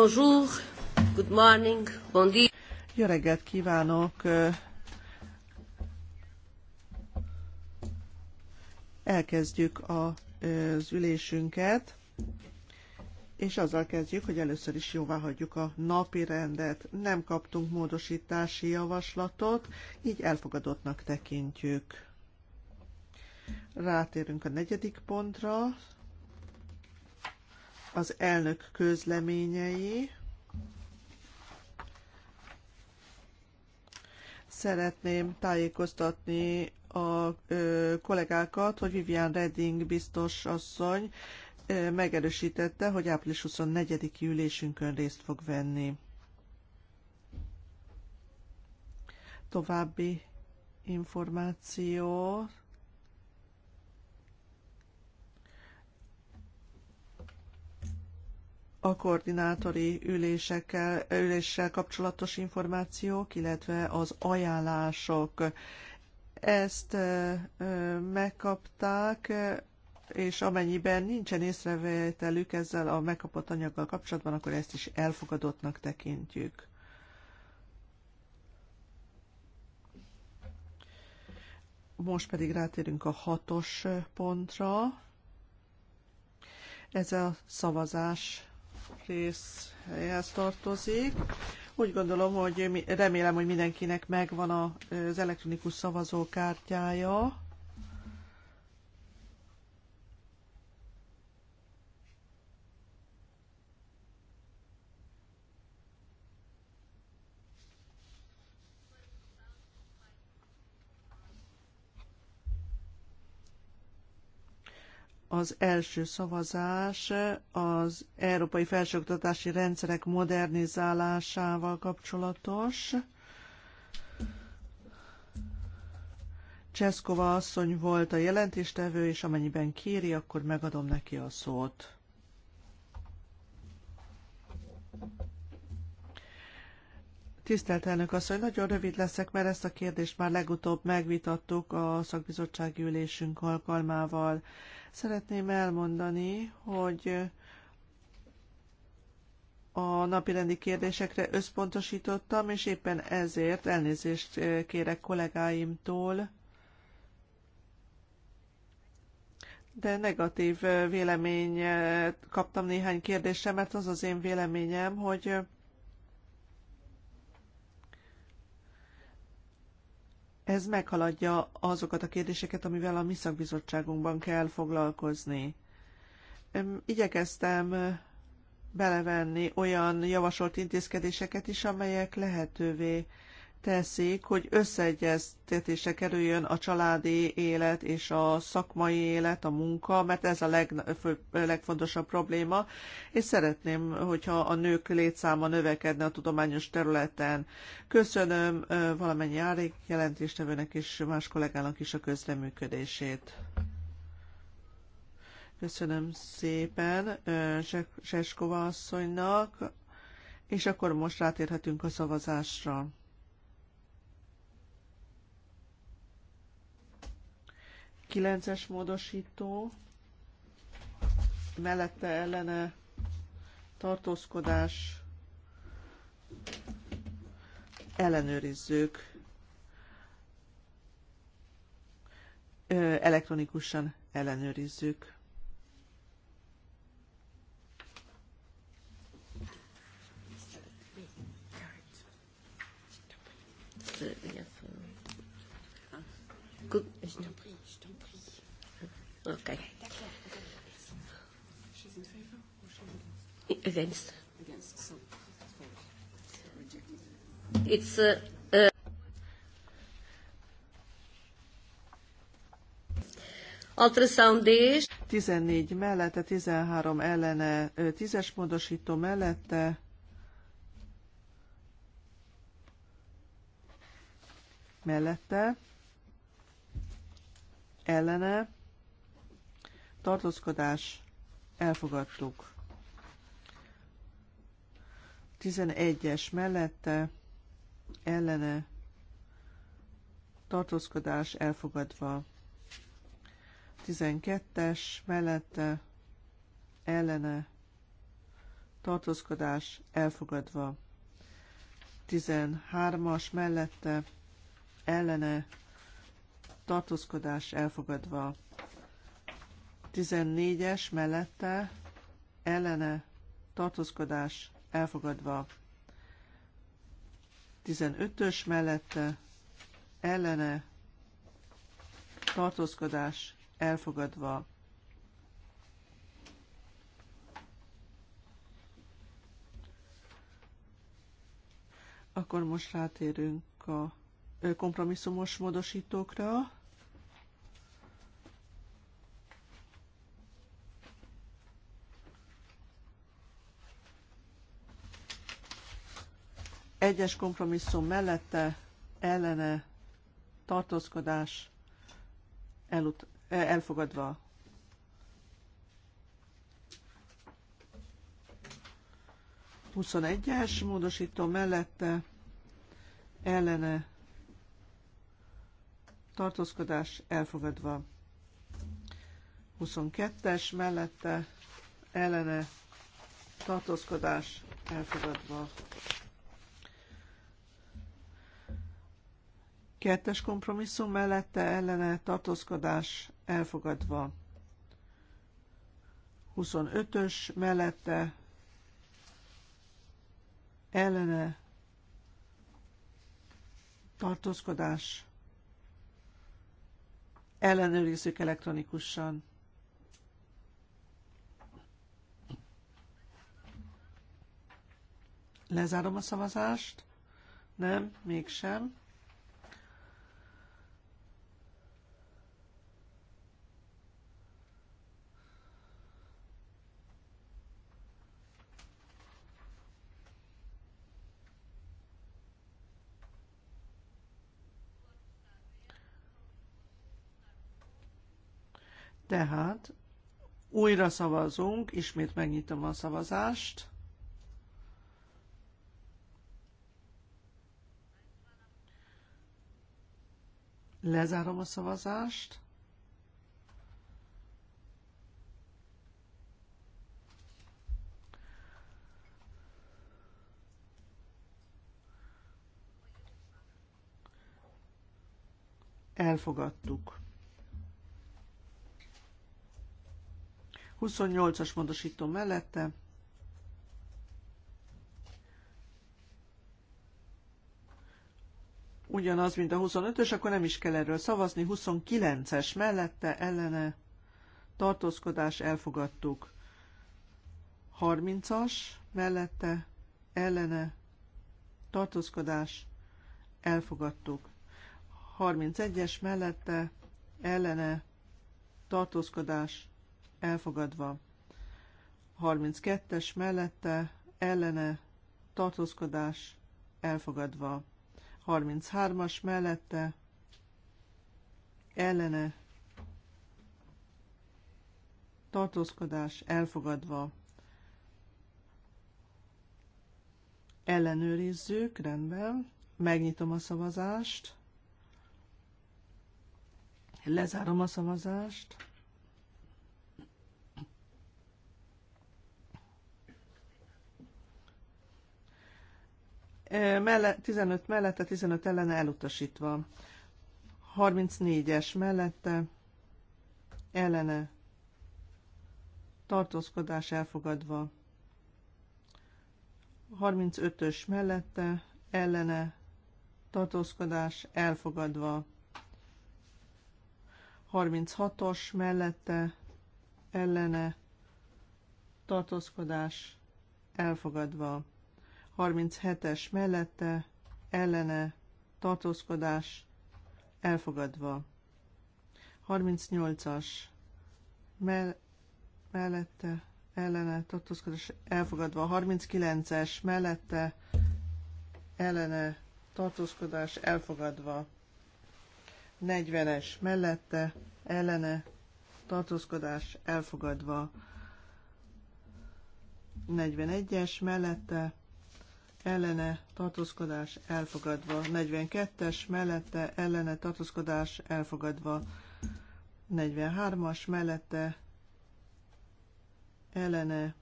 Bonjour, good morning, bon dia. Jó reggelt kívánok! Elkezdjük az ülésünket, és azzal kezdjük, hogy először is jóvá hagyjuk a napi rendet. Nem kaptunk módosítási javaslatot, így elfogadottnak tekintjük. Rátérünk a negyedik pontra, az elnök közleményei. Szeretném tájékoztatni a ö, kollégákat, hogy Vivian Redding biztos asszony ö, megerősítette, hogy április 24. ülésünkön részt fog venni. További információ a koordinátori ülésekkel, üléssel kapcsolatos információk, illetve az ajánlások. Ezt megkapták, és amennyiben nincsen észrevételük ezzel a megkapott anyaggal kapcsolatban, akkor ezt is elfogadottnak tekintjük. Most pedig rátérünk a hatos pontra. Ez a szavazás részhez tartozik. Úgy gondolom, hogy remélem, hogy mindenkinek megvan az elektronikus szavazókártyája. az első szavazás az európai felsőoktatási rendszerek modernizálásával kapcsolatos. Cseszkova asszony volt a jelentéstevő, és amennyiben kéri, akkor megadom neki a szót. Tisztelt elnök asszony, nagyon rövid leszek, mert ezt a kérdést már legutóbb megvitattuk a szakbizottsági ülésünk alkalmával. Szeretném elmondani, hogy a napirendi kérdésekre összpontosítottam, és éppen ezért elnézést kérek kollégáimtól, de negatív véleményt kaptam néhány kérdésre, mert az az én véleményem, hogy ez meghaladja azokat a kérdéseket, amivel a mi szakbizottságunkban kell foglalkozni. Igyekeztem belevenni olyan javasolt intézkedéseket is, amelyek lehetővé teszik, hogy összeegyeztetése kerüljön a családi élet és a szakmai élet, a munka, mert ez a legfontosabb probléma, és szeretném, hogyha a nők létszáma növekedne a tudományos területen. Köszönöm valamennyi árék jelentéstevőnek és más kollégának is a közreműködését. Köszönöm szépen Seskova asszonynak, és akkor most rátérhetünk a szavazásra. 9-es módosító mellette ellene tartózkodás ellenőrizzük elektronikusan ellenőrizzük. Okay. Against. It's uh, uh, ultrasound 14 mellette, 13 ellene, 10-es módosító mellette, mellette, ellene, tartózkodás, elfogadtuk. 11-es mellette, ellene, tartózkodás, elfogadva. 12-es mellette, ellene, tartózkodás, elfogadva. 13-as mellette, ellene, tartózkodás elfogadva 14-es mellette ellene tartózkodás elfogadva. 15-ös mellette ellene tartózkodás elfogadva. Akkor most rátérünk a kompromisszumos módosítókra. Egyes kompromisszum mellette ellene tartózkodás elut- e, elfogadva. Huszonegyes módosító mellette ellene tartózkodás elfogadva. 22-es mellette ellene tartózkodás elfogadva. Kettes kompromisszum mellette ellene tartózkodás elfogadva. 25-ös mellette ellene tartózkodás ellenőrizzük elektronikusan. Lezárom a szavazást. Nem, mégsem. Tehát újra szavazunk, ismét megnyitom a szavazást. Lezárom a szavazást. Elfogadtuk. 28-as módosító mellette. Ugyanaz, mint a 25-ös, akkor nem is kell erről szavazni. 29-es mellette, ellene, tartózkodás, elfogadtuk. 30-as mellette, ellene, tartózkodás, elfogadtuk. 31-es mellette, ellene, tartózkodás, elfogadva. 32-es mellette ellene tartózkodás elfogadva. 33-as mellette ellene tartózkodás elfogadva. Ellenőrizzük, rendben. Megnyitom a szavazást. Lezárom a szavazást. 15 mellette, 15 ellene elutasítva. 34-es mellette, ellene, tartózkodás elfogadva. 35-ös mellette, ellene, tartózkodás elfogadva. 36-os mellette, ellene, tartózkodás elfogadva. 37-es mellette ellene tartózkodás elfogadva. 38-as mell- mellette ellene tartózkodás elfogadva. 39-es mellette ellene tartózkodás elfogadva. 40-es mellette ellene tartózkodás elfogadva. 41-es mellette ellene tartózkodás elfogadva. 42-es mellette ellene tartózkodás elfogadva. 43-as mellette ellene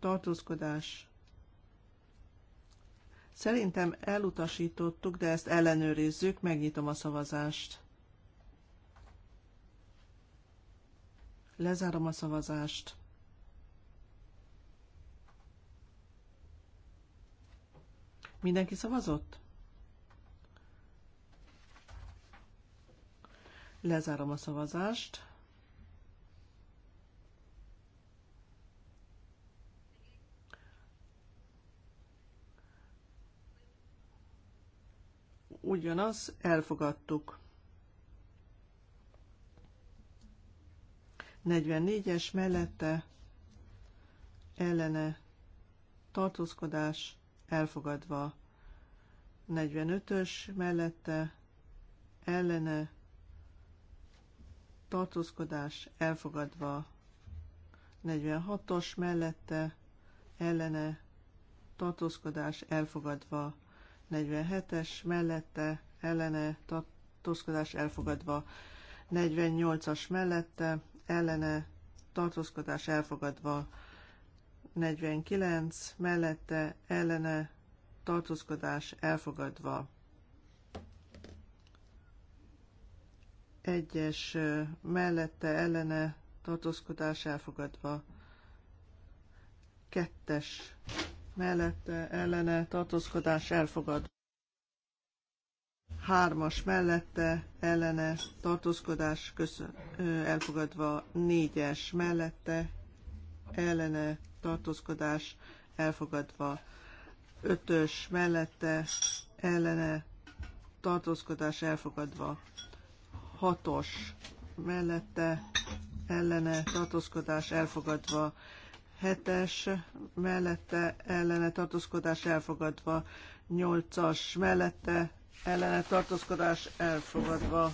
tartózkodás. Szerintem elutasítottuk, de ezt ellenőrizzük, megnyitom a szavazást. Lezárom a szavazást. Mindenki szavazott? Lezárom a szavazást. Ugyanaz, elfogadtuk. 44-es mellette ellene tartózkodás elfogadva. 45-ös mellette ellene tartózkodás elfogadva. 46-os mellette ellene tartózkodás elfogadva. 47-es mellette ellene tartózkodás elfogadva. 48-as mellette ellene tartózkodás elfogadva. 49 mellette ellene tartózkodás elfogadva. Egyes mellette ellene tartózkodás elfogadva. Kettes mellette ellene tartózkodás elfogadva. Hármas mellette ellene tartózkodás köszön, elfogadva. Négyes mellette ellene tartózkodás elfogadva. Ötös mellette ellene tartózkodás elfogadva. Hatos mellette ellene tartózkodás elfogadva. Hetes mellette ellene tartózkodás elfogadva. Nyolcas mellette ellene tartózkodás elfogadva.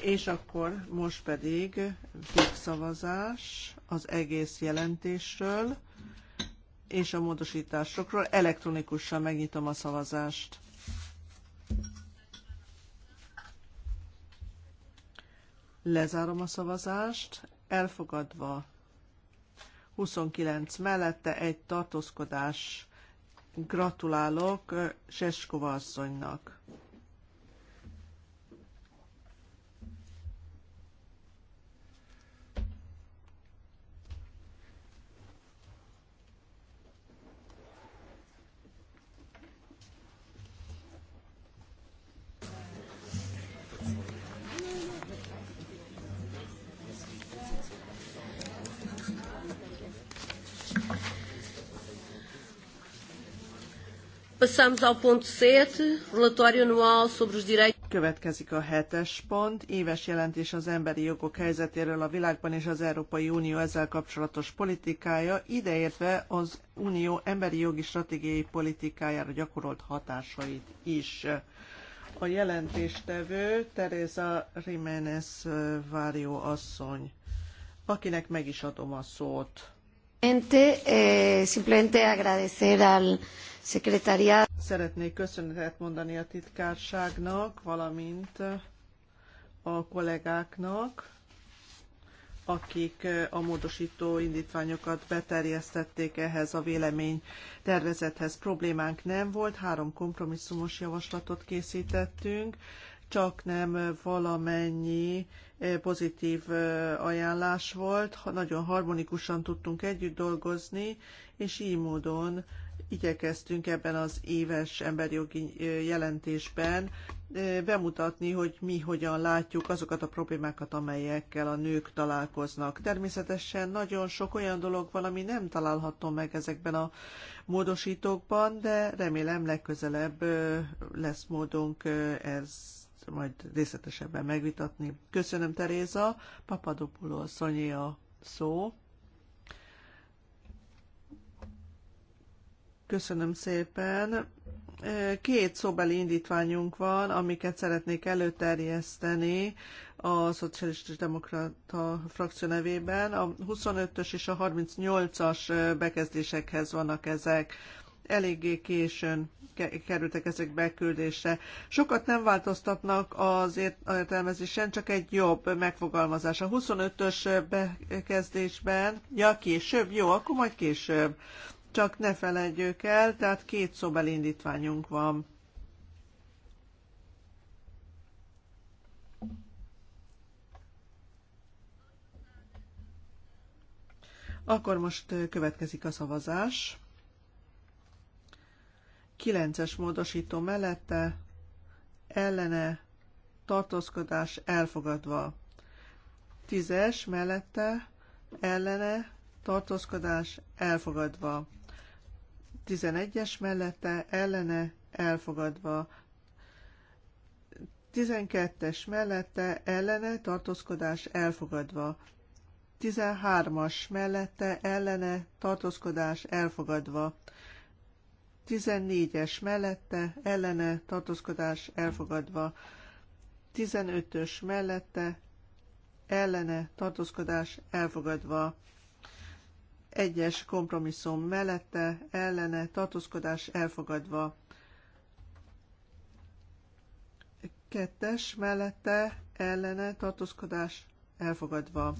És akkor most pedig végszavazás az egész jelentésről és a módosításokról. Elektronikusan megnyitom a szavazást. Lezárom a szavazást, elfogadva 29 mellette egy tartózkodás. Gratulálok Seskova asszonynak. Passamos ao ponto 7, relatório anual sobre os direitos. Következik a hetes pont, éves jelentés az emberi jogok helyzetéről a világban és az Európai Unió ezzel kapcsolatos politikája, ideértve az Unió emberi jogi stratégiai politikájára gyakorolt hatásait is. A jelentéstevő Teresa Jiménez Várió asszony, akinek meg is adom a szót. Simplemente agradecer al Szeretnék köszönetet mondani a titkárságnak, valamint a kollégáknak, akik a módosító indítványokat beterjesztették ehhez a vélemény tervezethez. Problémánk nem volt, három kompromisszumos javaslatot készítettünk, csak nem valamennyi eh, pozitív eh, ajánlás volt, nagyon harmonikusan tudtunk együtt dolgozni, és így módon igyekeztünk ebben az éves emberjogi jelentésben bemutatni, hogy mi hogyan látjuk azokat a problémákat, amelyekkel a nők találkoznak. Természetesen nagyon sok olyan dolog van, ami nem található meg ezekben a módosítókban, de remélem legközelebb lesz módunk ez majd részletesebben megvitatni. Köszönöm, Teréza. Papadopulo Szonyi a szó. Köszönöm szépen. Két szóbeli indítványunk van, amiket szeretnék előterjeszteni a Szocialista Demokrata frakció nevében. A 25-ös és a 38-as bekezdésekhez vannak ezek eléggé későn kerültek ezek beküldésre. Sokat nem változtatnak az értelmezésen, csak egy jobb megfogalmazás. A 25-ös bekezdésben, ja később, jó, akkor majd később csak ne felejtjük el, tehát két szobelindítványunk van. Akkor most következik a szavazás. 9-es módosító mellette, ellene, tartózkodás elfogadva. 10-es mellette, ellene, tartózkodás elfogadva. 11-es mellette ellene elfogadva. 12-es mellette ellene tartózkodás elfogadva. 13-as mellette ellene tartózkodás elfogadva. 14-es mellette ellene tartózkodás elfogadva. 15-ös mellette ellene tartózkodás elfogadva. Egyes kompromisszum mellette, ellene, tartózkodás elfogadva. Kettes mellette, ellene, tartózkodás elfogadva.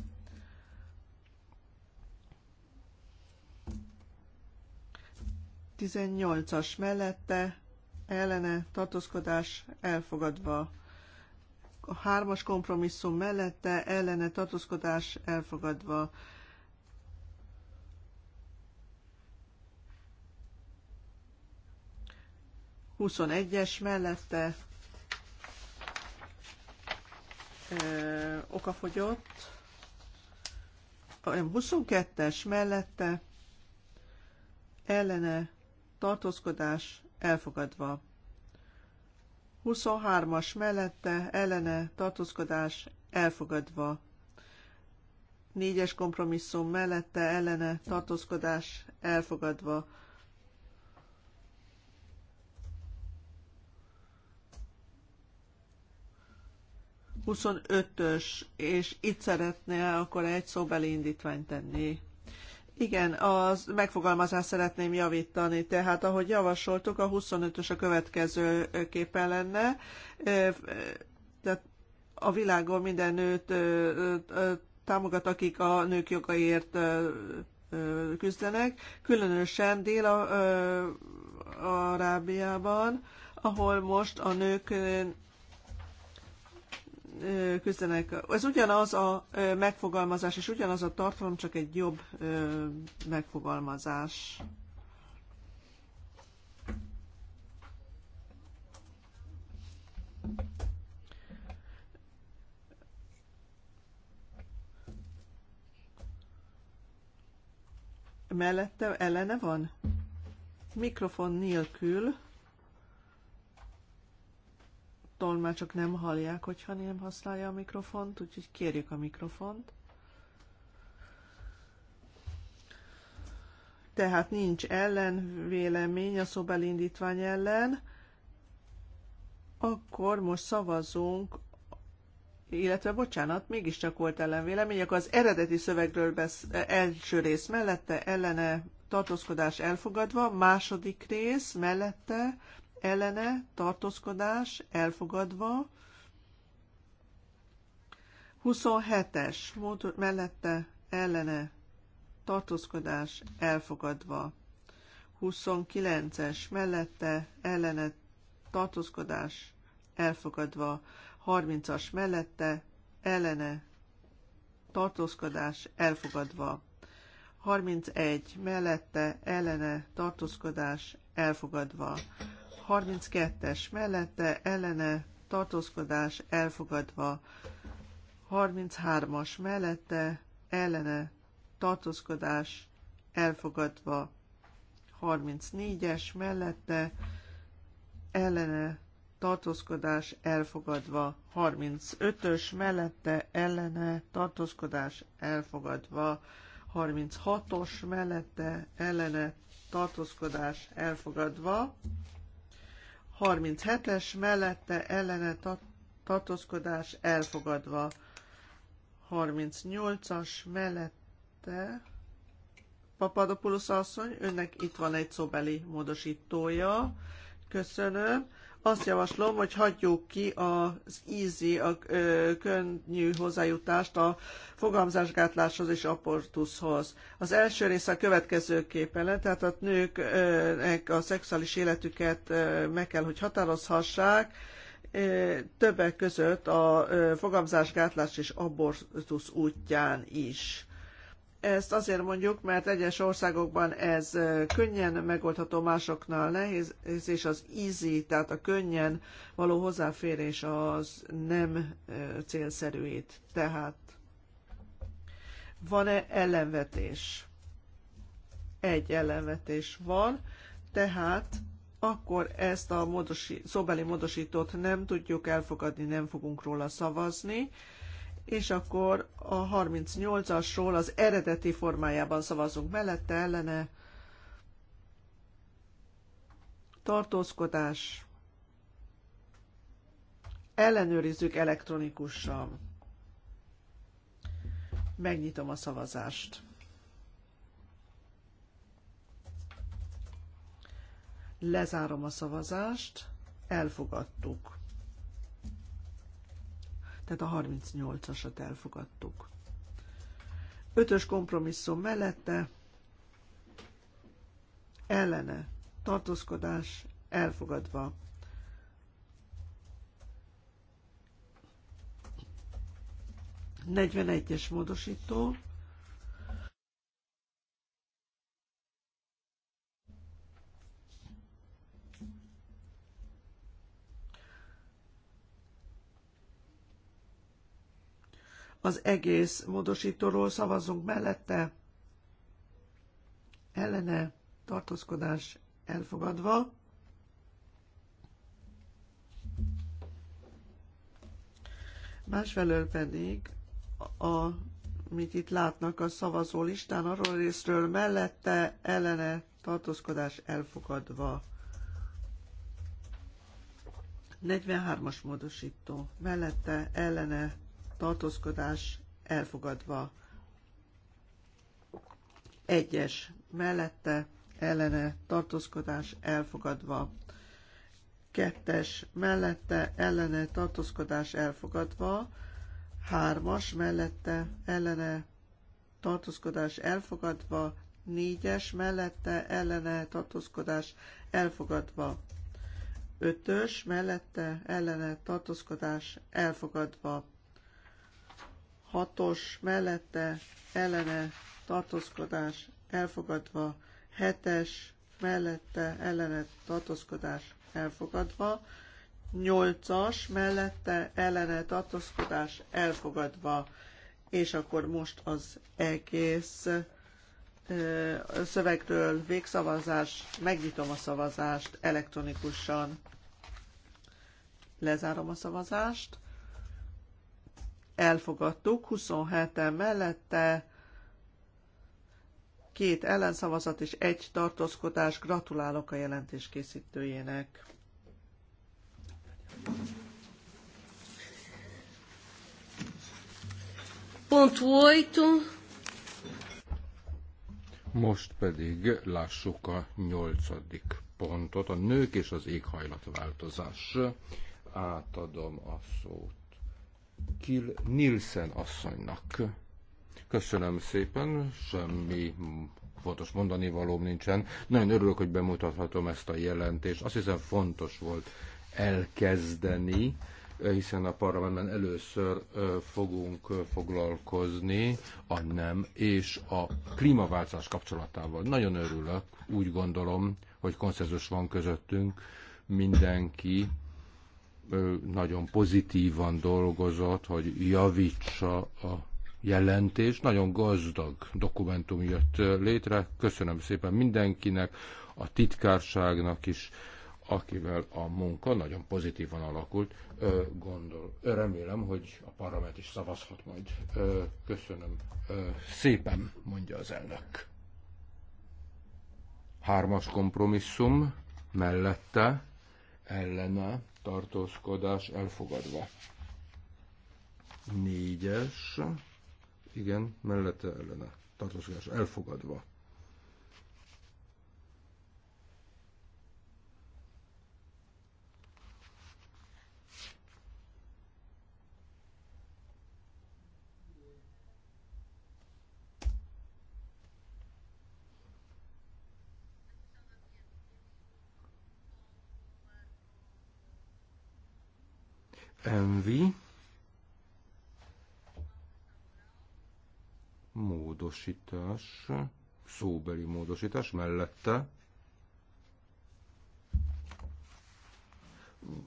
Tizennyolcas mellette, ellene, tartózkodás elfogadva a hármas kompromisszum mellette ellene tartózkodás elfogadva. 21-es mellette ö, okafogyott, 22-es mellette ellene tartózkodás elfogadva. 23-as mellette ellene tartózkodás elfogadva. 4-es kompromisszum mellette ellene tartózkodás elfogadva. 25-ös, és itt szeretné, akkor egy szóbeli indítványt tenni. Igen, az megfogalmazás szeretném javítani, tehát ahogy javasoltuk, a 25-ös a következő képen lenne, tehát a világon minden nőt támogat, akik a nők jogaiért küzdenek, különösen Dél-Arábiában, ahol most a nők küzdenek. Ez ugyanaz a megfogalmazás, és ugyanaz a tartalom, csak egy jobb megfogalmazás. Mellette ellene van? Mikrofon nélkül csak nem hallják, hogyha nem használja a mikrofont, úgyhogy kérjük a mikrofont. Tehát nincs ellenvélemény a szobelindítvány ellen, akkor most szavazunk, illetve bocsánat, mégiscsak volt ellenvélemény, akkor az eredeti szövegről besz, első rész mellette, ellene tartózkodás elfogadva, második rész mellette, ellene tartózkodás elfogadva, 27-es mellette ellene tartózkodás elfogadva, 29-es mellette ellene tartózkodás elfogadva, 30-as mellette ellene tartózkodás elfogadva. 31. Mellette ellene tartózkodás elfogadva. 32-es mellette ellene tartózkodás elfogadva. 33-as mellette ellene tartózkodás elfogadva. 34-es mellette ellene tartózkodás elfogadva, 35-ös mellette ellene tartózkodás elfogadva, 36-os mellette ellene tartózkodás elfogadva, 37-es mellette ellene tartózkodás elfogadva. 38-as mellette Papadopoulos asszony, önnek itt van egy szobeli módosítója. Köszönöm azt javaslom, hogy hagyjuk ki az easy, a könnyű hozzájutást a fogamzásgátláshoz és aportuszhoz. Az első része a következőképpen lett, tehát a nőknek a szexuális életüket meg kell, hogy határozhassák, többek között a fogamzásgátlás és abortusz útján is. Ezt azért mondjuk, mert egyes országokban ez könnyen megoldható, másoknál nehéz, és az easy, tehát a könnyen való hozzáférés az nem célszerű itt. Tehát van-e ellenvetés? Egy ellenvetés van, tehát akkor ezt a módosi, szóbeli módosítót nem tudjuk elfogadni, nem fogunk róla szavazni, és akkor a 38-asról az eredeti formájában szavazunk mellette, ellene tartózkodás ellenőrizzük elektronikusan. Megnyitom a szavazást. Lezárom a szavazást. Elfogadtuk tehát a 38-asat elfogadtuk. Ötös kompromisszum mellette ellene tartózkodás elfogadva. Negyvenegyes módosító az egész módosítóról szavazzunk mellette. Ellene tartózkodás elfogadva. Másfelől pedig, a, amit itt látnak a szavazó listán, arról részről mellette ellene tartózkodás elfogadva. 43-as módosító mellette ellene tartózkodás elfogadva. Egyes mellette ellene tartózkodás elfogadva. Kettes mellette ellene tartózkodás elfogadva. Hármas mellette ellene tartózkodás elfogadva. Négyes mellette ellene tartózkodás elfogadva ötös mellette ellene tartózkodás elfogadva hatos mellette ellene tartózkodás elfogadva, hetes mellette ellene tartózkodás elfogadva, nyolcas mellette ellene tartózkodás elfogadva, és akkor most az egész szövegről végszavazás, megnyitom a szavazást elektronikusan. Lezárom a szavazást elfogadtuk, 27-en mellette, két ellenszavazat és egy tartózkodás. Gratulálok a jelentés készítőjének. Pont 8. Most pedig lássuk a nyolcadik pontot, a nők és az éghajlatváltozás. Átadom a szót. Kill Nielsen asszonynak. Köszönöm szépen, semmi fontos mondani valóm nincsen. Nagyon örülök, hogy bemutathatom ezt a jelentést. Azt hiszem fontos volt elkezdeni, hiszen a parlamentben először fogunk foglalkozni a nem és a klímaváltozás kapcsolatával. Nagyon örülök, úgy gondolom, hogy konszenzus van közöttünk, mindenki nagyon pozitívan dolgozott, hogy javítsa a jelentés. Nagyon gazdag dokumentum jött létre. Köszönöm szépen mindenkinek, a titkárságnak is, akivel a munka nagyon pozitívan alakult. Ö, gondol. Remélem, hogy a parlament is szavazhat majd. Ö, köszönöm Ö, szépen, mondja az elnök. Hármas kompromisszum mellette, ellene, tartózkodás elfogadva. Négyes, igen, mellette ellene tartózkodás elfogadva. MV módosítás, szóbeli módosítás mellette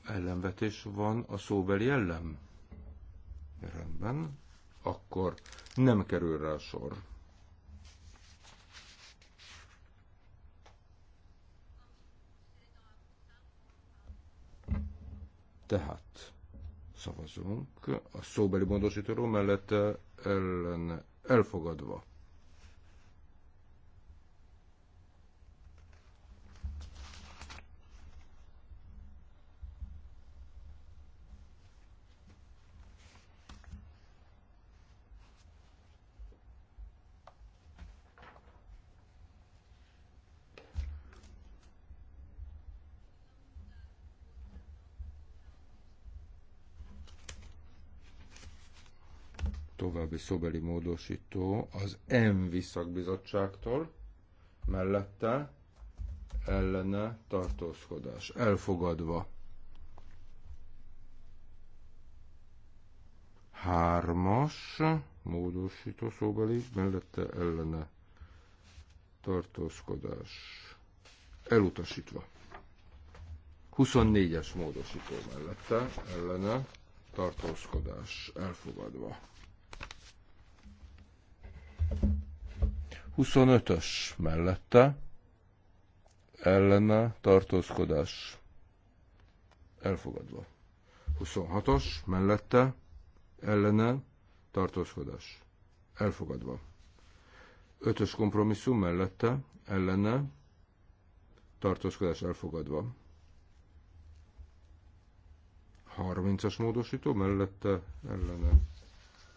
ellenvetés van a szóbeli ellen. Rendben, akkor nem kerül rá sor. Tehát Szavazunk a szóbeli módosítóról mellette ellen elfogadva. szóbeli módosító az M szakbizottságtól mellette ellene tartózkodás. Elfogadva. Hármas módosító szóbeli mellette ellene tartózkodás. Elutasítva. 24-es módosító mellette ellene tartózkodás elfogadva. 25-ös mellette ellene tartózkodás elfogadva. 26-os mellette ellene tartózkodás elfogadva. 5-ös kompromisszum mellette ellene tartózkodás elfogadva. 30-as módosító mellette ellene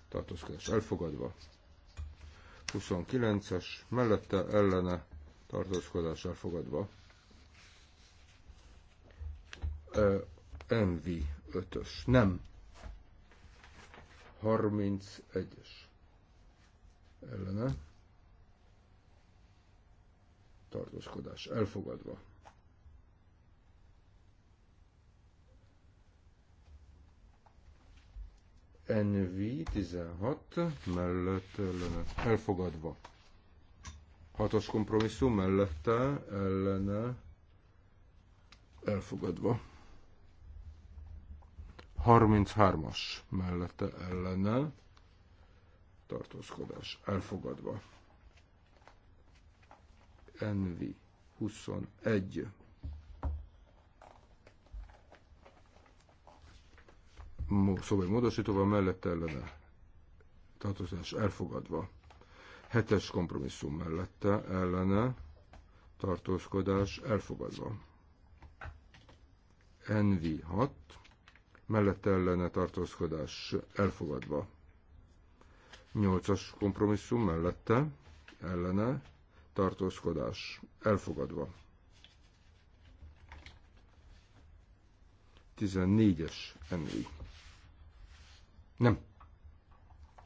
tartózkodás elfogadva. 29-es mellette ellene tartózkodás fogadva. MV 5-ös. Nem. 31-es. Ellene. Tartózkodás elfogadva. NV 16 mellett ellene elfogadva. Hatos kompromisszum mellette ellene elfogadva. 33-as mellette ellene tartózkodás elfogadva. NV 21 szóval módosítóval mellette ellene tartózkodás elfogadva. Hetes kompromisszum mellette ellene tartózkodás elfogadva. NV6 mellette ellene tartózkodás elfogadva. nyolcas kompromisszum mellette ellene tartózkodás elfogadva. 14-es NV nem.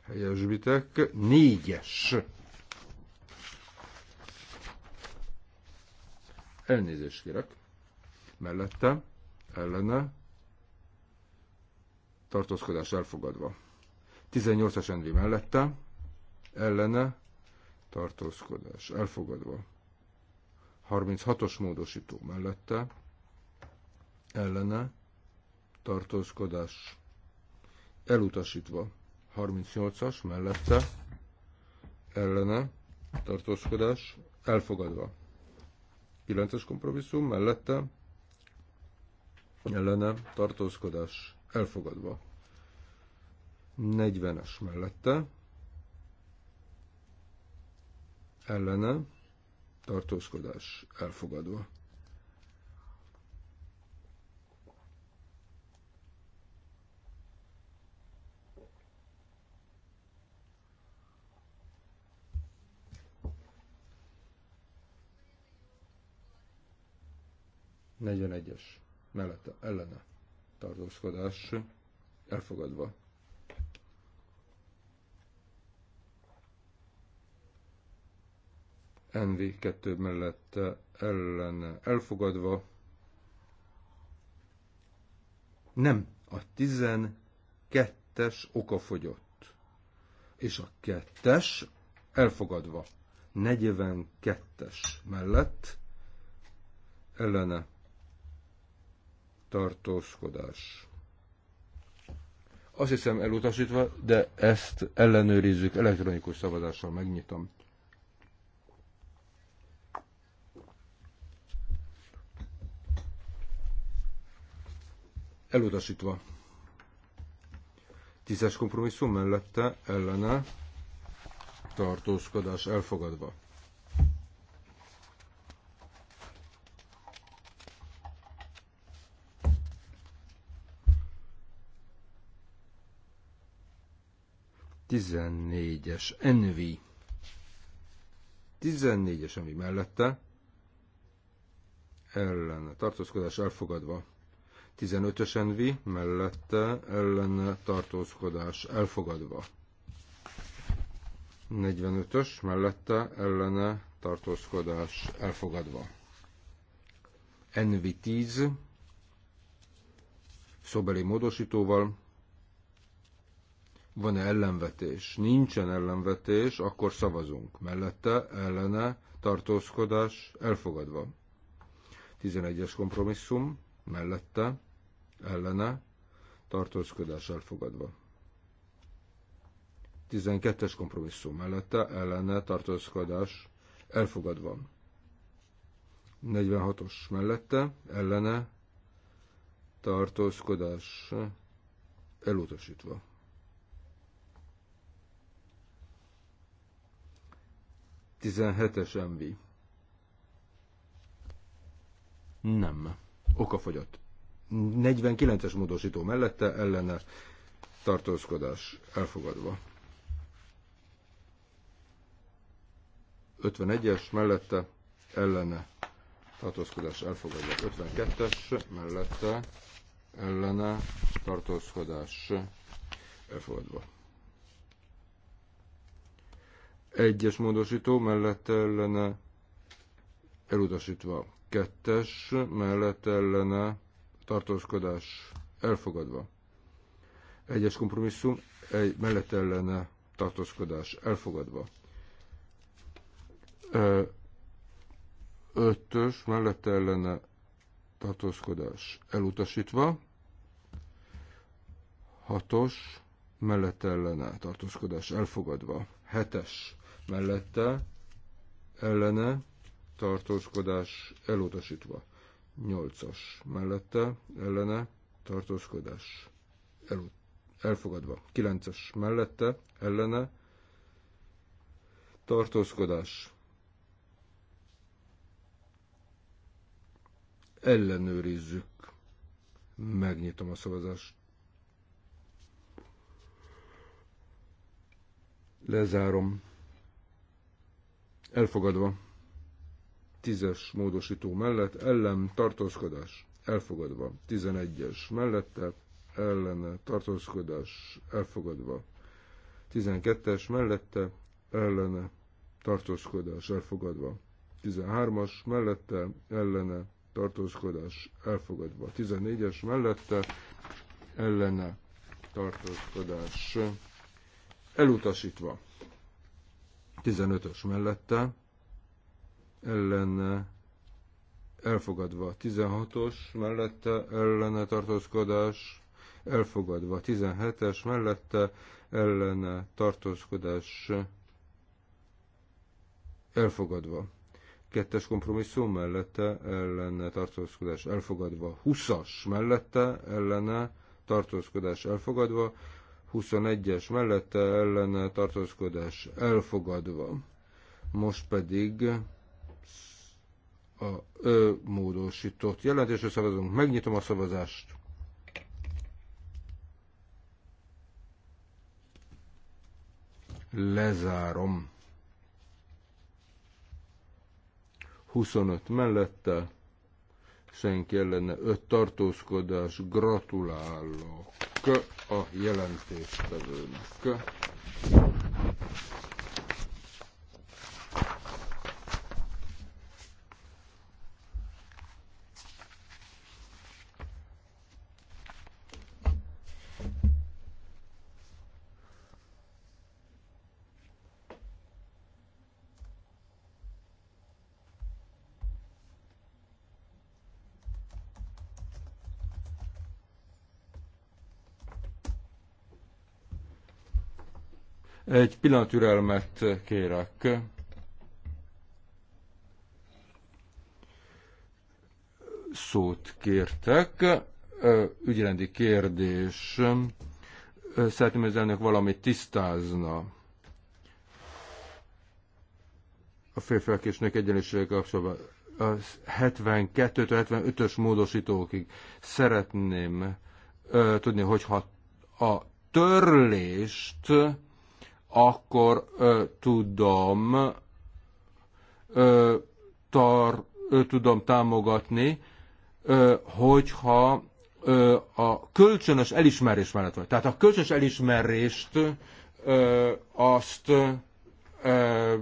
Helyesbitek. Négyes. Elnézést kérek. Mellette, ellene, tartózkodás elfogadva. 18-as Endri mellette, ellene, tartózkodás elfogadva. 36-os módosító mellette, ellene, tartózkodás elutasítva. 38-as mellette ellene tartózkodás elfogadva. 9-es kompromisszum mellette ellene tartózkodás elfogadva. 40-es mellette ellene tartózkodás elfogadva. 41-es mellette ellene tartózkodás elfogadva. NV2 mellett ellen elfogadva. Nem, a 12-es oka fogyott. És a 2-es elfogadva. 42-es mellett ellene tartózkodás. Azt hiszem elutasítva, de ezt ellenőrizzük, elektronikus szavazással megnyitom. Elutasítva. Tízes kompromisszum mellette ellene tartózkodás elfogadva. 14-es Envi. 14-es Envi mellette ellen tartózkodás elfogadva. 15-ös Envi mellette ellen tartózkodás elfogadva. 45-ös mellette ellene tartózkodás elfogadva. Envi 10 szobeli módosítóval van-e ellenvetés? Nincsen ellenvetés, akkor szavazunk. Mellette, ellene, tartózkodás, elfogadva. 11-es kompromisszum, mellette, ellene, tartózkodás elfogadva. 12-es kompromisszum mellette, ellene, tartózkodás elfogadva. 46-os mellette, ellene, tartózkodás elutasítva. 17-es MV. Nem. Okafogyott. 49-es módosító mellette ellene tartózkodás elfogadva. 51-es mellette ellene tartózkodás elfogadva. 52-es mellette ellene tartózkodás elfogadva. Egyes módosító mellett ellene elutasítva. Kettes mellett ellene tartózkodás elfogadva. Egyes kompromisszum egy mellett ellene tartózkodás elfogadva. Ötös mellett ellene tartózkodás elutasítva. Hatos mellett ellene tartózkodás elfogadva. Hetes mellette ellene tartózkodás elutasítva. 8-as mellette ellene tartózkodás elfogadva. 9 as mellette ellene tartózkodás ellenőrizzük. Megnyitom a szavazást. Lezárom. Elfogadva. Tízes módosító mellett ellen tartózkodás. Elfogadva. Tizenegyes mellette ellen tartózkodás. Elfogadva. Tizenkettes mellette ellen tartózkodás. Elfogadva. Tizenhármas mellette ellen tartózkodás elfogadva. tizennégyes mellette ellen tartózkodás elutasítva. 15-ös mellette ellenne elfogadva. 16-os mellette ellene tartózkodás elfogadva. 17-es mellette ellene tartózkodás elfogadva. Kettes kompromisszum mellette ellene tartózkodás elfogadva. 20-as mellette ellene tartózkodás elfogadva. 21-es mellette ellene tartózkodás elfogadva. Most pedig a ő módosított jelentésre szavazunk. Megnyitom a szavazást. Lezárom. 25 mellette, senki ellene 5 tartózkodás. Gratulálok! a jelentéstevőnek. Egy pillanat türelmet kérek. Szót kértek. Ügyrendi kérdés. Szeretném, hogy az elnök valamit tisztázna. A férfiak és nők egyenlősége kapcsolatban A 72 75-ös módosítókig szeretném ö, tudni, hogyha a törlést akkor ö, tudom ö, tar, ö, tudom támogatni, ö, hogyha ö, a kölcsönös elismerés mellett vagy. Tehát a kölcsönös elismerést ö, azt ö,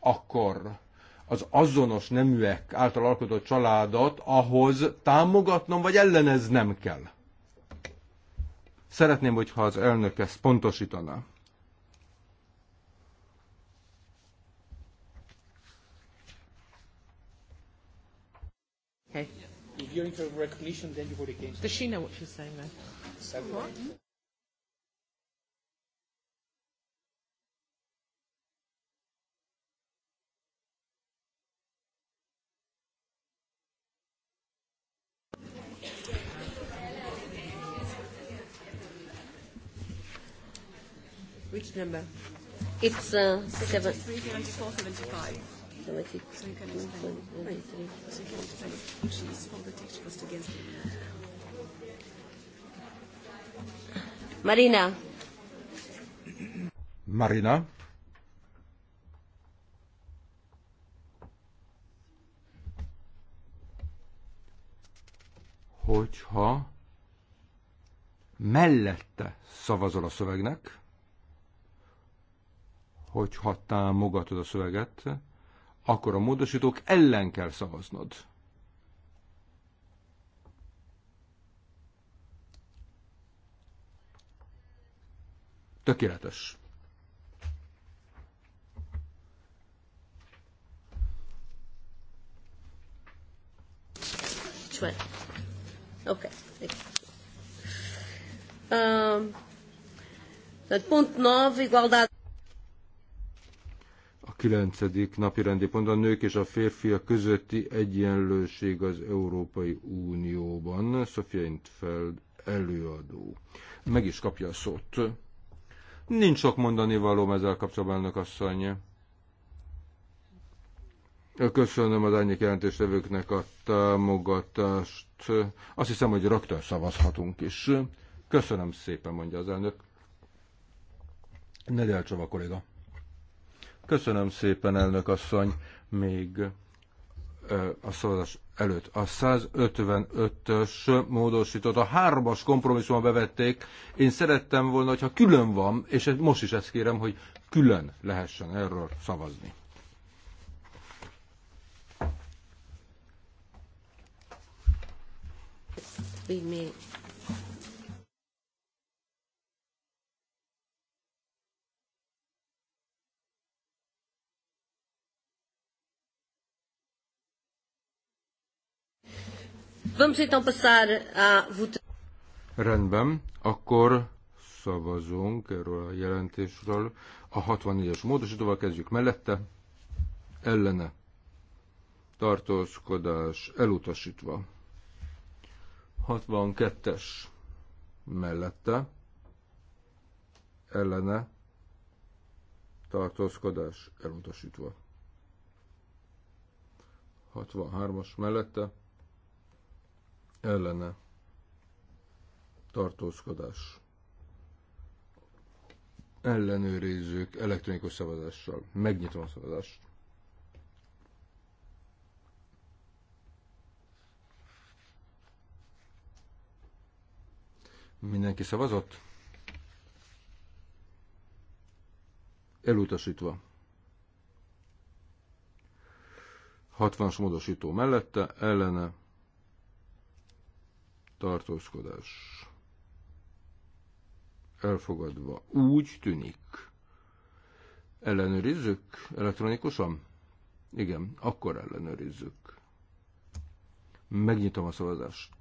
akkor az azonos neműek által alkotott családot ahhoz támogatnom vagy elleneznem kell. Szeretném, hogyha az elnök ezt pontosítaná. if you're into recognition, then you vote against. Does she know what she's saying then? Which number? It's uh, seven. 73, 74, 75. Marina. Marina. Hogyha mellette szavazol a szövegnek, hogyha támogatod a szöveget, akkor a módosítók ellen kell szavaznod. Tökéletes. Okay. Um, pont 9, igualdade kilencedik napi rendi pont a nők és a férfiak közötti egyenlőség az Európai Unióban. Sofia Intfeld előadó. Meg is kapja a szót. Nincs sok mondani valóm ezzel kapcsolatban, elnök asszony. Köszönöm az ennyi jelentéstevőknek a támogatást. Azt hiszem, hogy rögtön szavazhatunk is. Köszönöm szépen, mondja az elnök. Ne Csaba kolléga. Köszönöm szépen, elnök asszony, még a szavazás előtt. A 155-ös módosított, a hármas kompromisszumon bevették. Én szerettem volna, hogyha külön van, és most is ezt kérem, hogy külön lehessen erről szavazni. We me. Vamos então passar à votação. Rendben, akkor szavazunk erről a jelentésről. A 64-es módosítóval kezdjük mellette. Ellene. Tartózkodás elutasítva. 62-es mellette. Ellene. Tartózkodás elutasítva. 63-as mellette ellene tartózkodás ellenőrizzük elektronikus szavazással. Megnyitom a szavazást. Mindenki szavazott? Elutasítva. 60-as módosító mellette, ellene tartózkodás elfogadva. Úgy tűnik. Ellenőrizzük elektronikusan? Igen, akkor ellenőrizzük. Megnyitom a szavazást.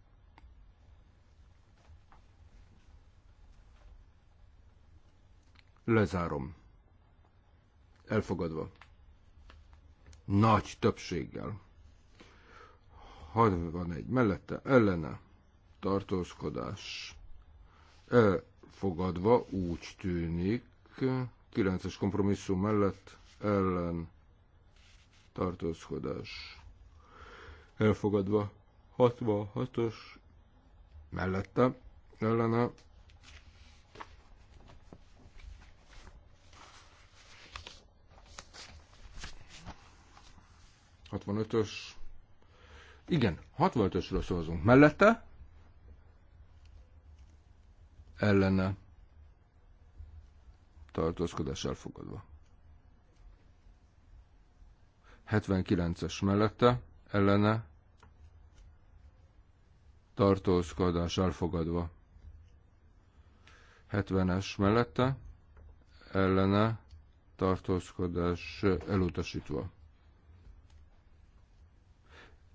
Lezárom. Elfogadva. Nagy többséggel. 61 mellette, ellene tartózkodás elfogadva úgy tűnik, 9-es kompromisszum mellett ellen tartózkodás elfogadva 66-os mellette ellene hatvanötös igen, 65-ösről szavazunk mellette ellene tartózkodás elfogadva. 79-es mellette ellene tartózkodás elfogadva. 70-es mellette ellene tartózkodás elutasítva.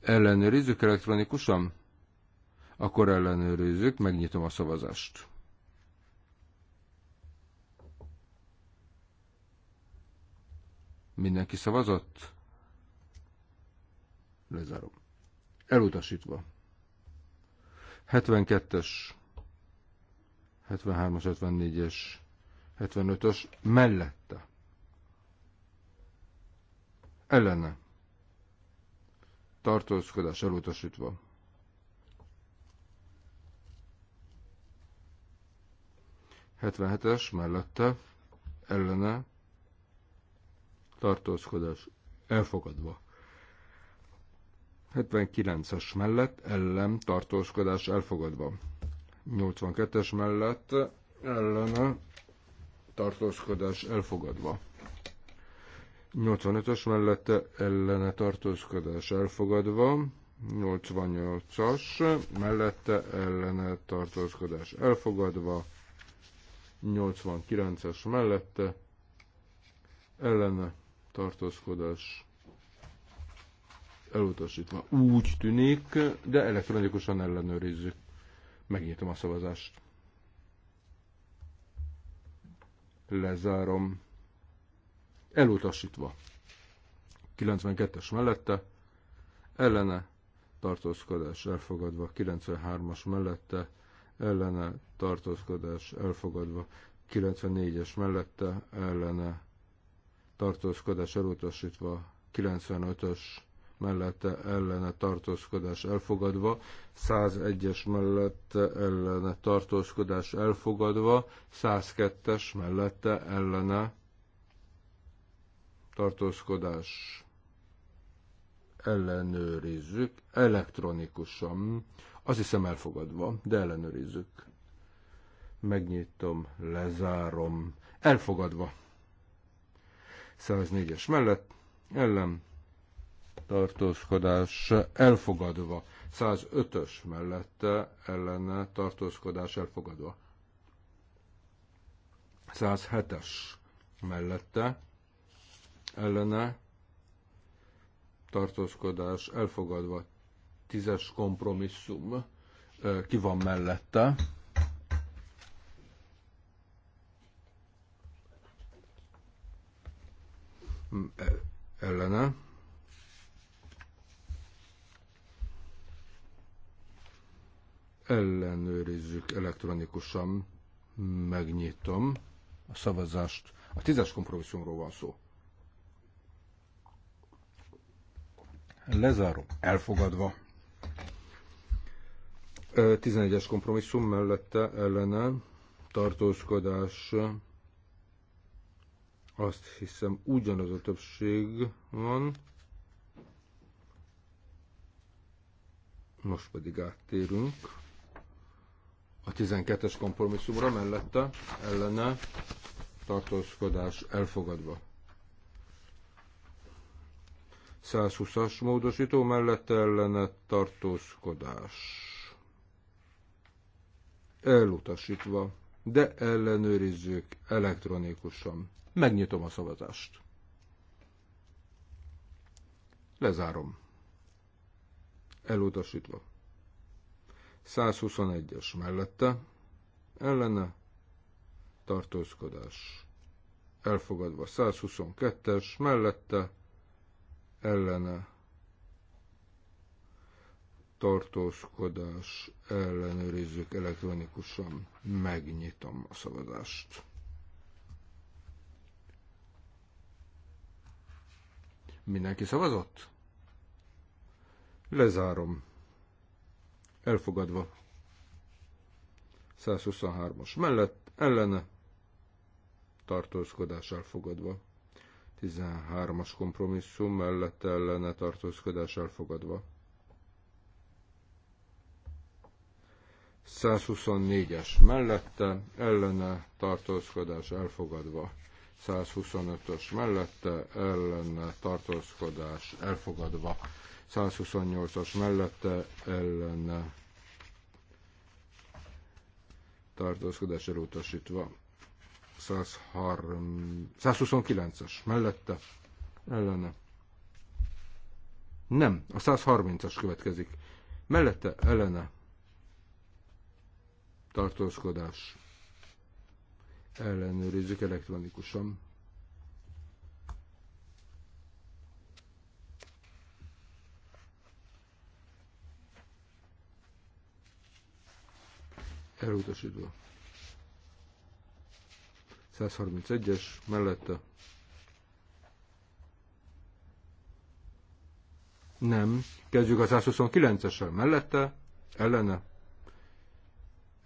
Ellenőrizzük elektronikusan? Akkor ellenőrizzük, megnyitom a szavazást. Mindenki szavazott? Lezárom. Elutasítva. 72-es, 73-as, 54-es, 75-ös mellette. Ellene. Tartózkodás elutasítva. Hetvenhetes mellette, ellene, tartózkodás elfogadva. 79-es mellett ellen tartózkodás elfogadva. 82-es mellett ellene tartózkodás elfogadva. 85-ös mellett ellene tartózkodás elfogadva. 88-as mellette ellene tartózkodás elfogadva. 89-es mellette ellene tartózkodás elutasítva. Úgy tűnik, de elektronikusan ellenőrizzük. Megnyitom a szavazást. Lezárom. Elutasítva. 92-es mellette, ellene tartózkodás elfogadva, 93-as mellette, ellene tartózkodás elfogadva, 94-es mellette, ellene tartózkodás elutasítva, 95-ös mellette ellene tartózkodás elfogadva, 101-es mellette ellene tartózkodás elfogadva, 102-es mellette ellene tartózkodás ellenőrizzük elektronikusan. Azt hiszem elfogadva, de ellenőrizzük. Megnyitom, lezárom. Elfogadva. 104-es mellett ellen tartózkodás elfogadva. 105-ös mellette ellen tartózkodás elfogadva. 107-es mellette ellene tartózkodás elfogadva. 10-es kompromisszum ki van mellette ellene. Ellenőrizzük elektronikusan, megnyitom a szavazást. A tízes kompromisszumról van szó. Lezárom. Elfogadva. 11-es kompromisszum mellette ellene tartózkodás azt hiszem ugyanaz a többség van. Most pedig áttérünk a 12-es kompromisszumra mellette, ellene tartózkodás elfogadva. 120-as módosító mellette ellene tartózkodás elutasítva, de ellenőrizzük elektronikusan. Megnyitom a szavazást. Lezárom. Elutasítva. 121-es mellette, ellene, tartózkodás. Elfogadva 122-es, mellette, ellene, tartózkodás ellenőrizzük elektronikusan. Megnyitom a szavazást. Mindenki szavazott? Lezárom. Elfogadva. 123 os mellett, ellene, tartózkodás elfogadva. 13-as kompromisszum mellett, ellene, tartózkodás elfogadva. 124-es mellette, ellene, tartózkodás elfogadva. 125-ös mellette ellene tartózkodás elfogadva, 128-as mellette ellene tartózkodás elutasítva, 129-es mellette ellene. Nem, a 130-as következik. Mellette ellene tartózkodás ellenőrizzük elektronikusan. Elutasítva. 131-es mellette. Nem. Kezdjük a 129-essel mellette, ellene.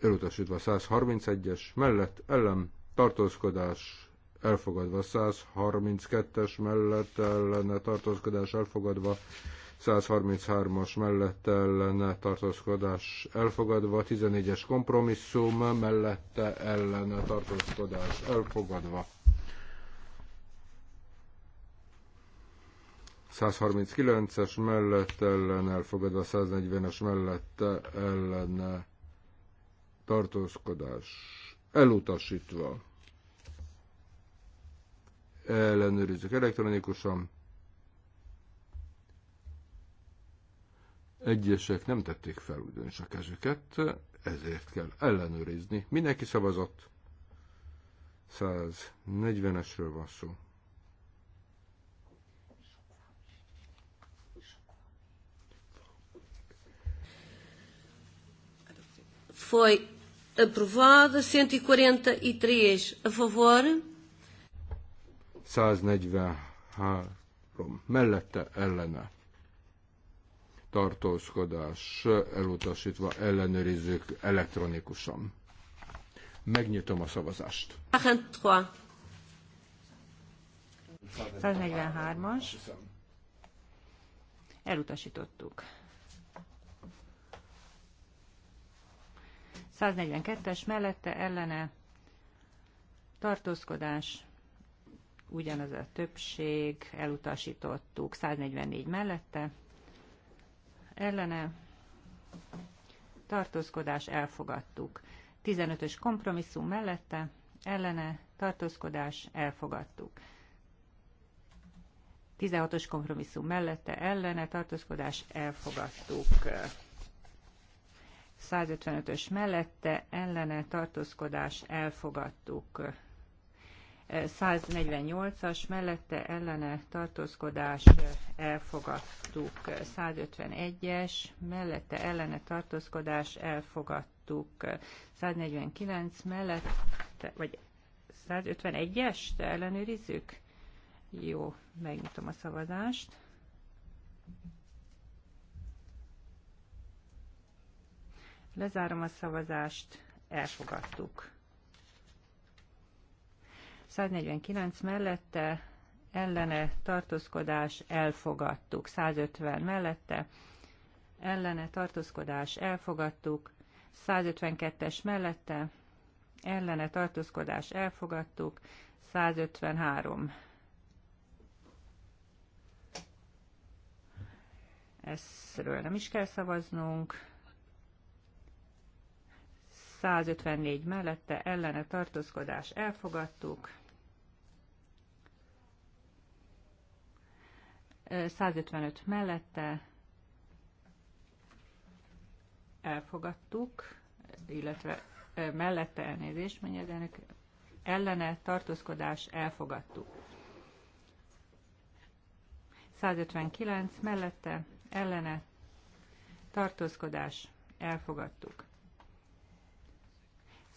Elutasítva a 131-es mellett, ellen tartózkodás elfogadva, 132-es mellett ellene tartózkodás elfogadva, 133-as mellett ellene tartózkodás elfogadva, 14-es kompromisszum mellette ellene tartózkodás elfogadva. 139-es mellett ellen elfogadva, 140-es mellette ellene tartózkodás elutasítva ellenőrizzük elektronikusan. Egyesek nem tették fel ugyanis a kezüket, ezért kell ellenőrizni. Mindenki szavazott. 140-esről van szó. Foi aprovada e 143 e a favor 143 mellette ellene tartózkodás elutasítva ellenőrizzük elektronikusan. Megnyitom a szavazást. 143-as. Elutasítottuk. 142-es mellette ellene tartózkodás ugyanaz a többség, elutasítottuk 144 mellette, ellene tartózkodás elfogadtuk. 15-ös kompromisszum mellette, ellene tartózkodás elfogadtuk. 16-os kompromisszum mellette, ellene tartózkodás elfogadtuk. 155-ös mellette, ellene tartózkodás elfogadtuk. 148-as mellette ellene tartózkodás elfogadtuk. 151-es mellette ellene tartózkodás elfogadtuk. 149 mellette, vagy 151-est ellenőrizzük? Jó, megnyitom a szavazást. Lezárom a szavazást, elfogadtuk. 149 mellette ellene tartózkodás elfogadtuk. 150 mellette ellene tartózkodás elfogadtuk. 152-es mellette ellene tartózkodás elfogadtuk. 153 Ezről nem is kell szavaznunk. 154 mellette ellene tartózkodás elfogadtuk. 155 mellette elfogadtuk, illetve mellette elnézés, mondják ellene tartózkodás elfogadtuk. 159 mellette ellene tartózkodás elfogadtuk.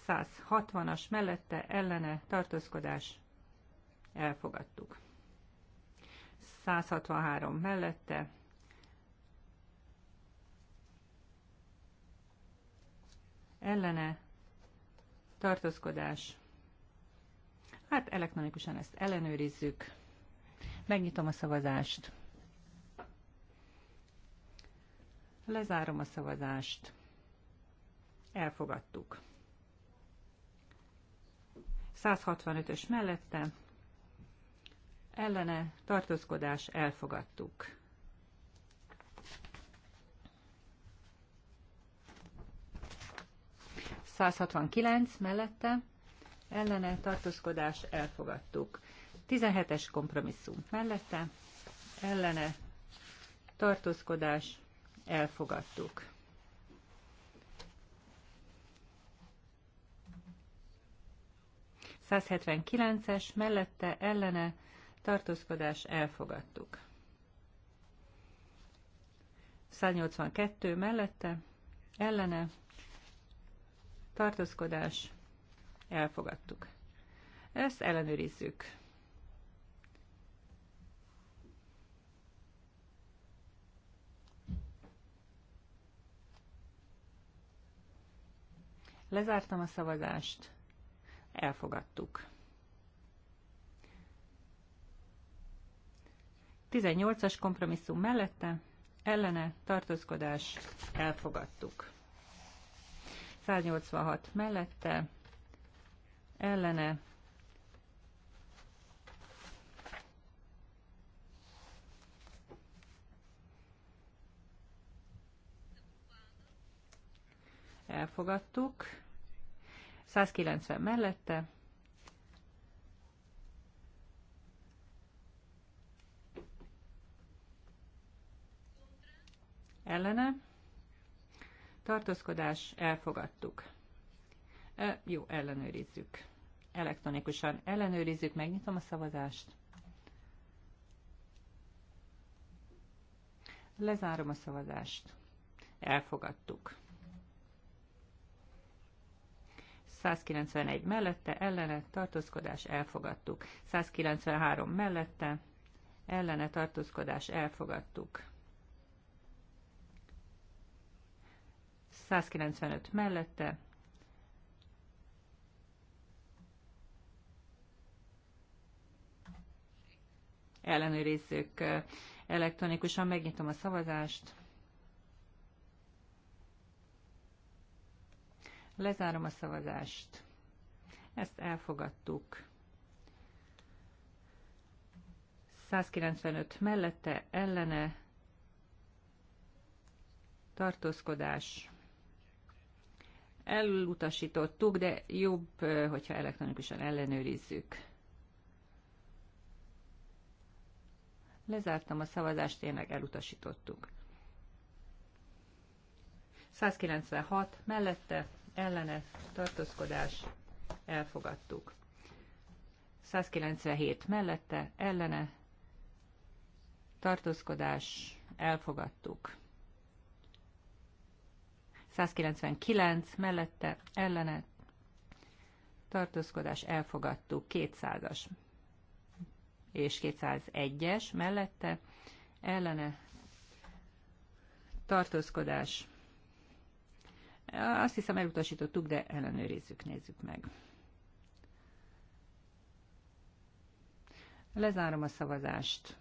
160-as mellette ellene tartózkodás elfogadtuk. 163 mellette ellene tartózkodás. Hát elektronikusan ezt ellenőrizzük. Megnyitom a szavazást. Lezárom a szavazást. Elfogadtuk. 165-ös mellette ellene tartózkodás elfogadtuk. ...169 mellette ellene tartózkodás elfogadtuk. 17-es kompromisszum mellette ellene tartózkodás elfogadtuk. 179-es mellette ellene tartózkodás elfogadtuk. 182 mellette ellene tartózkodás elfogadtuk. Ezt ellenőrizzük. Lezártam a szavazást elfogadtuk. 18-as kompromisszum mellette ellene tartózkodás elfogadtuk. 186 mellette ellene elfogadtuk. 190 mellette, ellene. Tartózkodás, elfogadtuk. E, jó, ellenőrizzük. Elektronikusan ellenőrizzük, megnyitom a szavazást. Lezárom a szavazást. Elfogadtuk. 191 mellette, ellene tartózkodás elfogadtuk. 193 mellette, ellene tartózkodás elfogadtuk. 195 mellette, ellenőrizzük eh, elektronikusan, megnyitom a szavazást. Lezárom a szavazást. Ezt elfogadtuk. 195 mellette ellene tartózkodás elutasítottuk, de jobb, hogyha elektronikusan ellenőrizzük. Lezártam a szavazást, tényleg elutasítottuk. 196 mellette ellene tartózkodás elfogadtuk. 197 mellette ellene tartózkodás elfogadtuk. 199 mellette ellene tartózkodás elfogadtuk 200-as és 201-es mellette ellene tartózkodás azt hiszem elutasítottuk, de ellenőrizzük, nézzük meg. Lezárom a szavazást.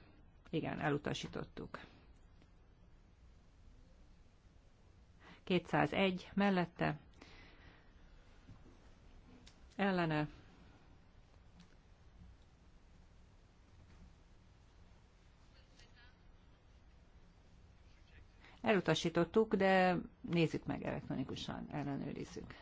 Igen, elutasítottuk. 201 mellette, ellene Elutasítottuk, de nézzük meg elektronikusan, ellenőrizzük.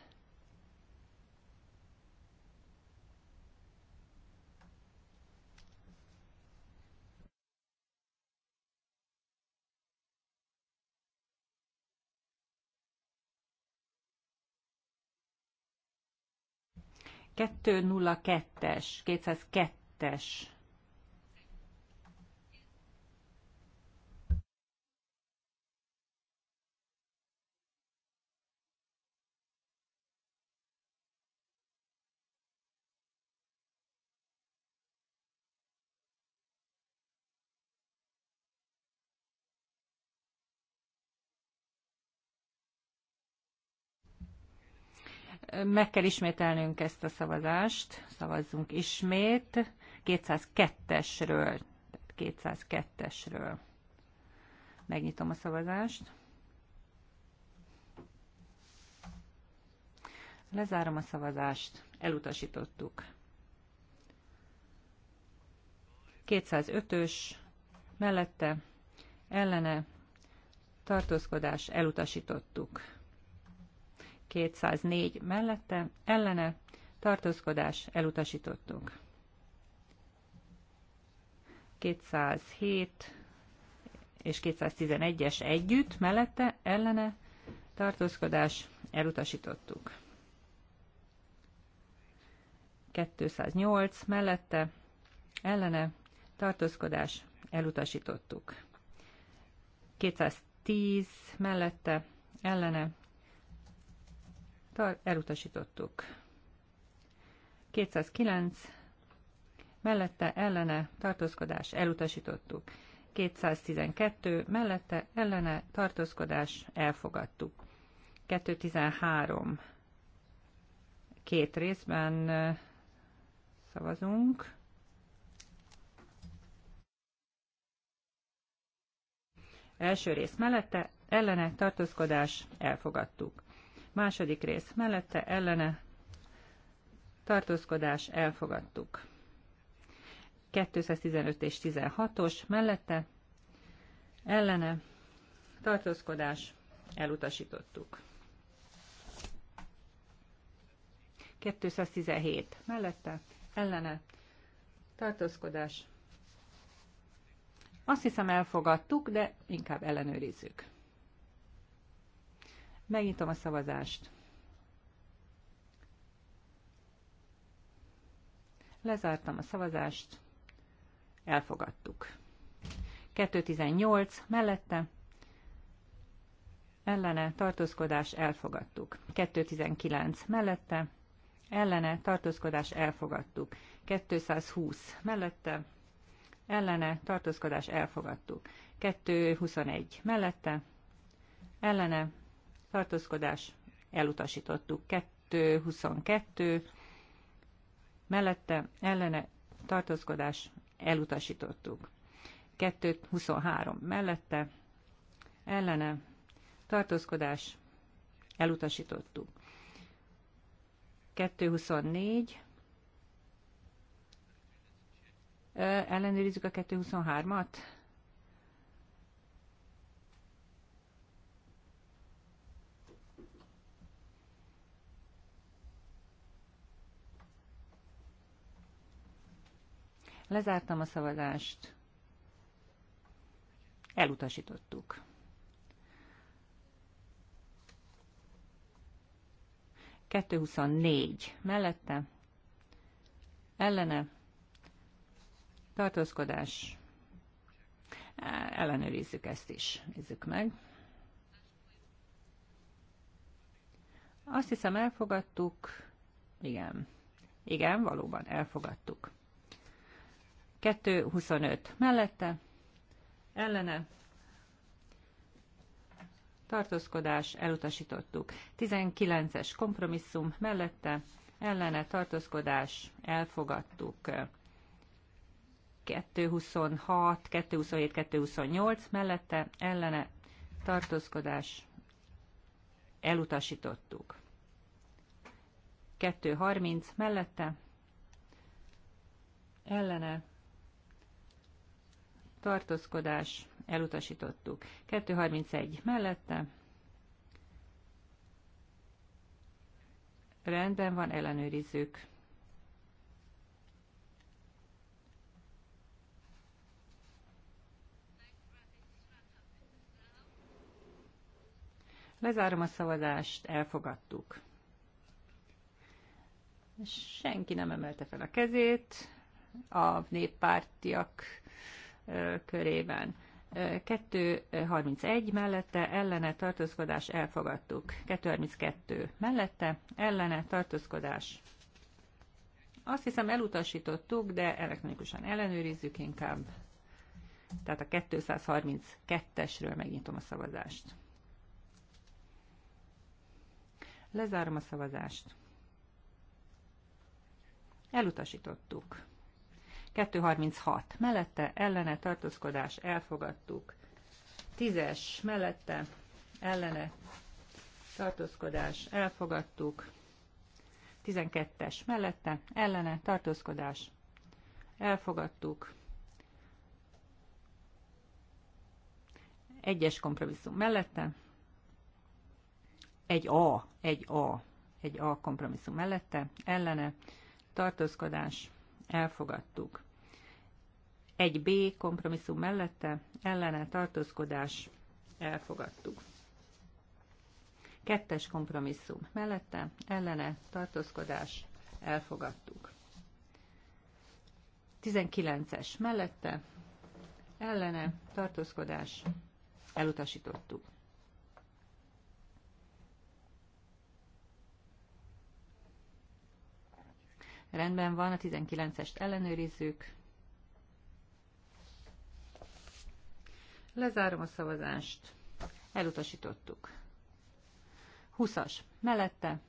Kettő nulla kettes, kétszáz kettes. Meg kell ismételnünk ezt a szavazást, szavazzunk ismét 202-esről. 202-esről. Megnyitom a szavazást. Lezárom a szavazást. Elutasítottuk. 205-ös mellette ellene tartózkodás elutasítottuk. 204 mellette, ellene, tartózkodás, elutasítottuk. 207 és 211-es együtt, mellette, ellene, tartózkodás, elutasítottuk. 208 mellette, ellene, tartózkodás, elutasítottuk. 210 mellette, ellene, elutasítottuk. 209 mellette ellene tartózkodás elutasítottuk. 212 mellette ellene tartózkodás elfogadtuk. 213 két részben szavazunk. Első rész mellette ellene tartózkodás elfogadtuk. Második rész mellette ellene tartózkodás elfogadtuk. 215 és 16-os mellette ellene tartózkodás elutasítottuk. 217 mellette ellene tartózkodás. Azt hiszem elfogadtuk, de inkább ellenőrizzük. Megnyitom a szavazást. Lezártam a szavazást. Elfogadtuk. 218 mellette ellene tartózkodás elfogadtuk. 219 mellette ellene tartózkodás elfogadtuk. 220 mellette ellene tartózkodás elfogadtuk. 221 mellette ellene tartózkodás, elutasítottuk. 222 mellette ellene tartózkodás, elutasítottuk. 223 mellette ellene tartózkodás, elutasítottuk. 224 ellenőrizzük a 223-at. Lezártam a szavazást. Elutasítottuk. Kettő huszonnégy mellette. Ellene. Tartózkodás. Ellenőrizzük ezt is. Nézzük meg. Azt hiszem elfogadtuk. Igen. Igen, valóban elfogadtuk. 2.25 mellette, ellene, tartózkodás, elutasítottuk. 19-es kompromisszum mellette, ellene, tartózkodás, elfogadtuk. 226, 227, 228 mellette, ellene, tartózkodás, elutasítottuk. 230 mellette, ellene tartózkodás, elutasítottuk. 231 mellette. Rendben van, ellenőrizzük. Lezárom a szavazást, elfogadtuk. Senki nem emelte fel a kezét, a néppártiak körében. 231 mellette ellene tartózkodás elfogadtuk. 232 mellette ellene tartózkodás. Azt hiszem elutasítottuk, de elektronikusan ellenőrizzük inkább. Tehát a 232-esről megnyitom a szavazást. Lezárom a szavazást. Elutasítottuk. 236 mellette ellene tartózkodás elfogadtuk. 10-es mellette ellene tartózkodás elfogadtuk. 12-es mellette ellene tartózkodás elfogadtuk. 1-es kompromisszum mellette. 1 A, 1 A, 1 A kompromisszum mellette, ellene, tartózkodás, elfogadtuk egy b kompromisszum mellette ellene tartózkodás elfogadtuk. Kettes kompromisszum mellette ellene tartózkodás elfogadtuk. 19-es mellette ellene tartózkodás elutasítottuk. Rendben van, a 19-est ellenőrizzük. Lezárom a szavazást. Elutasítottuk. 20-as. Mellette.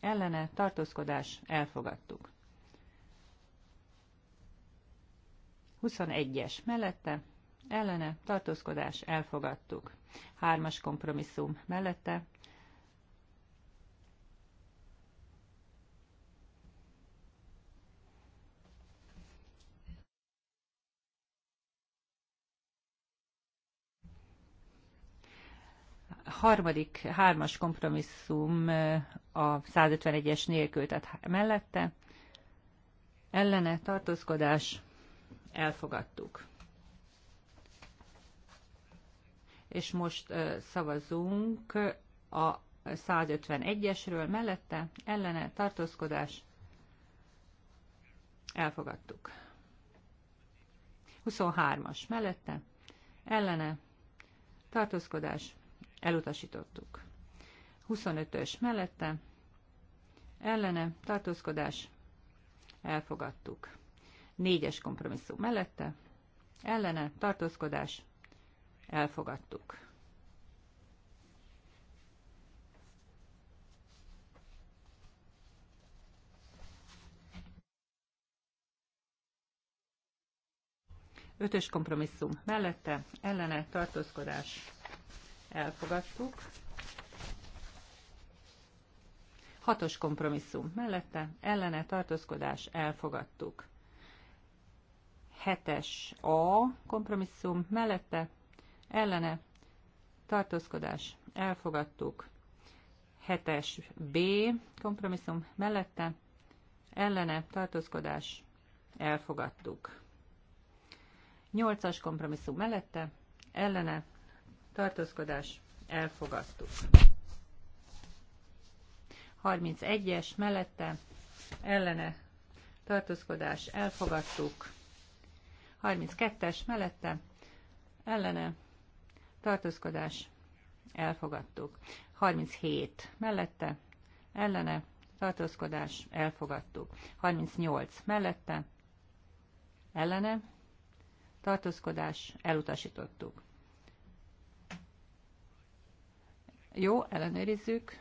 Ellene. Tartózkodás. Elfogadtuk. 21-es. Mellette. Ellene. Tartózkodás. Elfogadtuk. 3-as kompromisszum. Mellette. harmadik hármas kompromisszum a 151-es nélkül, tehát mellette ellene tartózkodás elfogadtuk. És most szavazunk a 151-esről mellette ellene tartózkodás elfogadtuk. 23-as mellette ellene tartózkodás Elutasítottuk. 25-ös mellette, ellene, tartózkodás, elfogadtuk. 4-es kompromisszum mellette, ellene, tartózkodás, elfogadtuk. Ötös kompromisszum mellette, ellene, tartózkodás, elfogadtuk. Hatos kompromisszum mellette, ellene tartózkodás, elfogadtuk. Hetes A kompromisszum mellette, ellene tartózkodás, elfogadtuk. Hetes B kompromisszum mellette, ellene tartózkodás, elfogadtuk. Nyolcas kompromisszum mellette, ellene tartózkodás, elfogadtuk. 31-es mellette ellene tartózkodás, elfogadtuk. 32-es mellette ellene tartózkodás, elfogadtuk. 37 mellette ellene tartózkodás, elfogadtuk. 38 mellette ellene tartózkodás, elutasítottuk. Jó, ellenőrizzük.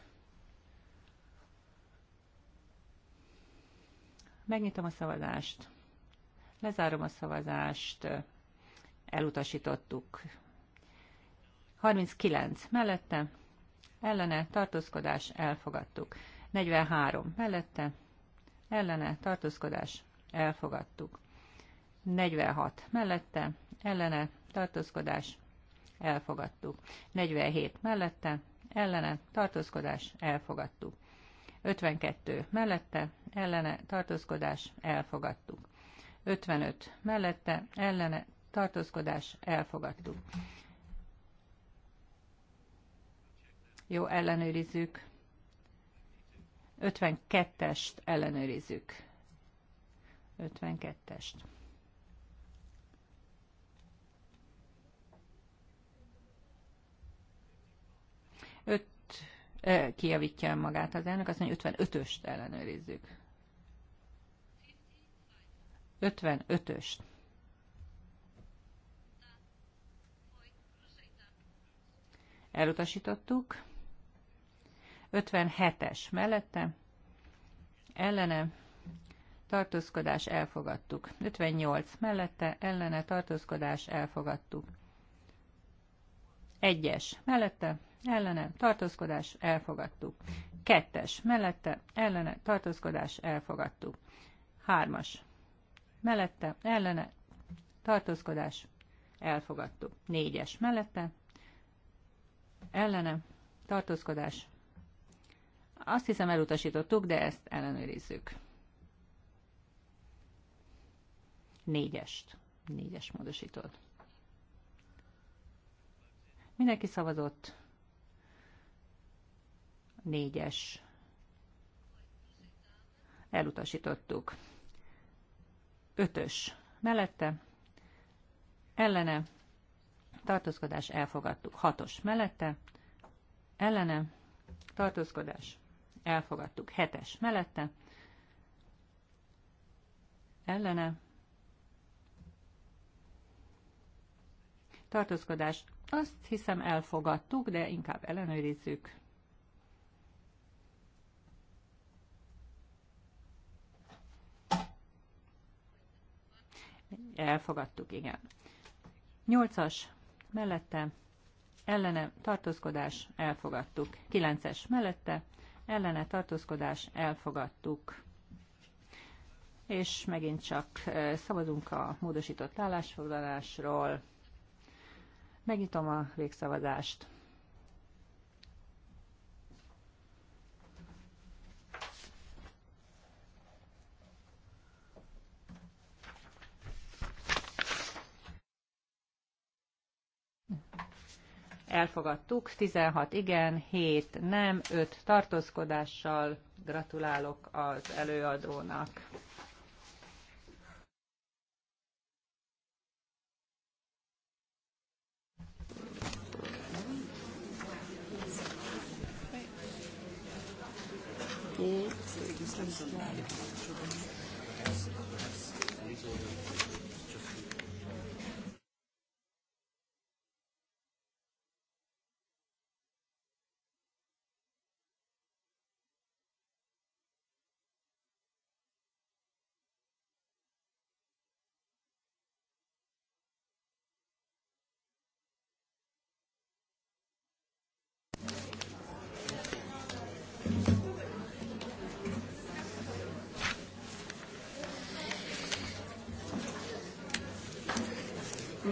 Megnyitom a szavazást. Lezárom a szavazást. Elutasítottuk. 39 mellette, ellene, tartózkodás, elfogadtuk. 43 mellette, ellene, tartózkodás, elfogadtuk. 46 mellette, ellene, tartózkodás, elfogadtuk. 47 mellette, ellene tartózkodás elfogadtuk. 52 mellette ellene tartózkodás elfogadtuk. 55 mellette ellene tartózkodás elfogadtuk. Jó, ellenőrizzük. 52-est ellenőrizzük. 52-est. Öt, eh, kijavítja magát az elnök, azt mondja, 55-öst ellenőrizzük. 55-öst. Elutasítottuk. 57-es mellette. Ellene tartózkodás elfogadtuk. 58 mellette ellene tartózkodás elfogadtuk. 1-es mellette ellene tartózkodás elfogadtuk. Kettes mellette ellene tartózkodás elfogadtuk. Hármas mellette ellene tartózkodás elfogadtuk. Négyes mellette ellene tartózkodás azt hiszem elutasítottuk, de ezt ellenőrizzük. Négyest. Négyes módosított. Mindenki szavazott négyes. Elutasítottuk. Ötös. Mellette. Ellene. Tartózkodás elfogadtuk. Hatos. Mellette. Ellene. Tartózkodás elfogadtuk. Hetes. Mellette. Ellene. Tartózkodás azt hiszem elfogadtuk, de inkább ellenőrizzük. Elfogadtuk, igen. Nyolcas mellette ellene tartózkodás elfogadtuk. Kilences mellette ellene tartózkodás elfogadtuk. És megint csak szavazunk a módosított állásfoglalásról. Megnyitom a végszavazást. elfogadtuk, 16 igen, 7 nem, 5 tartózkodással. Gratulálok az előadónak. Thank you.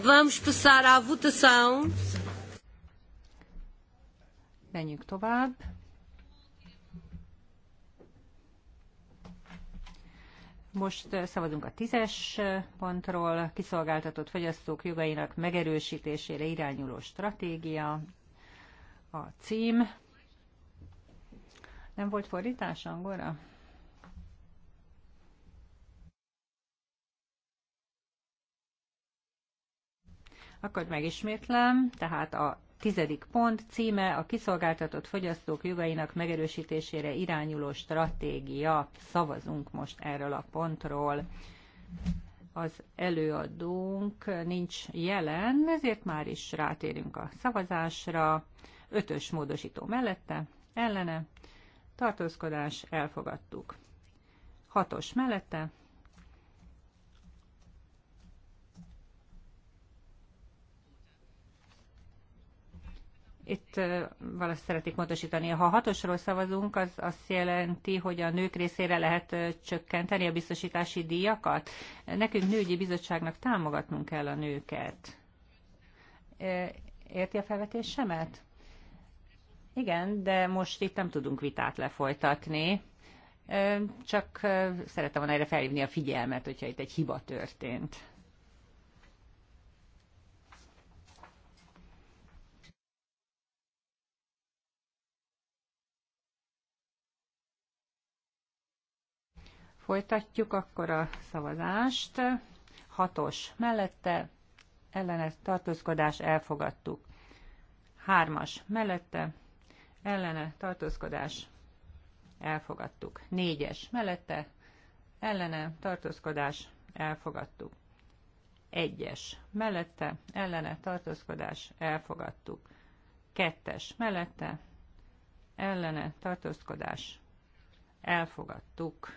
Vamos passar à votação. Menjünk tovább. Most eh, szavazunk a tízes eh, pontról, kiszolgáltatott fogyasztók jogainak megerősítésére irányuló stratégia, a cím. Nem volt fordítás angolra? Akkor megismétlem, tehát a tizedik pont címe a kiszolgáltatott fogyasztók jogainak megerősítésére irányuló stratégia. Szavazunk most erről a pontról. Az előadónk nincs jelen, ezért már is rátérünk a szavazásra. Ötös módosító mellette, ellene, tartózkodás, elfogadtuk. Hatos mellette, Itt valószínűleg szeretik módosítani. Ha hatosról szavazunk, az azt jelenti, hogy a nők részére lehet csökkenteni a biztosítási díjakat. Nekünk nőgyi bizottságnak támogatnunk kell a nőket. Érti a felvetésemet? Igen, de most itt nem tudunk vitát lefolytatni. Csak szeretem volna erre felhívni a figyelmet, hogyha itt egy hiba történt. Folytatjuk akkor a szavazást. Hatos mellette ellene tartózkodás elfogadtuk. Hármas mellette ellene tartózkodás elfogadtuk. Négyes mellette ellene tartózkodás elfogadtuk. Egyes mellette ellene tartózkodás elfogadtuk. Kettes mellette ellene tartózkodás elfogadtuk.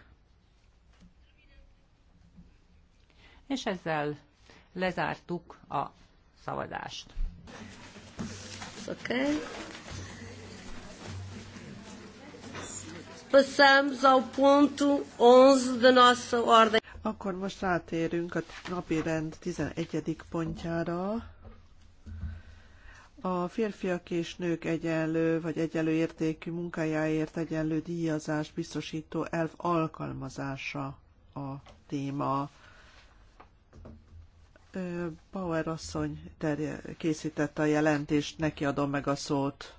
és ezzel lezártuk a szavazást. Oké. Okay. Passamos ao ponto 11 da nossa ordem. Akkor most rátérünk a napi rend 11. pontjára. A férfiak és nők egyenlő vagy egyenlő értékű munkájáért egyenlő díjazás biztosító elv alkalmazása a téma. Bauer asszony terje, készítette a jelentést, neki adom meg a szót.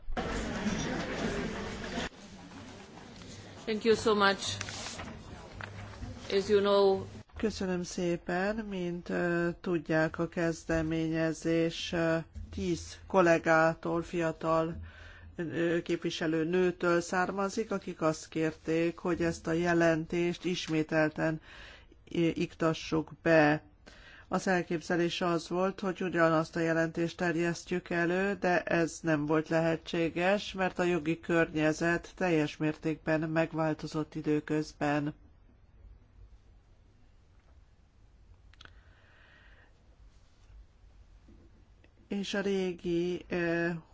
Thank you so much. As you know, Köszönöm szépen, mint uh, tudják a kezdeményezés uh, 10 kollégától, fiatal uh, képviselő nőtől származik, akik azt kérték, hogy ezt a jelentést ismételten iktassuk be az elképzelés az volt, hogy ugyanazt a jelentést terjesztjük elő, de ez nem volt lehetséges, mert a jogi környezet teljes mértékben megváltozott időközben. és a régi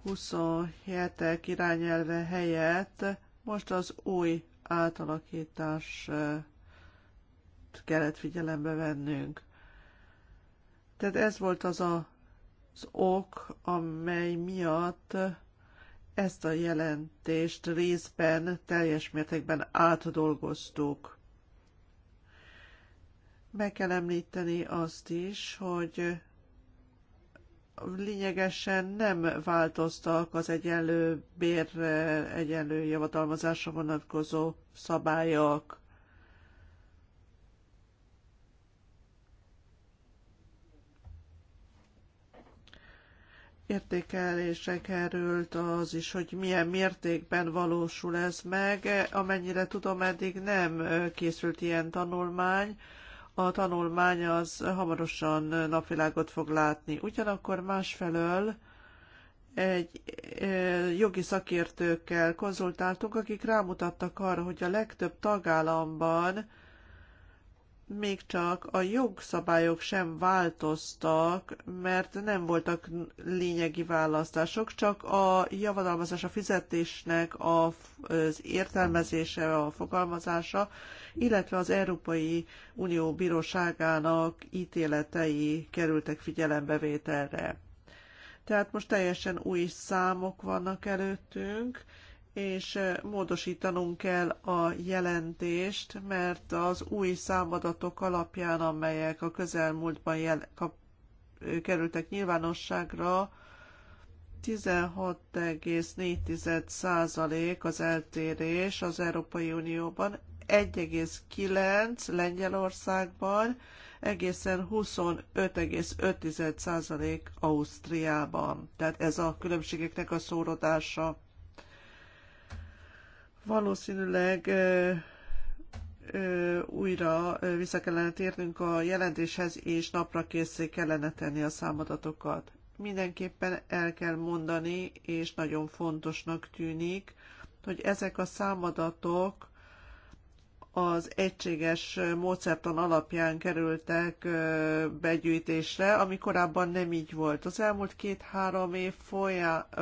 27-ek eh, irányelve helyett most az új átalakítás eh, kellett figyelembe vennünk. Tehát ez volt az a, az ok, amely miatt ezt a jelentést részben, teljes mértékben átdolgoztuk. Meg kell említeni azt is, hogy lényegesen nem változtak az egyenlő bérre, egyenlő javadalmazásra vonatkozó szabályok. értékelése került az is, hogy milyen mértékben valósul ez meg. Amennyire tudom, eddig nem készült ilyen tanulmány. A tanulmány az hamarosan napvilágot fog látni. Ugyanakkor másfelől egy jogi szakértőkkel konzultáltunk, akik rámutattak arra, hogy a legtöbb tagállamban még csak a jogszabályok sem változtak, mert nem voltak lényegi választások, csak a javadalmazás a fizetésnek az értelmezése, a fogalmazása, illetve az Európai Unió Bíróságának ítéletei kerültek figyelembevételre. Tehát most teljesen új számok vannak előttünk, és módosítanunk kell a jelentést, mert az új számadatok alapján, amelyek a közelmúltban jel- kap- kerültek nyilvánosságra, 16,4% az eltérés az Európai Unióban, 1,9 Lengyelországban, egészen 25,5% Ausztriában. Tehát ez a különbségeknek a szórodása. Valószínűleg újra vissza kellene térnünk a jelentéshez, és napra készé kellene tenni a számadatokat. Mindenképpen el kell mondani, és nagyon fontosnak tűnik, hogy ezek a számadatok az egységes módszertan alapján kerültek begyűjtésre, ami korábban nem így volt. Az elmúlt két-három év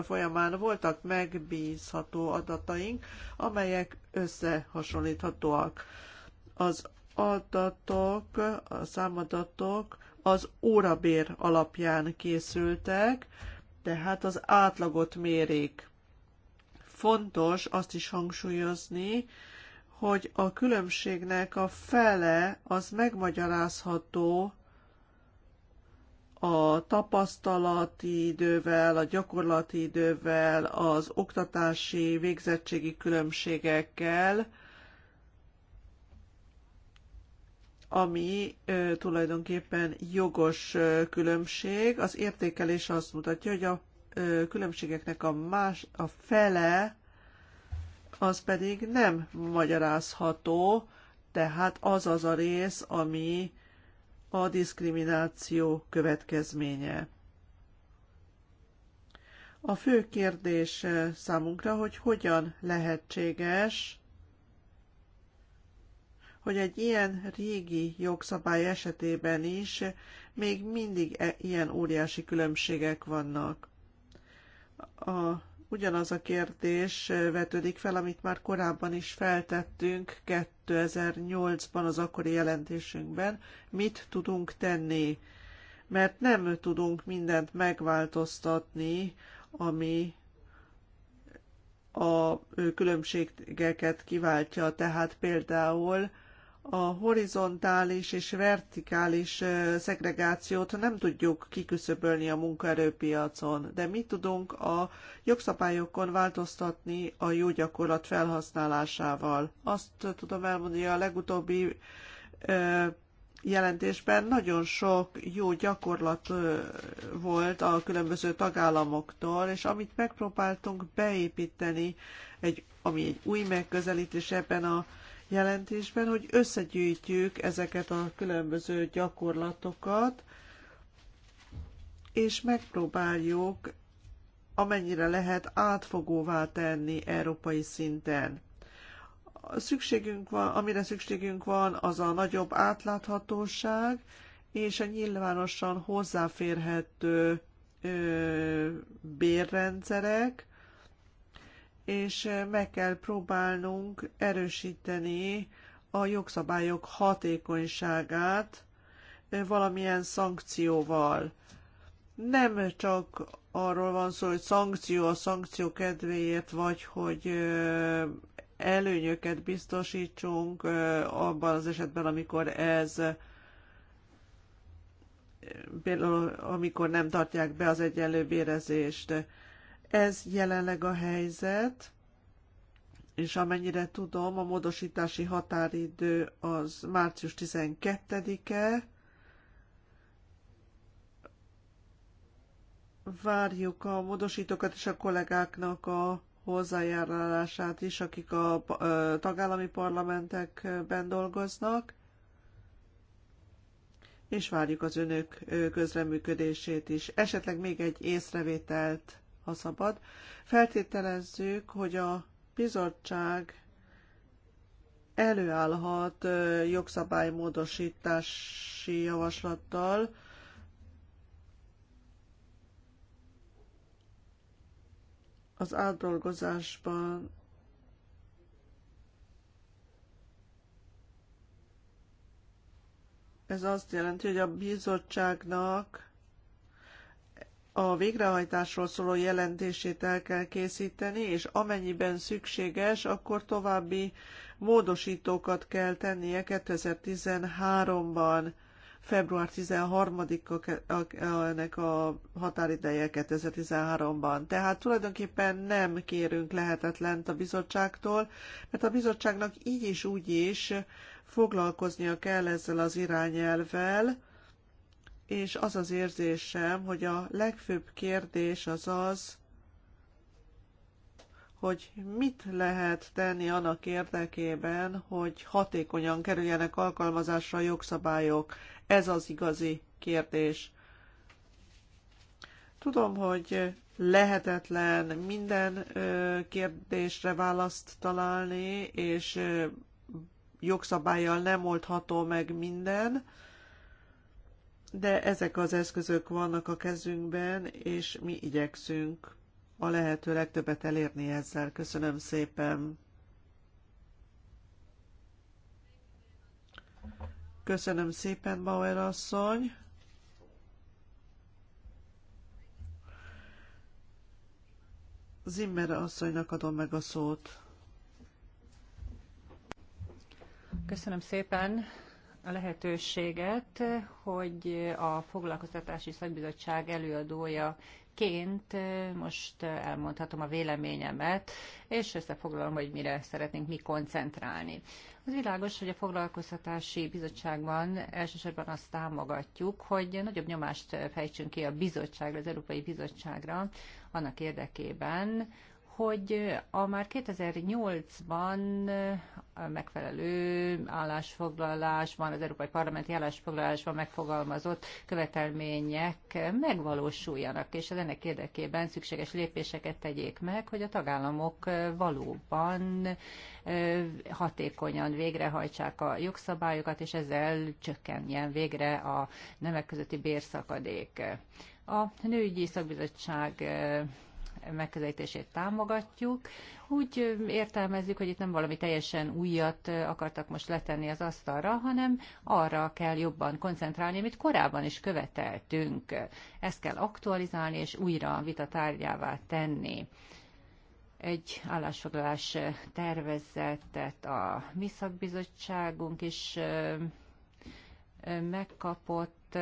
folyamán voltak megbízható adataink, amelyek összehasonlíthatóak. Az adatok, a számadatok az órabér alapján készültek, tehát az átlagot mérik. Fontos azt is hangsúlyozni, hogy a különbségnek a fele az megmagyarázható a tapasztalati idővel, a gyakorlati idővel, az oktatási, végzettségi különbségekkel, ami ö, tulajdonképpen jogos ö, különbség. Az értékelés azt mutatja, hogy a ö, különbségeknek a, más, a fele az pedig nem magyarázható, tehát az az a rész, ami a diszkrimináció következménye. A fő kérdés számunkra, hogy hogyan lehetséges, hogy egy ilyen régi jogszabály esetében is még mindig e- ilyen óriási különbségek vannak. A ugyanaz a kérdés vetődik fel, amit már korábban is feltettünk 2008-ban az akkori jelentésünkben, mit tudunk tenni, mert nem tudunk mindent megváltoztatni, ami a különbségeket kiváltja. Tehát például a horizontális és vertikális szegregációt nem tudjuk kiküszöbölni a munkaerőpiacon, de mi tudunk a jogszabályokon változtatni a jó gyakorlat felhasználásával. Azt tudom elmondani, a legutóbbi jelentésben nagyon sok jó gyakorlat volt a különböző tagállamoktól, és amit megpróbáltunk beépíteni, egy, ami egy új megközelítés ebben a jelentésben, hogy összegyűjtjük ezeket a különböző gyakorlatokat, és megpróbáljuk amennyire lehet átfogóvá tenni európai szinten. Szükségünk van, amire szükségünk van, az a nagyobb átláthatóság és a nyilvánosan hozzáférhető ö, bérrendszerek, és meg kell próbálnunk erősíteni a jogszabályok hatékonyságát valamilyen szankcióval. Nem csak arról van szó, hogy szankció a szankció kedvéért, vagy hogy előnyöket biztosítsunk abban az esetben, amikor ez például amikor nem tartják be az egyenlő bérezést. Ez jelenleg a helyzet, és amennyire tudom, a módosítási határidő az március 12-e. Várjuk a módosítókat és a kollégáknak a hozzájárulását is, akik a tagállami parlamentekben dolgoznak, és várjuk az önök közreműködését is. Esetleg még egy észrevételt ha szabad. Feltételezzük, hogy a bizottság előállhat jogszabálymódosítási javaslattal, az átdolgozásban ez azt jelenti, hogy a bizottságnak a végrehajtásról szóló jelentését el kell készíteni, és amennyiben szükséges, akkor további módosítókat kell tennie 2013-ban. Február 13-a ennek a határideje 2013-ban. Tehát tulajdonképpen nem kérünk lehetetlent a bizottságtól, mert a bizottságnak így is úgy is foglalkoznia kell ezzel az irányelvel, és az az érzésem, hogy a legfőbb kérdés az az, hogy mit lehet tenni annak érdekében, hogy hatékonyan kerüljenek alkalmazásra a jogszabályok. Ez az igazi kérdés. Tudom, hogy lehetetlen minden kérdésre választ találni, és jogszabályjal nem oldható meg minden, de ezek az eszközök vannak a kezünkben, és mi igyekszünk a lehető legtöbbet elérni ezzel. Köszönöm szépen! Köszönöm szépen, Bauer asszony! Zimmer asszonynak adom meg a szót. Köszönöm szépen a lehetőséget, hogy a foglalkoztatási szakbizottság előadója ként most elmondhatom a véleményemet, és összefoglalom, hogy mire szeretnénk mi koncentrálni. Az világos, hogy a foglalkoztatási bizottságban elsősorban azt támogatjuk, hogy nagyobb nyomást fejtsünk ki a bizottságra, az Európai Bizottságra annak érdekében, hogy a már 2008-ban megfelelő állásfoglalásban, az Európai Parlamenti állásfoglalásban megfogalmazott követelmények megvalósuljanak, és az ennek érdekében szükséges lépéseket tegyék meg, hogy a tagállamok valóban hatékonyan végrehajtsák a jogszabályokat, és ezzel csökkenjen végre a nemek közötti bérszakadék. A Nőügyi Szakbizottság megközelítését támogatjuk. Úgy értelmezzük, hogy itt nem valami teljesen újat akartak most letenni az asztalra, hanem arra kell jobban koncentrálni, amit korábban is követeltünk. Ezt kell aktualizálni és újra vita tárgyává tenni egy állásfoglalás tervezetet a mi szakbizottságunk is megkapott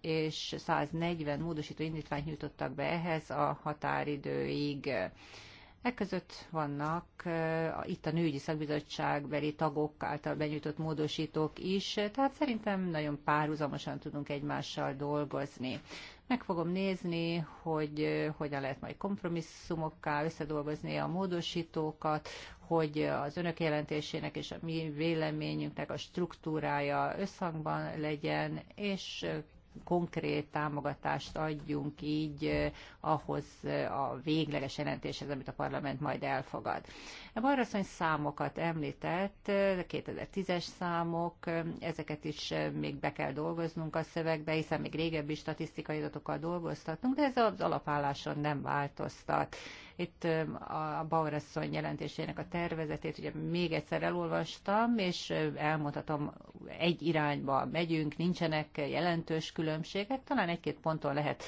és 140 módosító indítványt nyújtottak be ehhez a határidőig. Ekközött vannak eh, itt a nőgyi beli tagok által benyújtott módosítók is, tehát szerintem nagyon párhuzamosan tudunk egymással dolgozni. Meg fogom nézni, hogy eh, hogyan lehet majd kompromisszumokká összedolgozni a módosítókat, hogy az önök jelentésének és a mi véleményünknek a struktúrája összhangban legyen, és eh, konkrét támogatást adjunk így eh, ahhoz eh, a végleges jelentéshez, amit a parlament majd elfogad. A Barraszony számokat említett, 2010-es eh, számok, ezeket is még be kell dolgoznunk a szövegbe, hiszen még régebbi statisztikai adatokkal dolgoztatunk, de ez az alapálláson nem változtat itt a Bauerasszony jelentésének a tervezetét ugye még egyszer elolvastam, és elmondhatom, egy irányba megyünk, nincsenek jelentős különbségek, talán egy-két ponton lehet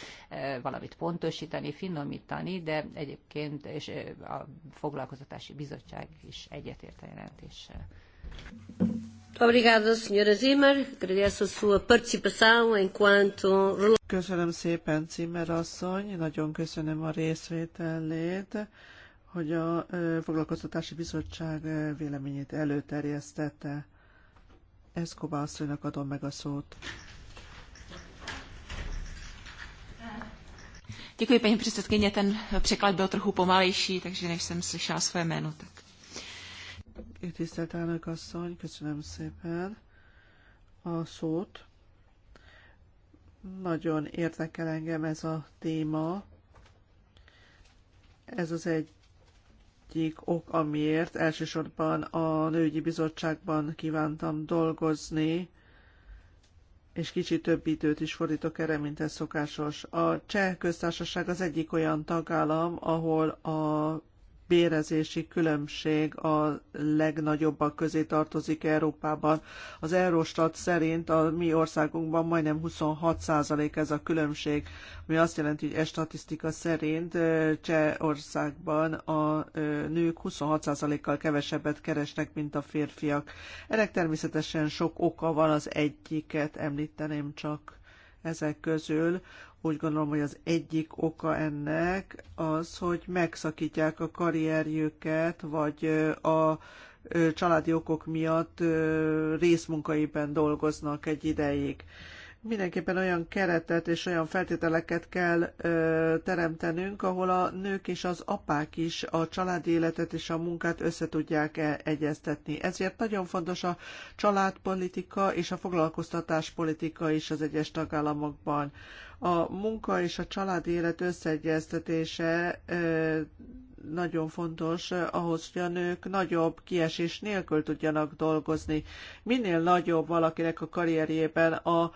valamit pontosítani, finomítani, de egyébként és a foglalkoztatási bizottság is egyetért a jelentéssel. Obrigada, Sra. Zimmer. Agradeço a sua participação enquanto... Köszönöm szépen, Zimmer asszony. Nagyon köszönöm a részvételét, hogy a Foglalkoztatási Bizottság véleményét előterjesztette. Eszkobá asszonynak adom meg a szót. Děkuji, paní předsedkyně. Ten překlad byl trochu pomalejší, takže než jsem slyšela své jméno, tak Tisztelt elnök asszony, köszönöm szépen a szót. Nagyon érdekel engem ez a téma. Ez az egyik ok, amiért elsősorban a nőgyi bizottságban kívántam dolgozni, és kicsit több időt is fordítok erre, mint ez szokásos. A Cseh köztársaság az egyik olyan tagállam, ahol a bérezési különbség a legnagyobbak közé tartozik Európában. Az Eurostat szerint a mi országunkban majdnem 26% ez a különbség, ami azt jelenti, hogy e statisztika szerint Csehországban a nők 26%-kal kevesebbet keresnek, mint a férfiak. Ennek természetesen sok oka van, az egyiket említeném csak ezek közül. Úgy gondolom, hogy az egyik oka ennek az, hogy megszakítják a karrierjüket, vagy a családi okok miatt részmunkaiban dolgoznak egy ideig mindenképpen olyan keretet és olyan feltételeket kell ö, teremtenünk, ahol a nők és az apák is a családi életet és a munkát összetudják -e egyeztetni. Ezért nagyon fontos a családpolitika és a foglalkoztatáspolitika is az egyes tagállamokban. A munka és a családi élet összeegyeztetése ö, nagyon fontos ahhoz, hogy a nők nagyobb kiesés nélkül tudjanak dolgozni. Minél nagyobb valakinek a karrierjében a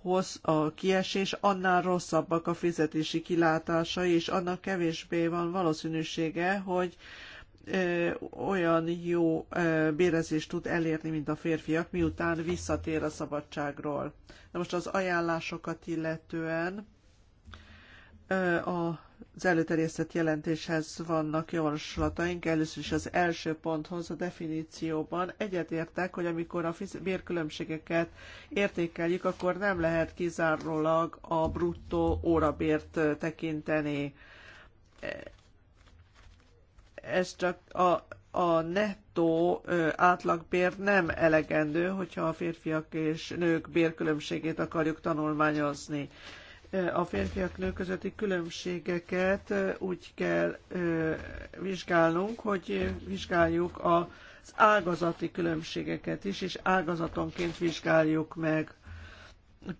hossz a kiesés, annál rosszabbak a fizetési kilátásai, és annak kevésbé van valószínűsége, hogy olyan jó bérezést tud elérni, mint a férfiak, miután visszatér a szabadságról. Na most az ajánlásokat illetően a az előterjesztett jelentéshez vannak javaslataink. Először is az első ponthoz a definícióban egyetértek, hogy amikor a bérkülönbségeket értékeljük, akkor nem lehet kizárólag a bruttó órabért tekinteni. E, ez csak a, a nettó átlagbér nem elegendő, hogyha a férfiak és nők bérkülönbségét akarjuk tanulmányozni a férfiak nők közötti különbségeket úgy kell vizsgálnunk, hogy vizsgáljuk az ágazati különbségeket is, és ágazatonként vizsgáljuk meg.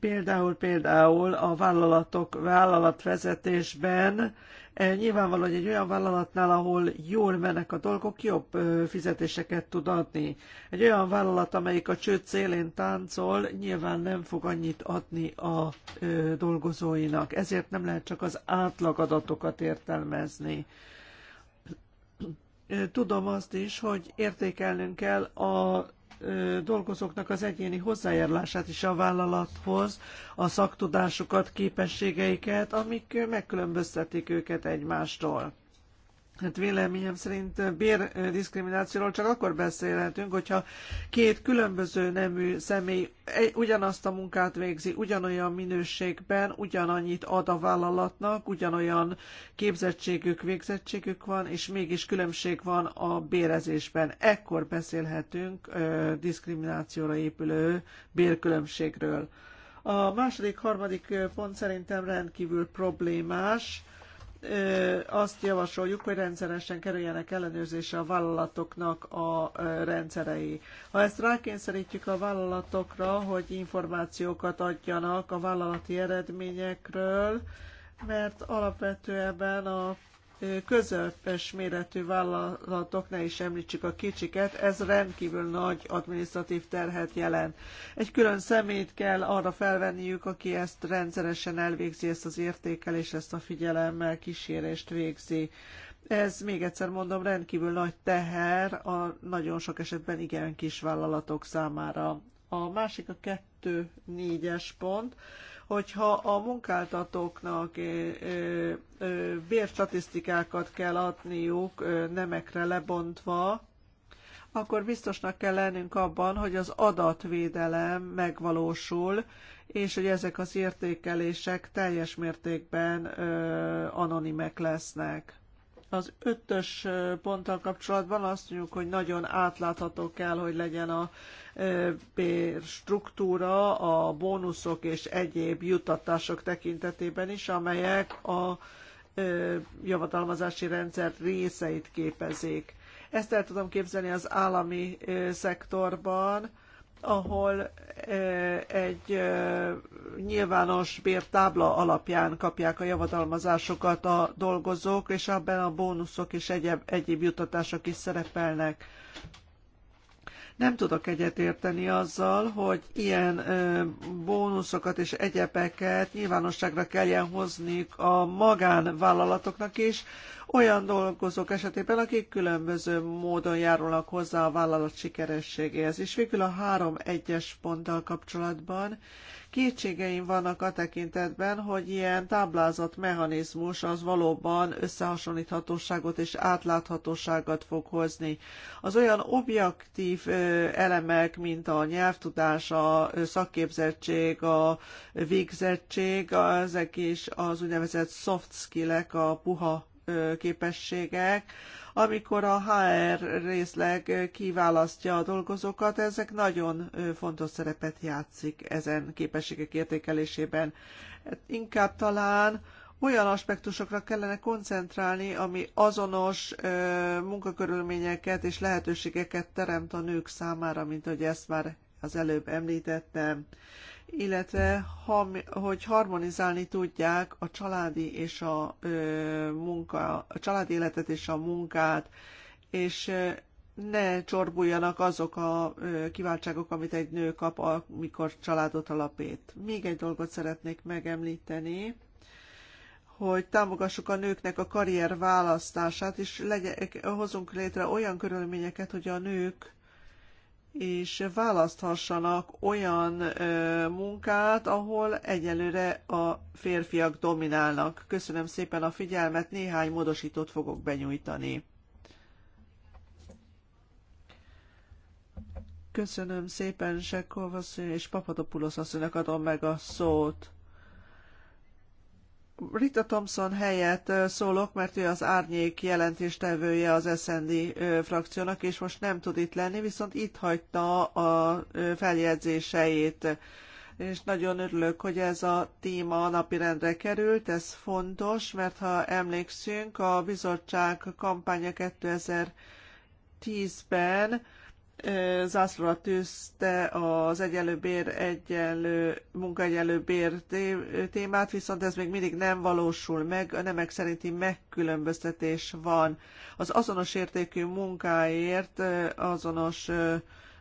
Például például a vállalatok vállalatvezetésben Eh, nyilvánvaló, hogy egy olyan vállalatnál, ahol jól mennek a dolgok, jobb eh, fizetéseket tud adni. Egy olyan vállalat, amelyik a csőd szélén táncol, nyilván nem fog annyit adni a eh, dolgozóinak. Ezért nem lehet csak az átlagadatokat értelmezni. Tudom azt is, hogy értékelnünk kell a dolgozóknak az egyéni hozzájárulását is a vállalathoz, a szaktudásukat, képességeiket, amik megkülönböztetik őket egymástól. Hát véleményem szerint bérdiszkriminációról csak akkor beszélhetünk, hogyha két különböző nemű személy e, ugyanazt a munkát végzi, ugyanolyan minőségben, ugyanannyit ad a vállalatnak, ugyanolyan képzettségük, végzettségük van, és mégis különbség van a bérezésben. Ekkor beszélhetünk ö, diszkriminációra épülő bérkülönbségről. A második, harmadik pont szerintem rendkívül problémás azt javasoljuk, hogy rendszeresen kerüljenek ellenőrzésre a vállalatoknak a rendszerei. Ha ezt rákényszerítjük a vállalatokra, hogy információkat adjanak a vállalati eredményekről, mert alapvetően a közepes méretű vállalatok, ne is említsük a kicsiket, ez rendkívül nagy administratív terhet jelent. Egy külön szemét kell arra felvenniük, aki ezt rendszeresen elvégzi, ezt az értékelést, ezt a figyelemmel kísérést végzi. Ez még egyszer mondom, rendkívül nagy teher a nagyon sok esetben igen kis vállalatok számára. A másik a 2-4-es pont hogyha a munkáltatóknak bérstatisztikákat kell adniuk nemekre lebontva, akkor biztosnak kell lennünk abban, hogy az adatvédelem megvalósul, és hogy ezek az értékelések teljes mértékben ö, anonimek lesznek. Az ötös ponttal kapcsolatban azt mondjuk, hogy nagyon átlátható kell, hogy legyen a bérstruktúra a bónuszok és egyéb juttatások tekintetében is, amelyek a javadalmazási rendszer részeit képezik. Ezt el tudom képzelni az állami szektorban, ahol egy nyilvános bértábla alapján kapják a javadalmazásokat a dolgozók, és abban a bónuszok és egyéb, egyéb jutatások is szerepelnek. Nem tudok egyetérteni azzal, hogy ilyen bónuszokat és egyebeket nyilvánosságra kelljen hozniuk a magánvállalatoknak is, olyan dolgozók esetében, akik különböző módon járulnak hozzá a vállalat sikerességéhez. És végül a három egyes ponttal kapcsolatban kétségeim vannak a tekintetben, hogy ilyen táblázat mechanizmus az valóban összehasonlíthatóságot és átláthatóságot fog hozni. Az olyan objektív elemek, mint a nyelvtudás, a szakképzettség, a végzettség, ezek is az úgynevezett soft skillek, a puha képességek, amikor a HR részleg kiválasztja a dolgozókat, ezek nagyon fontos szerepet játszik ezen képességek értékelésében. Hát inkább talán olyan aspektusokra kellene koncentrálni, ami azonos ö, munkakörülményeket és lehetőségeket teremt a nők számára, mint hogy ezt már az előbb említettem illetve hogy harmonizálni tudják a családi és a munka, a családi életet és a munkát, és ne csorbuljanak azok a kiváltságok, amit egy nő kap, amikor családot alapít. Még egy dolgot szeretnék megemlíteni, hogy támogassuk a nőknek a karrier választását, és legyek hozunk létre olyan körülményeket, hogy a nők és választhassanak olyan ö, munkát, ahol egyelőre a férfiak dominálnak. Köszönöm szépen a figyelmet, néhány módosítót fogok benyújtani. Köszönöm szépen Sekovasszony és Papadopoulos asszonynak adom meg a szót. Rita Thompson helyett szólok, mert ő az árnyék jelentéstevője az SND frakciónak, és most nem tud itt lenni, viszont itt hagyta a feljegyzéseit. És nagyon örülök, hogy ez a téma napirendre került, ez fontos, mert ha emlékszünk, a bizottság kampánya 2010-ben zászlóra tűzte az egyenlő bér, egyenlő, munkaegyenlő bér témát, viszont ez még mindig nem valósul meg, a nemek szerinti megkülönböztetés van. Az azonos értékű munkáért azonos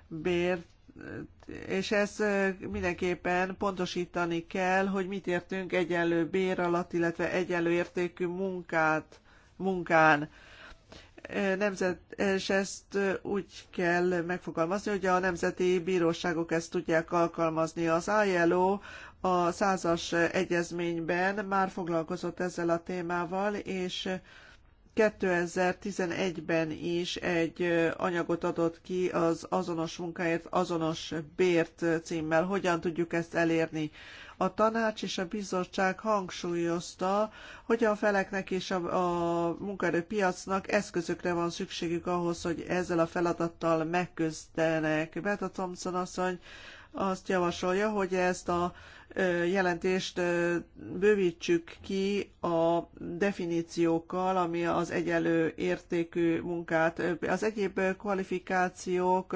bér, és ez mindenképpen pontosítani kell, hogy mit értünk egyenlő bér alatt, illetve egyenlő értékű munkát, munkán nemzet, és ezt úgy kell megfogalmazni, hogy a nemzeti bíróságok ezt tudják alkalmazni. Az ILO a százas egyezményben már foglalkozott ezzel a témával, és 2011-ben is egy anyagot adott ki az azonos munkáért, azonos bért címmel. Hogyan tudjuk ezt elérni? A tanács és a bizottság hangsúlyozta, hogy a feleknek és a, a munkaerőpiacnak eszközökre van szükségük ahhoz, hogy ezzel a feladattal megküzdenek. Beta Thompson asszony azt javasolja, hogy ezt a jelentést bővítsük ki a definíciókkal, ami az egyenlő értékű munkát, az egyéb kvalifikációk,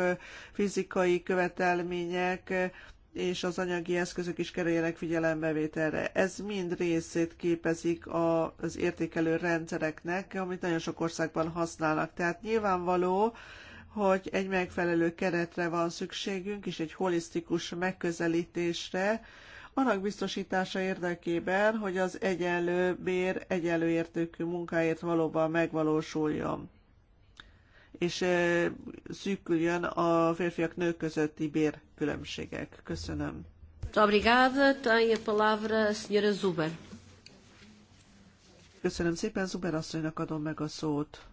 fizikai követelmények, és az anyagi eszközök is kerüljenek figyelembevételre. Ez mind részét képezik az értékelő rendszereknek, amit nagyon sok országban használnak. Tehát nyilvánvaló, hogy egy megfelelő keretre van szükségünk, és egy holisztikus megközelítésre, annak biztosítása érdekében, hogy az egyenlő bér, egyenlő értékű munkáért valóban megvalósuljon és szűküljön a férfiak nők közötti bérkülönbségek. Köszönöm. Obrigada. a Köszönöm szépen, Zuber asszonynak adom meg a szót.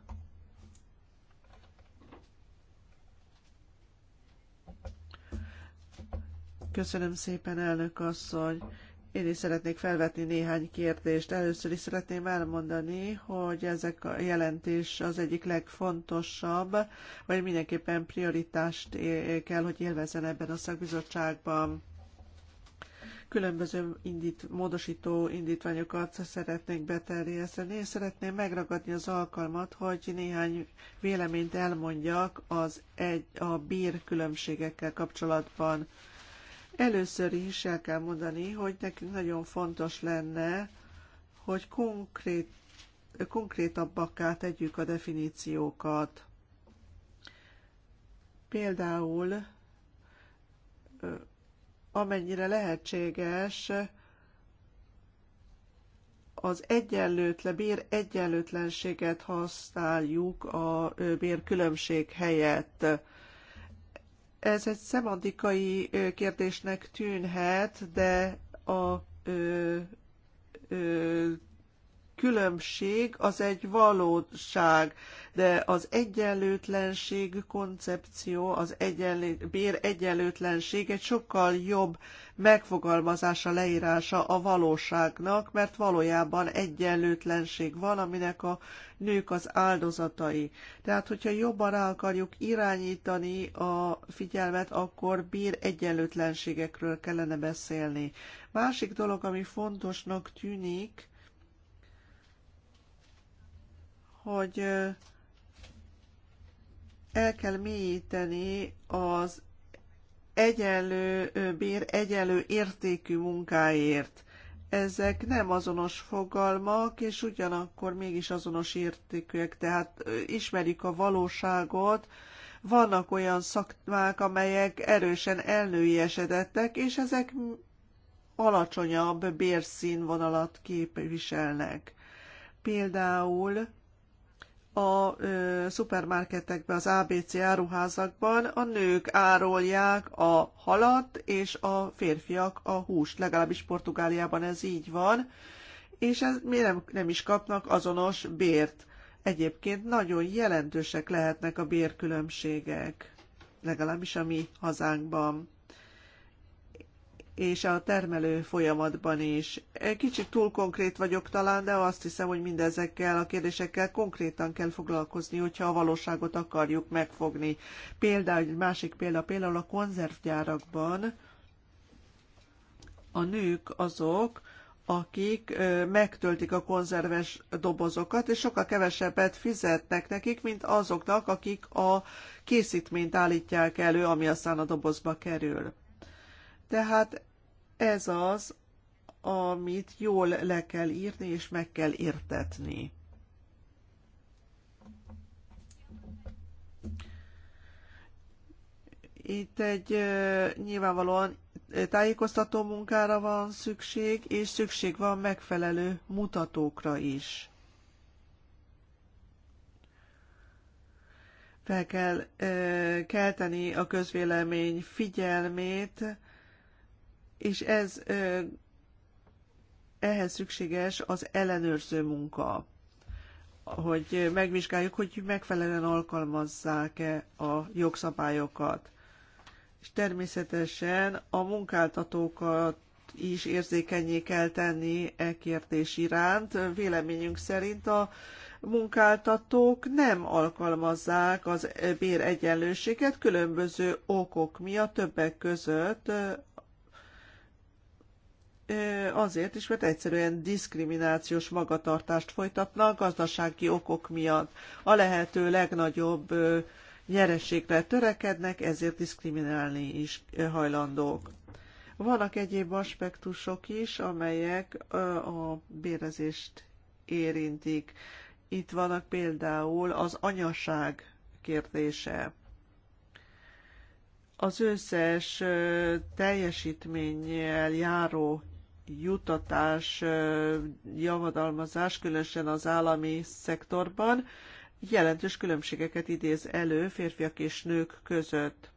Köszönöm szépen, elnök asszony. Én is szeretnék felvetni néhány kérdést. Először is szeretném elmondani, hogy ezek a jelentés az egyik legfontosabb, vagy mindenképpen prioritást kell, hogy élvezzen ebben a szakbizottságban különböző indít, módosító indítványokat szeretnék beterjeszteni, Én szeretném megragadni az alkalmat, hogy néhány véleményt elmondjak az egy, a bír különbségekkel kapcsolatban. Először is el kell mondani, hogy nekünk nagyon fontos lenne, hogy konkrét, konkrétabbakká tegyük a definíciókat. Például, amennyire lehetséges, az egyenlőtlen bér egyenlőtlenséget használjuk a bérkülönbség helyett ez egy szemantikai kérdésnek tűnhet, de a ö, ö, különbség az egy valóság, de az egyenlőtlenség koncepció, az egyenlő, bér egyenlőtlenség egy sokkal jobb megfogalmazása, leírása a valóságnak, mert valójában egyenlőtlenség van, aminek a nők az áldozatai. Tehát, hogyha jobban rá akarjuk irányítani a figyelmet, akkor bér egyenlőtlenségekről kellene beszélni. Másik dolog, ami fontosnak tűnik, hogy el kell mélyíteni az egyenlő bér, egyenlő értékű munkáért. Ezek nem azonos fogalmak, és ugyanakkor mégis azonos értékűek, tehát ismerjük a valóságot, vannak olyan szakmák, amelyek erősen elnői esedettek, és ezek alacsonyabb bérszínvonalat képviselnek. Például a ö, szupermarketekben, az ABC áruházakban a nők árolják a halat, és a férfiak a húst, legalábbis Portugáliában ez így van, és ez mi nem, nem is kapnak azonos bért. Egyébként nagyon jelentősek lehetnek a bérkülönbségek, legalábbis a mi hazánkban és a termelő folyamatban is. Kicsit túl konkrét vagyok talán, de azt hiszem, hogy mindezekkel a kérdésekkel konkrétan kell foglalkozni, hogyha a valóságot akarjuk megfogni. Például, egy másik példa, például a konzervgyárakban a nők azok, akik megtöltik a konzerves dobozokat, és sokkal kevesebbet fizetnek nekik, mint azoknak, akik a készítményt állítják elő, ami aztán a dobozba kerül. Tehát ez az, amit jól le kell írni és meg kell értetni. Itt egy nyilvánvalóan tájékoztató munkára van szükség, és szükség van megfelelő mutatókra is. Fel kell kelteni a közvélemény figyelmét, és ez ehhez szükséges az ellenőrző munka, hogy megvizsgáljuk, hogy megfelelően alkalmazzák-e a jogszabályokat. És természetesen a munkáltatókat is érzékenyé kell tenni e kérdés iránt. Véleményünk szerint a munkáltatók nem alkalmazzák az béregyenlőséget különböző okok miatt, többek között azért is, mert egyszerűen diszkriminációs magatartást folytatnak gazdasági okok miatt. A lehető legnagyobb nyerességre törekednek, ezért diszkriminálni is hajlandók. Vannak egyéb aspektusok is, amelyek a bérezést érintik. Itt vannak például az anyaság kérdése. Az összes teljesítménnyel járó juttatás, javadalmazás, különösen az állami szektorban jelentős különbségeket idéz elő férfiak és nők között.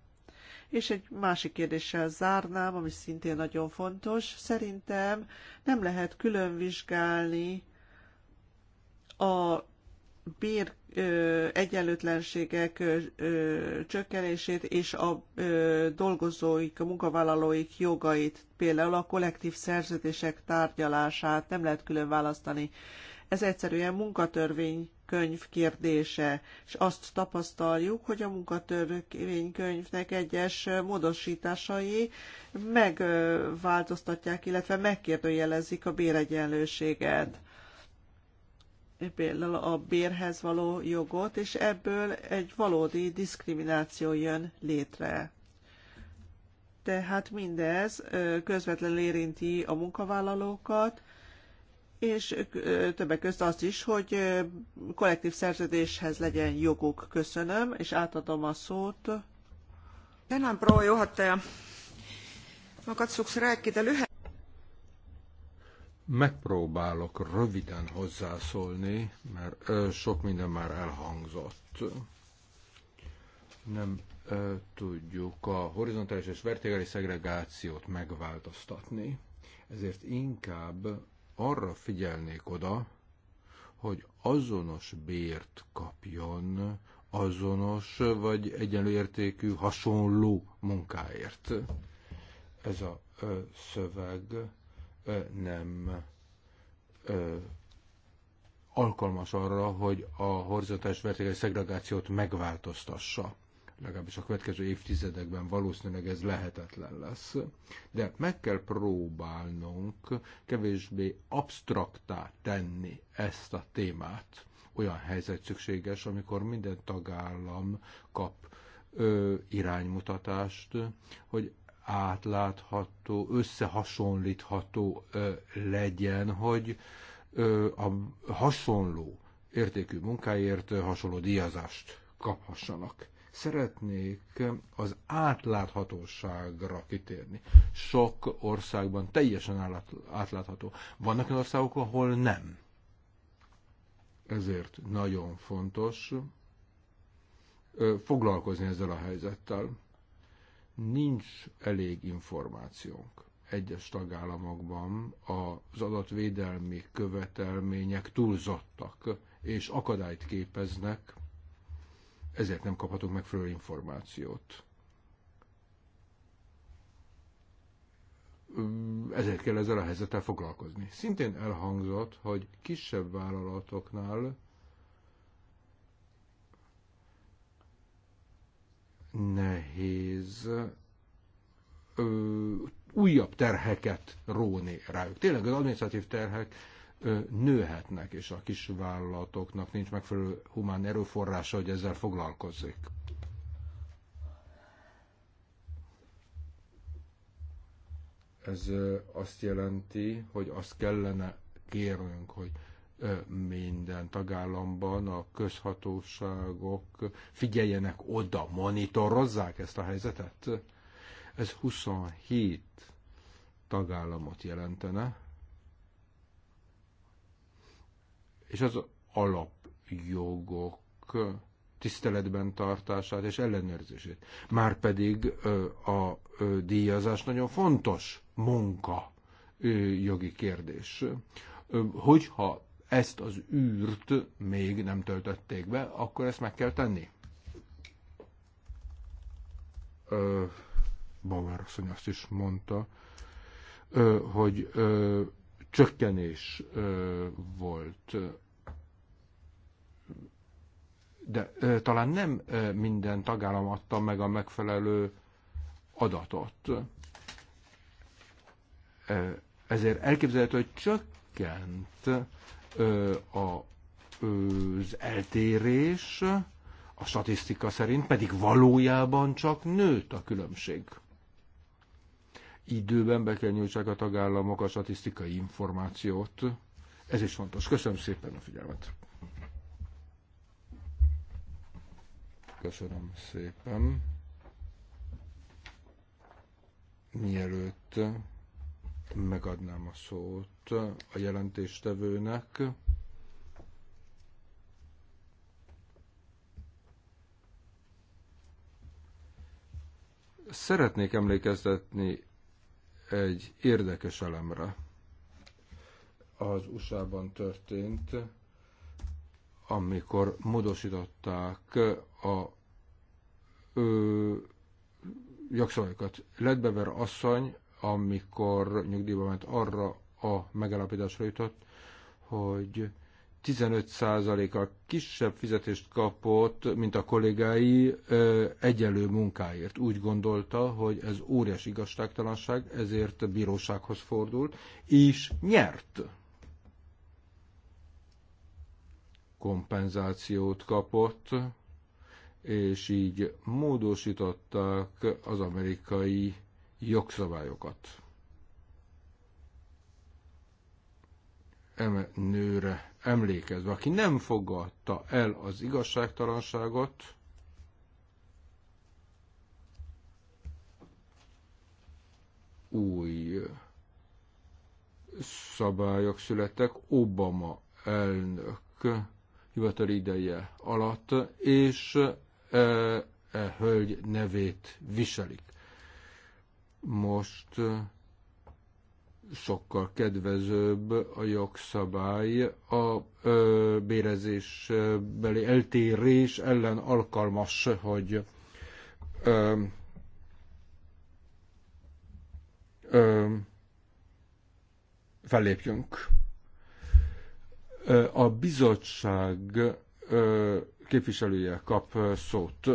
És egy másik kérdéssel zárnám, ami szintén nagyon fontos. Szerintem nem lehet különvizsgálni a bér egyenlőtlenségek csökkenését és a dolgozóik, a munkavállalóik jogait, például a kollektív szerződések tárgyalását nem lehet külön választani. Ez egyszerűen munkatörvénykönyv kérdése, és azt tapasztaljuk, hogy a munkatörvénykönyvnek egyes módosításai megváltoztatják, illetve megkérdőjelezik a béregyenlőséget például a bérhez való jogot, és ebből egy valódi diszkrimináció jön létre. Tehát mindez közvetlenül érinti a munkavállalókat, és többek között azt is, hogy kollektív szerződéshez legyen joguk. Köszönöm, és átadom a szót. Tänan, proua juhataja. Ma katsuks rääkida lühe- Megpróbálok röviden hozzászólni, mert sok minden már elhangzott. Nem tudjuk a horizontális és vertikális szegregációt megváltoztatni, ezért inkább arra figyelnék oda, hogy azonos bért kapjon azonos vagy egyenlőértékű hasonló munkáért. Ez a szöveg nem alkalmas arra, hogy a horizontális vertikális szegregációt megváltoztassa. Legalábbis a következő évtizedekben valószínűleg ez lehetetlen lesz. De meg kell próbálnunk kevésbé absztraktá tenni ezt a témát. Olyan helyzet szükséges, amikor minden tagállam kap ö, iránymutatást, hogy átlátható, összehasonlítható legyen, hogy a hasonló értékű munkáért hasonló díjazást kaphassanak. Szeretnék az átláthatóságra kitérni. Sok országban teljesen átlátható. Vannak olyan országok, ahol nem. Ezért nagyon fontos foglalkozni ezzel a helyzettel nincs elég információnk. Egyes tagállamokban az adatvédelmi követelmények túlzottak, és akadályt képeznek, ezért nem kaphatunk megfelelő információt. Ezért kell ezzel a helyzettel foglalkozni. Szintén elhangzott, hogy kisebb vállalatoknál nehéz ö, újabb terheket róni rájuk. Tényleg az administratív terhek ö, nőhetnek, és a kisvállalatoknak nincs megfelelő humán erőforrása, hogy ezzel foglalkozzék. Ez ö, azt jelenti, hogy azt kellene kérnünk, hogy minden tagállamban a közhatóságok figyeljenek oda, monitorozzák ezt a helyzetet. Ez 27 tagállamot jelentene, és az alapjogok tiszteletben tartását és ellenőrzését. Márpedig a díjazás nagyon fontos munka jogi kérdés. Hogyha ezt az űrt még nem töltötték be, akkor ezt meg kell tenni. Ö, Bauer asszony azt is mondta, ö, hogy ö, csökkenés ö, volt. De ö, talán nem ö, minden tagállam adta meg a megfelelő adatot. Ö, ezért elképzelhető, hogy csökkent a, az eltérés a statisztika szerint pedig valójában csak nőtt a különbség. Időben be kell nyújtsák a tagállamok a statisztikai információt. Ez is fontos. Köszönöm szépen a figyelmet. Köszönöm szépen. Mielőtt megadnám a szót a jelentéstevőnek. Szeretnék emlékeztetni egy érdekes elemre az USA-ban történt, amikor módosították a ö, jogszabályokat. Ledbever asszony, amikor nyugdíjba ment, arra a megállapításra jutott, hogy 15%-kal kisebb fizetést kapott, mint a kollégái egyelő munkáért. Úgy gondolta, hogy ez óriás igazságtalanság, ezért a bírósághoz fordult, és nyert. Kompenzációt kapott, és így módosították az amerikai jogszabályokat. eme nőre emlékezve, aki nem fogadta el az igazságtalanságot, új szabályok születtek Obama elnök hivatali ideje alatt, és e, e hölgy nevét viselik. Most sokkal kedvezőbb a jogszabály a ö, bérezésbeli eltérés ellen alkalmas, hogy ö, ö, fellépjünk. A bizottság ö, képviselője kap szót.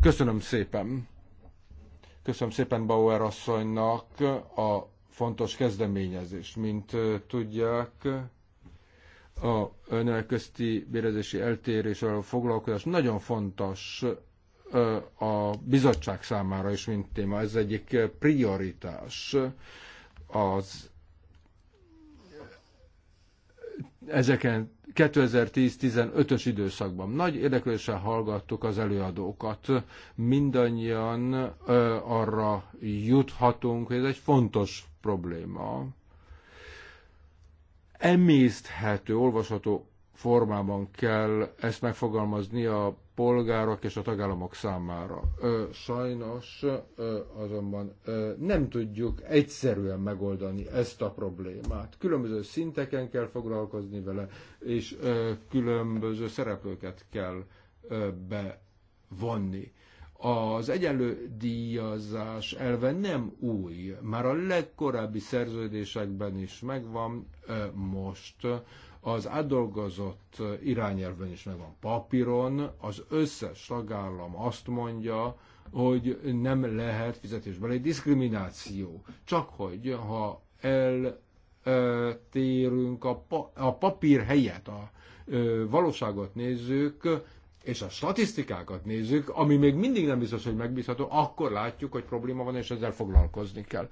Köszönöm szépen. Köszönöm szépen Bauer asszonynak a fontos kezdeményezés. Mint tudják, a önelközti bérezési eltérés a foglalkozás nagyon fontos a bizottság számára is, mint téma. Ez egyik prioritás az ezeken 2010-15-ös időszakban. Nagy érdeklődéssel hallgattuk az előadókat. Mindannyian ö, arra juthatunk, hogy ez egy fontos probléma. Emészthető, olvasható formában kell ezt megfogalmazni a polgárok és a tagállamok számára. Sajnos azonban nem tudjuk egyszerűen megoldani ezt a problémát. Különböző szinteken kell foglalkozni vele, és különböző szereplőket kell bevonni. Az egyenlő díjazás elve nem új, már a legkorábbi szerződésekben is megvan most az átdolgozott irányelvben is megvan papíron, az összes tagállam azt mondja, hogy nem lehet fizetésben egy diszkrimináció. Csak hogy ha eltérünk a, pa, a papír helyett, a ö, valóságot nézzük, és a statisztikákat nézzük, ami még mindig nem biztos, hogy megbízható, akkor látjuk, hogy probléma van, és ezzel foglalkozni kell.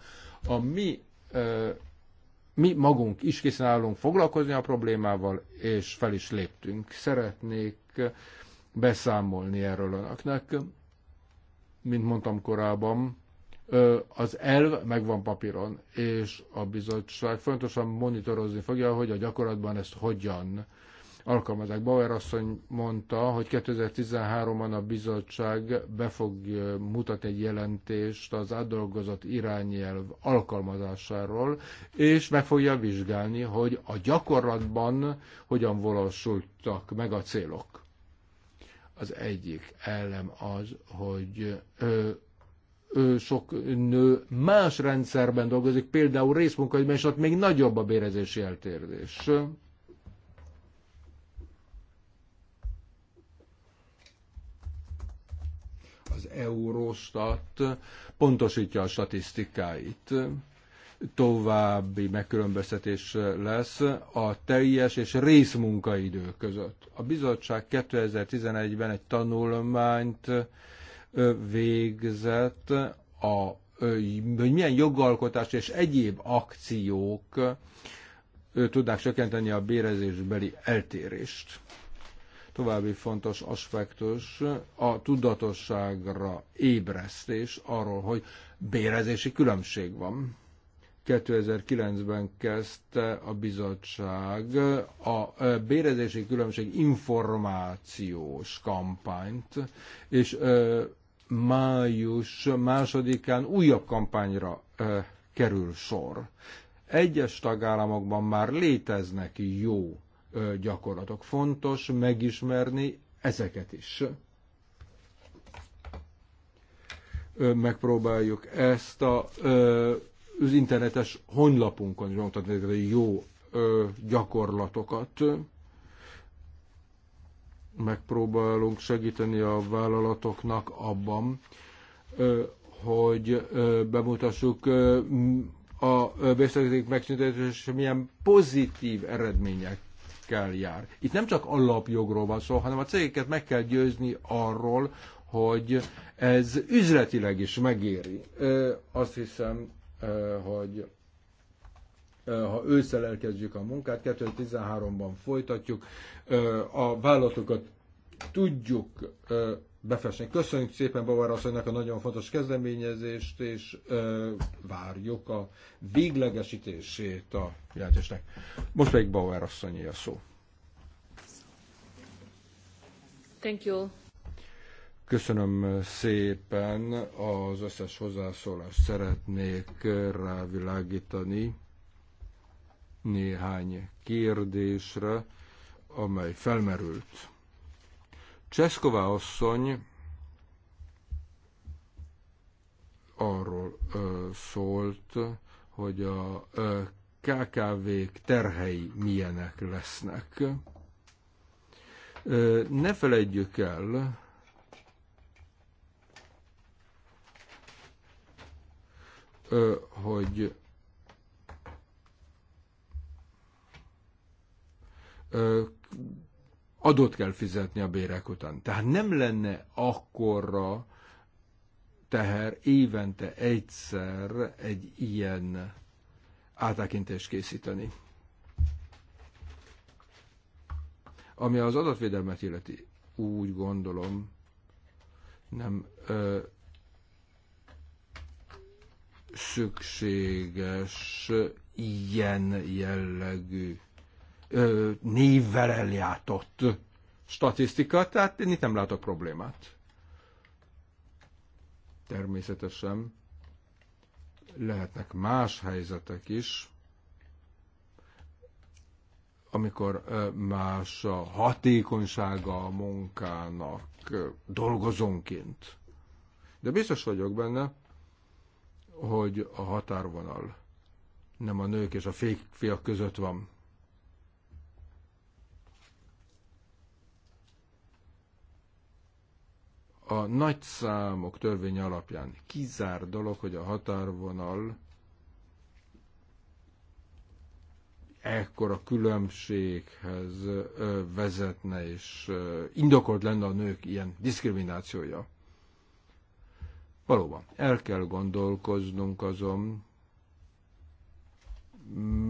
A mi ö, mi magunk is készen állunk foglalkozni a problémával, és fel is léptünk. Szeretnék beszámolni erről önöknek. Mint mondtam korábban, az elv megvan papíron, és a bizottság fontosan monitorozni fogja, hogy a gyakorlatban ezt hogyan alkalmazák. Bauer asszony mondta, hogy 2013-ban a bizottság be fog mutatni egy jelentést az átdolgozott irányelv alkalmazásáról, és meg fogja vizsgálni, hogy a gyakorlatban hogyan valósultak meg a célok. Az egyik elem az, hogy ö, ő sok nő más rendszerben dolgozik, például részmunkaidban, és ott még nagyobb a bérezési eltérés. Eurostat pontosítja a statisztikáit. További megkülönböztetés lesz a teljes és részmunkaidő között. A bizottság 2011-ben egy tanulmányt végzett a hogy milyen jogalkotás és egyéb akciók tudnák csökkenteni a bérezésbeli eltérést. További fontos aspektus a tudatosságra ébresztés arról, hogy bérezési különbség van. 2009-ben kezdte a bizottság a bérezési különbség információs kampányt, és május másodikán újabb kampányra kerül sor. Egyes tagállamokban már léteznek jó gyakorlatok. Fontos megismerni ezeket is. Megpróbáljuk ezt a, az internetes honlapunkon is a jó gyakorlatokat. Megpróbálunk segíteni a vállalatoknak abban, hogy bemutassuk a vészterületek megszüntetése milyen pozitív eredmények költségekkel jár. Itt nem csak alapjogról van szó, hanem a cégeket meg kell győzni arról, hogy ez üzletileg is megéri. Ö, azt hiszem, ö, hogy ö, ha ősszel elkezdjük a munkát, 2013-ban folytatjuk, ö, a vállalatokat tudjuk ö, befesni. Köszönjük szépen Bavar asszonynak a nagyon fontos kezdeményezést, és ö, várjuk a véglegesítését a jelentésnek. Most pedig Bavar asszonyi a szó. Thank you. Köszönöm szépen az összes hozzászólást. Szeretnék rávilágítani néhány kérdésre, amely felmerült Cseszková asszony arról ö, szólt, hogy a ö, KKV-k terhei milyenek lesznek. Ö, ne felejtjük el, ö, hogy ö, adót kell fizetni a bérek után. Tehát nem lenne akkora teher évente egyszer egy ilyen átákintést készíteni. Ami az adatvédelmet illeti, úgy gondolom, nem ö, szükséges ilyen jellegű névvel ellátott statisztika, tehát én itt nem látok problémát. Természetesen lehetnek más helyzetek is, amikor más a hatékonysága a munkának dolgozónként. De biztos vagyok benne, hogy a határvonal nem a nők és a férfiak között van. a nagy számok törvény alapján kizár dolog, hogy a határvonal ekkora különbséghez vezetne, és indokolt lenne a nők ilyen diszkriminációja. Valóban, el kell gondolkoznunk azon,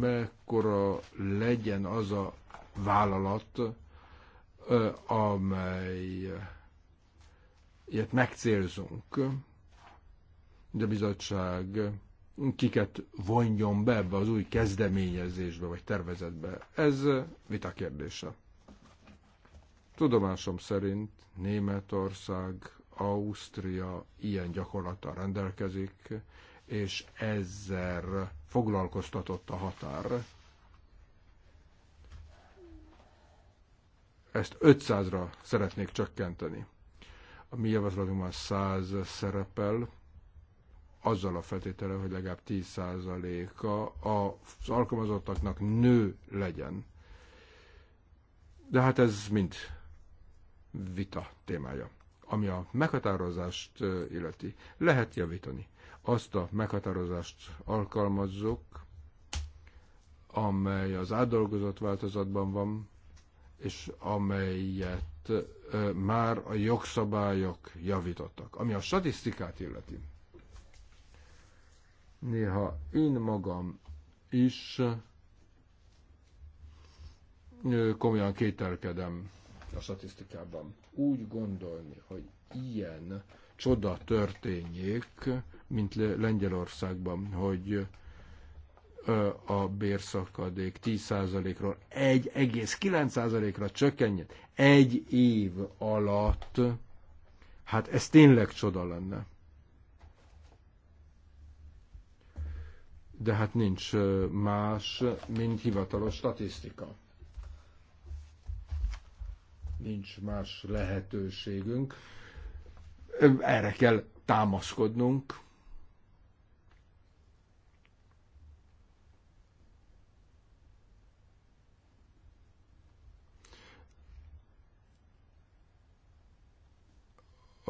mekkora legyen az a vállalat, amely ilyet megcélzunk. De bizottság kiket vonjon be ebbe az új kezdeményezésbe vagy tervezetbe. Ez vita kérdése. Tudomásom szerint Németország, Ausztria ilyen gyakorlattal rendelkezik, és ezzel foglalkoztatott a határ. Ezt 500-ra szeretnék csökkenteni. A mi javaslatunkban 100 szerepel, azzal a feltétele, hogy legalább 10%-a az alkalmazottaknak nő legyen. De hát ez mind vita témája. Ami a meghatározást illeti, lehet javítani. Azt a meghatározást alkalmazzuk, amely az átdolgozott változatban van, és amelyet már a jogszabályok javítottak. Ami a statisztikát illeti, néha én magam is komolyan kételkedem a statisztikában. Úgy gondolni, hogy ilyen csoda történjék, mint Lengyelországban, hogy a bérszakadék 10%-ról 1,9%-ra csökkenjen egy év alatt, hát ez tényleg csoda lenne. De hát nincs más, mint hivatalos statisztika. Nincs más lehetőségünk. Erre kell támaszkodnunk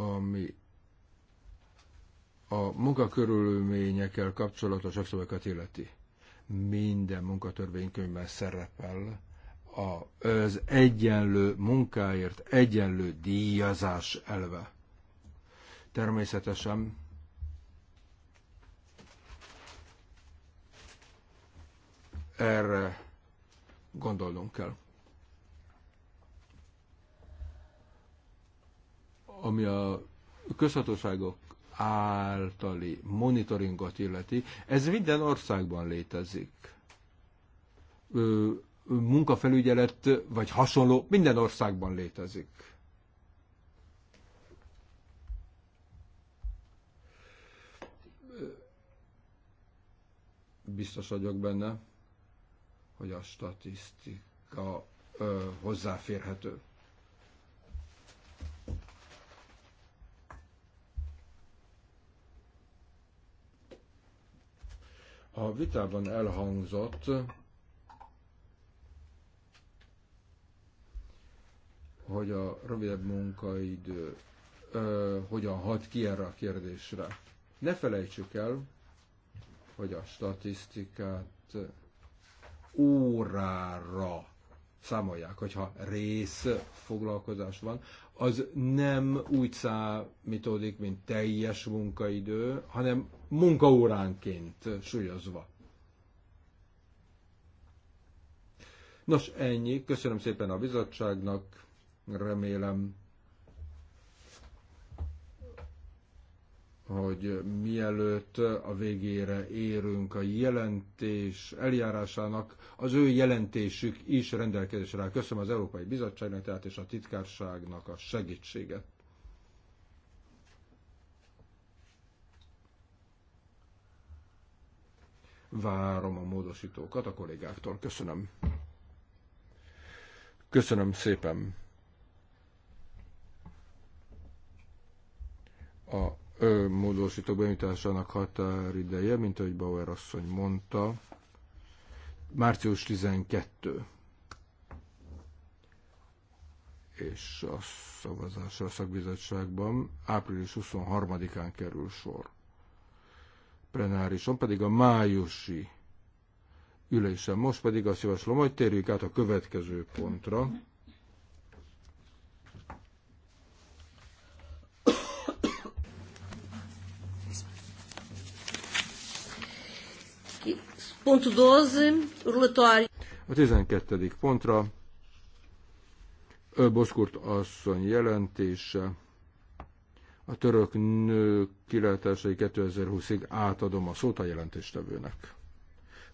ami a munkakörülményekkel kapcsolatos jogszabályokat illeti. Minden munkatörvénykönyvben szerepel az egyenlő munkáért egyenlő díjazás elve. Természetesen erre gondolnunk kell. ami a közhatóságok általi monitoringot illeti, ez minden országban létezik. Ö, munkafelügyelet vagy hasonló minden országban létezik. Biztos vagyok benne, hogy a statisztika ö, hozzáférhető. A vitában elhangzott, hogy a rövidebb munkaidő ö, hogyan hat ki erre a kérdésre. Ne felejtsük el, hogy a statisztikát órára számolják, hogyha rész foglalkozás van, az nem úgy számítódik, mint teljes munkaidő, hanem munkaóránként súlyozva. Nos, ennyi. Köszönöm szépen a bizottságnak. Remélem hogy mielőtt a végére érünk a jelentés eljárásának, az ő jelentésük is rendelkezésre áll. Köszönöm az Európai Bizottságnak, tehát és a titkárságnak a segítséget. Várom a módosítókat a kollégáktól. Köszönöm. Köszönöm szépen. A módosító benyújtásának határideje, mint ahogy Bauer asszony mondta, március 12. És a szavazásra a szakbizottságban április 23-án kerül sor. Plenárison pedig a májusi ülésen. Most pedig azt javaslom, hogy térjük át a következő pontra 12, A 12. pontra Boszkurt asszony jelentése. A török nő kilátásai 2020-ig átadom a szót a jelentéstevőnek.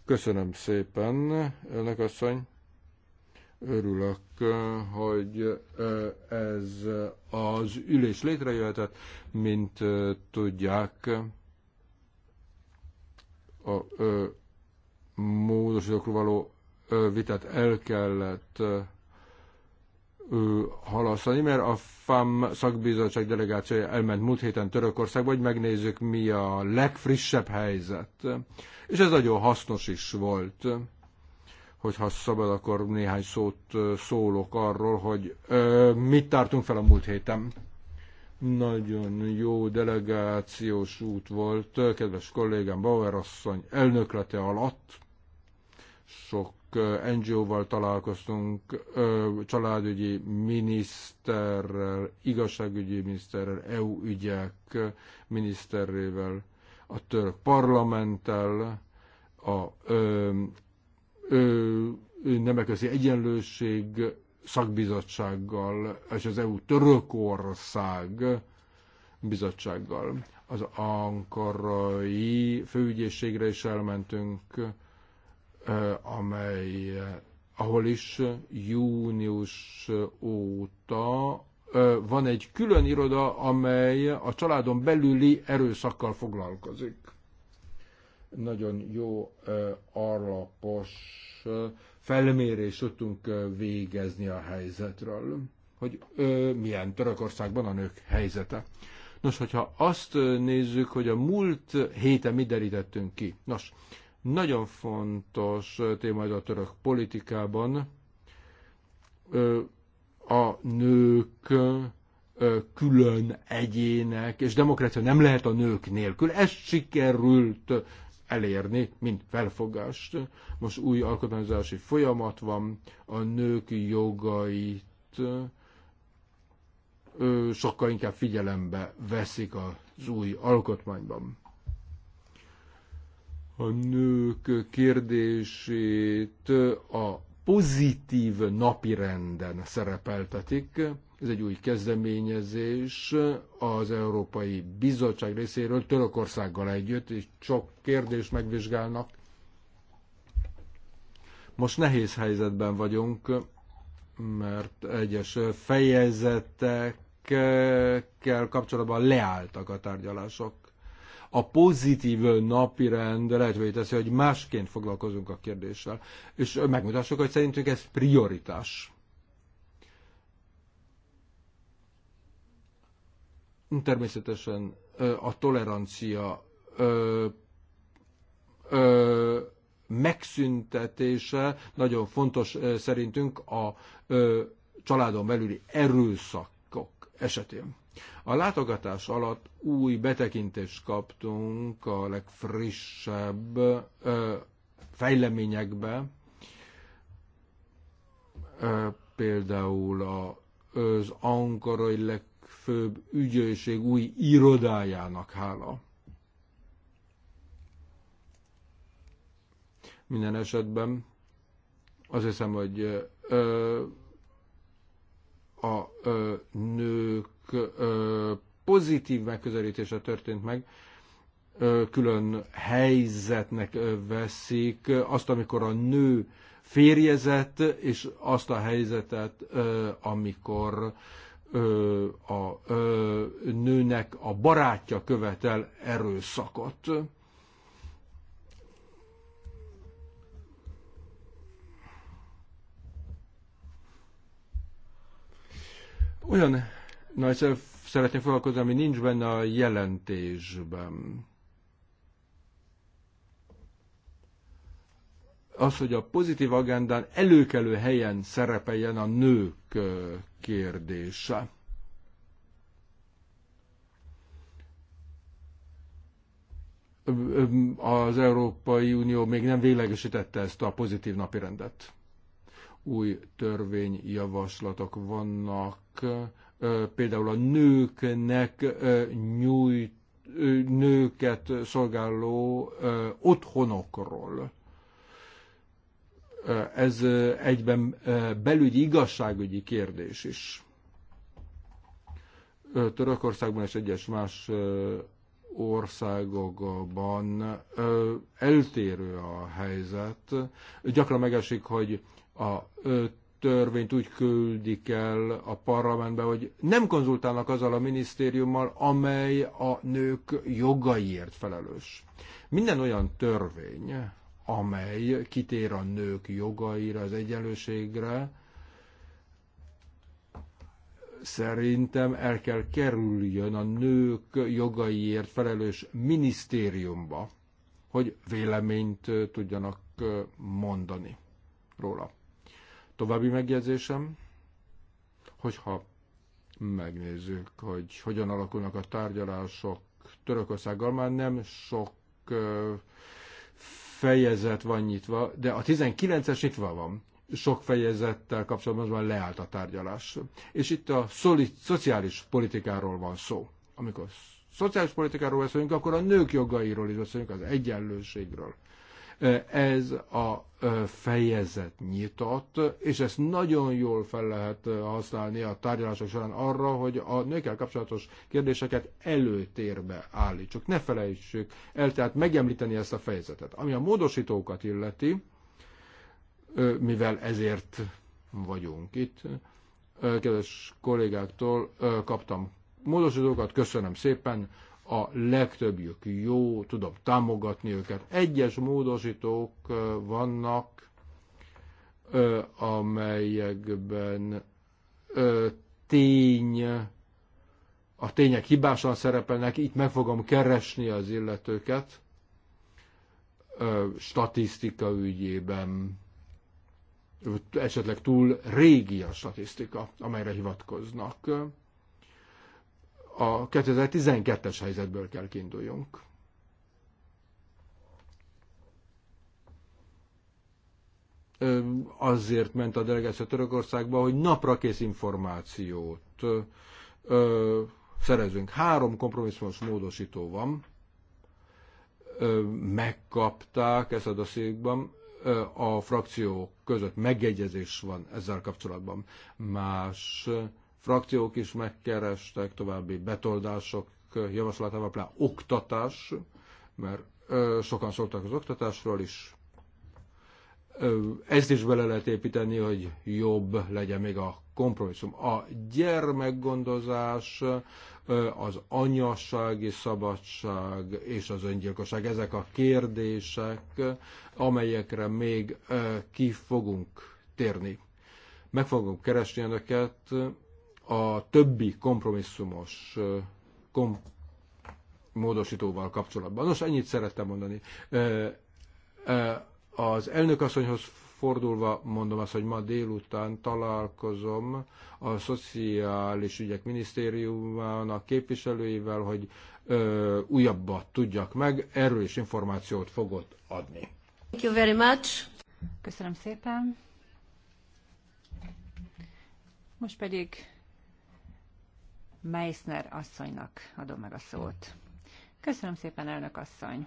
Köszönöm szépen, elnök asszony. Örülök, hogy ez az ülés létrejöhetett, mint tudják a módosítókról való vitát el kellett halasztani, mert a FAM szakbizottság delegációja elment múlt héten Törökországba, hogy megnézzük, mi a legfrissebb helyzet. És ez nagyon hasznos is volt, hogyha szabad, akkor néhány szót szólok arról, hogy ö, mit tártunk fel a múlt héten. Nagyon jó delegációs út volt, kedves kollégám Bauer asszony elnöklete alatt sok NGO-val találkoztunk, családügyi miniszterrel, igazságügyi miniszterrel, EU ügyek miniszterével, a török parlamenttel, a ö, ö, nemeközi egyenlőség szakbizottsággal és az EU törökország bizottsággal. Az ankarai főügyészségre is elmentünk, amely, eh, ahol is június óta van egy külön iroda, amely a családon belüli erőszakkal foglalkozik. Nagyon jó alapos felmérés tudtunk végezni a helyzetről, hogy milyen Törökországban a nők helyzete. Nos, hogyha azt nézzük, hogy a múlt héten mi derítettünk ki. Nos, nagyon fontos téma a török politikában. A nők külön egyének, és demokrácia nem lehet a nők nélkül. Ezt sikerült elérni, mint felfogást. Most új alkotmányozási folyamat van, a nők jogait sokkal inkább figyelembe veszik az új alkotmányban a nők kérdését a pozitív renden szerepeltetik. Ez egy új kezdeményezés az Európai Bizottság részéről Törökországgal együtt, és csak kérdést megvizsgálnak. Most nehéz helyzetben vagyunk, mert egyes fejezetekkel kapcsolatban leálltak a tárgyalások a pozitív rend lehetővé teszi, hogy másként foglalkozunk a kérdéssel, és megmutassuk, hogy szerintünk ez prioritás. Természetesen a tolerancia ö, ö, megszüntetése nagyon fontos ö, szerintünk a ö, családon belüli erőszakok esetén. A látogatás alatt új betekintést kaptunk a legfrissebb ö, fejleményekbe, ö, például a, az ankarai legfőbb ügyőség új irodájának hála. Minden esetben azt hiszem, hogy ö, a ö, nők pozitív megközelítése történt meg, külön helyzetnek veszik azt, amikor a nő férjezett, és azt a helyzetet, amikor a nőnek a barátja követel erőszakot. Olyan Na nagy szeretném foglalkozni, ami nincs benne a jelentésben. Az, hogy a pozitív agendán előkelő helyen szerepeljen a nők kérdése. Az Európai Unió még nem véglegesítette ezt a pozitív napirendet. Új törvényjavaslatok vannak, például a nőknek nyújt, nőket szolgáló otthonokról. Ez egyben belügyi igazságügyi kérdés is. Törökországban és egyes más országokban eltérő a helyzet. Gyakran megesik, hogy a törvényt úgy küldik el a parlamentbe, hogy nem konzultálnak azzal a minisztériummal, amely a nők jogaiért felelős. Minden olyan törvény, amely kitér a nők jogaira, az egyenlőségre, szerintem el kell kerüljön a nők jogaiért felelős minisztériumba, hogy véleményt tudjanak mondani róla. További megjegyzésem, hogyha megnézzük, hogy hogyan alakulnak a tárgyalások Törökországgal, már nem sok fejezet van nyitva, de a 19-es nyitva van. Sok fejezettel kapcsolatban már leállt a tárgyalás. És itt a szolid, szociális politikáról van szó. Amikor szociális politikáról beszélünk, akkor a nők jogairól is beszélünk, az egyenlőségről. Ez a fejezet nyitott, és ezt nagyon jól fel lehet használni a tárgyalások során arra, hogy a nőkkel kapcsolatos kérdéseket előtérbe állítsuk. Ne felejtsük el, tehát megemlíteni ezt a fejezetet. Ami a módosítókat illeti, mivel ezért vagyunk itt, kedves kollégáktól kaptam módosítókat, köszönöm szépen, a legtöbbjük jó, tudom támogatni őket. Egyes módosítók vannak, amelyekben tény, a tények hibásan szerepelnek, itt meg fogom keresni az illetőket statisztika ügyében, esetleg túl régi a statisztika, amelyre hivatkoznak a 2012-es helyzetből kell kiinduljunk. Azért ment a delegáció Törökországba, hogy naprakész információt szerezünk. Három kompromisszumos módosító van. Megkapták ezt a dossziékban, a frakciók között megegyezés van ezzel kapcsolatban. Más frakciók is megkerestek, további betoldások javaslatával, pláne oktatás, mert ö, sokan szóltak az oktatásról is. Ö, ezt is bele lehet építeni, hogy jobb legyen még a kompromisszum. A gyermekgondozás, ö, az anyassági szabadság és az öngyilkosság, ezek a kérdések, amelyekre még ö, ki fogunk térni. Meg fogom keresni önöket, a többi kompromisszumos kom- módosítóval kapcsolatban. Nos, ennyit szerettem mondani. Az elnökasszonyhoz fordulva mondom azt, hogy ma délután találkozom a Szociális Ügyek Minisztériumának képviselőivel, hogy újabbat tudjak meg, erről is információt fogod adni. Thank you very much. Köszönöm szépen. Most pedig Meissner asszonynak adom meg a szót. Köszönöm szépen, elnök asszony!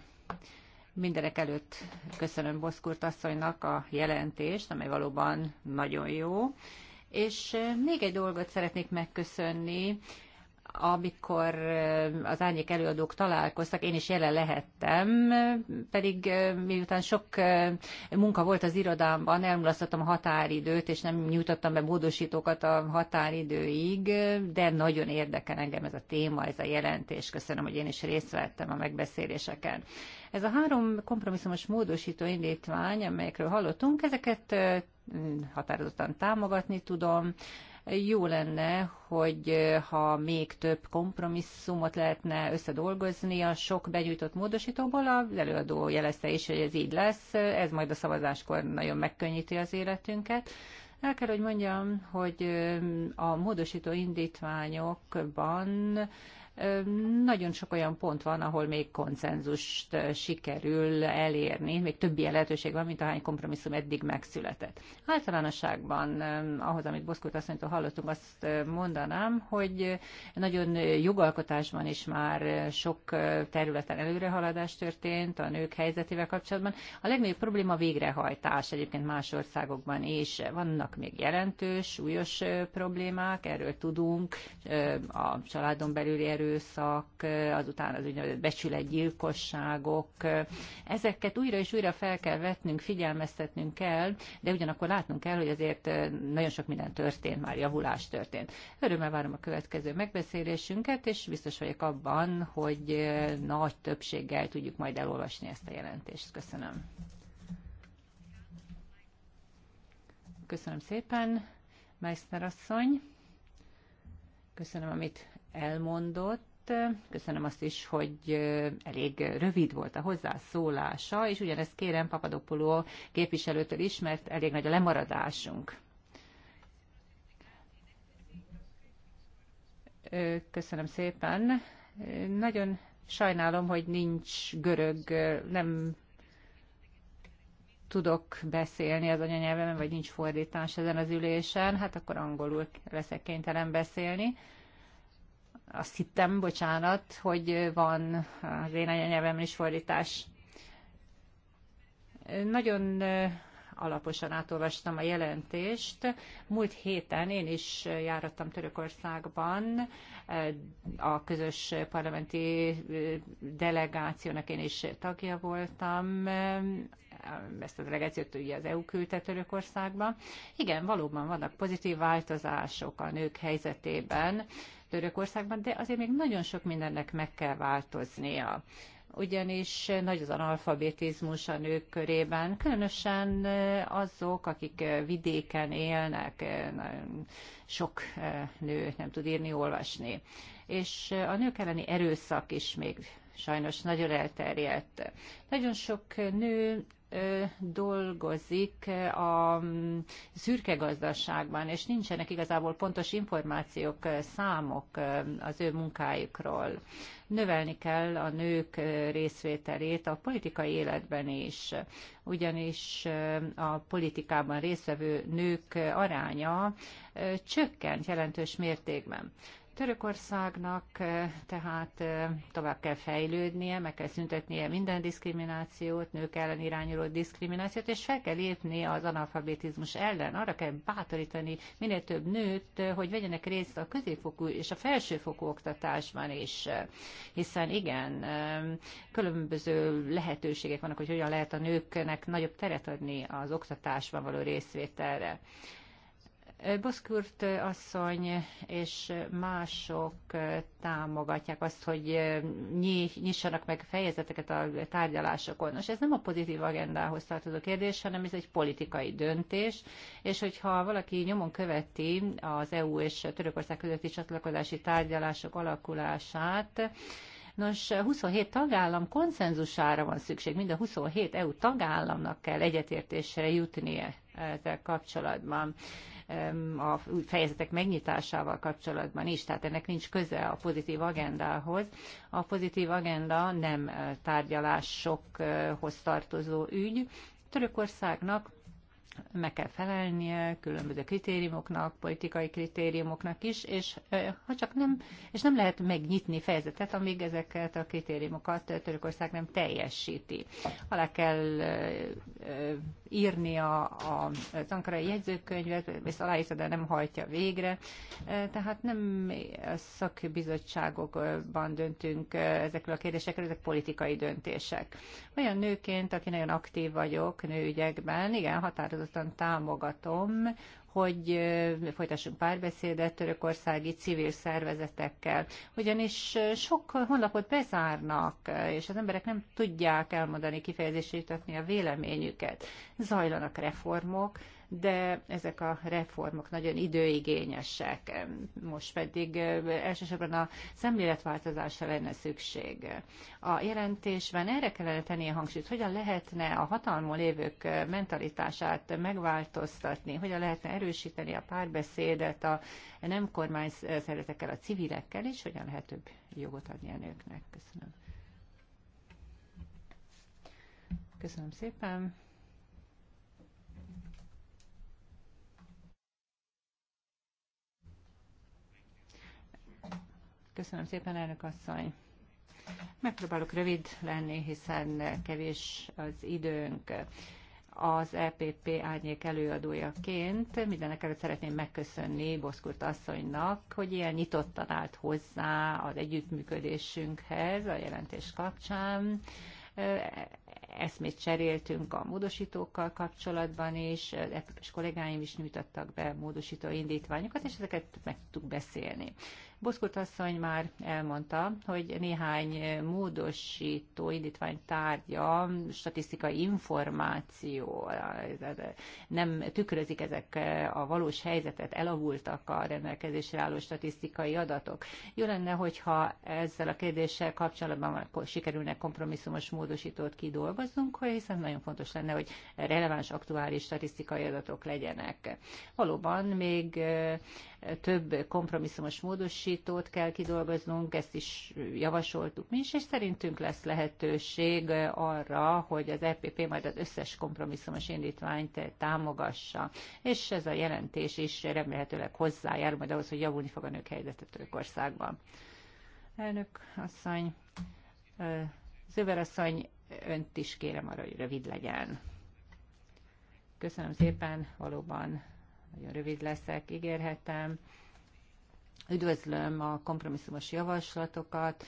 Mindenek előtt köszönöm Boszkurt asszonynak a jelentést, amely valóban nagyon jó. És még egy dolgot szeretnék megköszönni, amikor az árnyék előadók találkoztak, én is jelen lehettem, pedig miután sok munka volt az irodámban, elmulasztottam a határidőt, és nem nyújtottam be módosítókat a határidőig, de nagyon érdekel engem ez a téma, ez a jelentés. Köszönöm, hogy én is részt vettem a megbeszéléseken. Ez a három kompromisszumos módosító indítvány, amelyekről hallottunk, ezeket határozottan támogatni tudom. Jó lenne, hogy ha még több kompromisszumot lehetne összedolgozni a sok benyújtott módosítóból, az előadó jelezte is, hogy ez így lesz, ez majd a szavazáskor nagyon megkönnyíti az életünket. El kell, hogy mondjam, hogy a módosító indítványokban nagyon sok olyan pont van, ahol még konszenzust sikerül elérni, még több ilyen lehetőség van, mint ahány kompromisszum eddig megszületett. Általánosságban ahhoz, amit Boszkót asszonytól hallottunk, azt mondanám, hogy nagyon jogalkotásban is már sok területen előrehaladás történt a nők helyzetével kapcsolatban. A legnagyobb probléma a végrehajtás egyébként más országokban is. Vannak még jelentős, súlyos problémák, erről tudunk, a családon belüli erő erőszak, azután az úgynevezett becsületgyilkosságok. Ezeket újra és újra fel kell vetnünk, figyelmeztetnünk kell, de ugyanakkor látnunk kell, hogy azért eh, nagyon sok minden történt, már javulás történt. Örömmel várom a következő megbeszélésünket, és biztos vagyok abban, hogy eh, nagy többséggel tudjuk majd elolvasni ezt a jelentést. Köszönöm. Köszönöm szépen, Meissner asszony. Köszönöm, amit elmondott. Köszönöm azt is, hogy elég rövid volt a hozzászólása, és ugyanezt kérem Papadopoló képviselőtől is, mert elég nagy a lemaradásunk. Köszönöm szépen. Nagyon sajnálom, hogy nincs görög, nem tudok beszélni az anyanyelvemen, vagy nincs fordítás ezen az ülésen, hát akkor angolul leszek kénytelen beszélni. Azt hittem, bocsánat, hogy van az én anyanyelvem is fordítás. Nagyon alaposan átolvastam a jelentést. Múlt héten én is járattam Törökországban, a közös parlamenti delegációnak én is tagja voltam, ezt a delegációt ugye az EU küldte Törökországba. Igen, valóban vannak pozitív változások a nők helyzetében, Törökországban, de azért még nagyon sok mindennek meg kell változnia ugyanis nagy az analfabetizmus a nők körében, különösen azok, akik vidéken élnek, sok nő nem tud írni, olvasni. És a nők elleni erőszak is még sajnos nagyon elterjedt. Nagyon sok nő dolgozik a szürke gazdaságban, és nincsenek igazából pontos információk, számok az ő munkájukról. Növelni kell a nők részvételét a politikai életben is, ugyanis a politikában résztvevő nők aránya csökkent jelentős mértékben. Törökországnak eh, tehát eh, tovább kell fejlődnie, meg kell szüntetnie minden diszkriminációt, nők ellen irányuló diszkriminációt, és fel kell lépni az analfabetizmus ellen. Arra kell bátorítani minél több nőt, eh, hogy vegyenek részt a középfokú és a felsőfokú oktatásban is. Hiszen igen, különböző lehetőségek vannak, hogy hogyan lehet a nőknek nagyobb teret adni az oktatásban való részvételre. Boszkürt asszony és mások támogatják azt, hogy nyissanak meg fejezeteket a tárgyalásokon. Nos, ez nem a pozitív agendához tartozó kérdés, hanem ez egy politikai döntés, és hogyha valaki nyomon követi az EU és Törökország közötti csatlakozási tárgyalások alakulását, Nos, 27 tagállam konszenzusára van szükség, mind a 27 EU tagállamnak kell egyetértésre jutnie ezzel kapcsolatban a fejezetek megnyitásával kapcsolatban is, tehát ennek nincs köze a pozitív agendához. A pozitív agenda nem eh, tárgyalásokhoz tartozó ügy. Törökországnak meg kell felelnie különböző kritériumoknak, politikai kritériumoknak is, és eh, ha csak nem, és nem lehet megnyitni fejezetet, amíg ezeket a kritériumokat Törökország nem teljesíti. Alá kell eh, írni a, a tankarai jegyzőkönyvet, ezt aláírta, de nem hajtja végre. E, tehát nem szakbizottságokban döntünk e, ezekről a kérdésekről, ezek politikai döntések. Olyan nőként, aki nagyon aktív vagyok nőügyekben, igen, határozottan támogatom hogy folytassunk párbeszédet törökországi civil szervezetekkel. Ugyanis sok honlapot bezárnak, és az emberek nem tudják elmondani, kifejezésítetni a véleményüket. Zajlanak reformok, de ezek a reformok nagyon időigényesek. Most pedig eh, elsősorban a szemléletváltozásra lenne szükség. A jelentésben erre kellene tenni a hangsúlyt, hogyan lehetne a hatalmon lévők mentalitását megváltoztatni, hogyan lehetne erősíteni a párbeszédet a nem kormány szervezetekkel, a civilekkel, és hogyan lehet több jogot adni a nőknek. Köszönöm. Köszönöm szépen. Köszönöm szépen, elnök asszony. Megpróbálok rövid lenni, hiszen kevés az időnk az EPP árnyék előadójaként. Mindenek előtt szeretném megköszönni Boszkurt asszonynak, hogy ilyen nyitottan állt hozzá az együttműködésünkhez a jelentés kapcsán. Eszmét cseréltünk a módosítókkal kapcsolatban is, és kollégáim is nyújtottak be módosító indítványokat, és ezeket meg tudtuk beszélni. Boszkut asszony már elmondta, hogy néhány módosító indítvány tárgya, statisztikai információ, nem tükrözik ezek a valós helyzetet, elavultak a rendelkezésre álló statisztikai adatok. Jó lenne, hogyha ezzel a kérdéssel kapcsolatban sikerülne kompromisszumos módosítót kidolgoznunk, hiszen nagyon fontos lenne, hogy releváns, aktuális statisztikai adatok legyenek. Valóban még több kompromisszumos módosítót kell kidolgoznunk, ezt is javasoltuk mi is, és szerintünk lesz lehetőség arra, hogy az EPP majd az összes kompromisszumos indítványt támogassa, és ez a jelentés is remélhetőleg hozzájár majd ahhoz, hogy javulni fog a nők helyzete Törökországban. Elnök asszony, Zöver asszony, önt is kérem arra, hogy rövid legyen. Köszönöm szépen, valóban nagyon rövid leszek, ígérhetem. Üdvözlöm a kompromisszumos javaslatokat,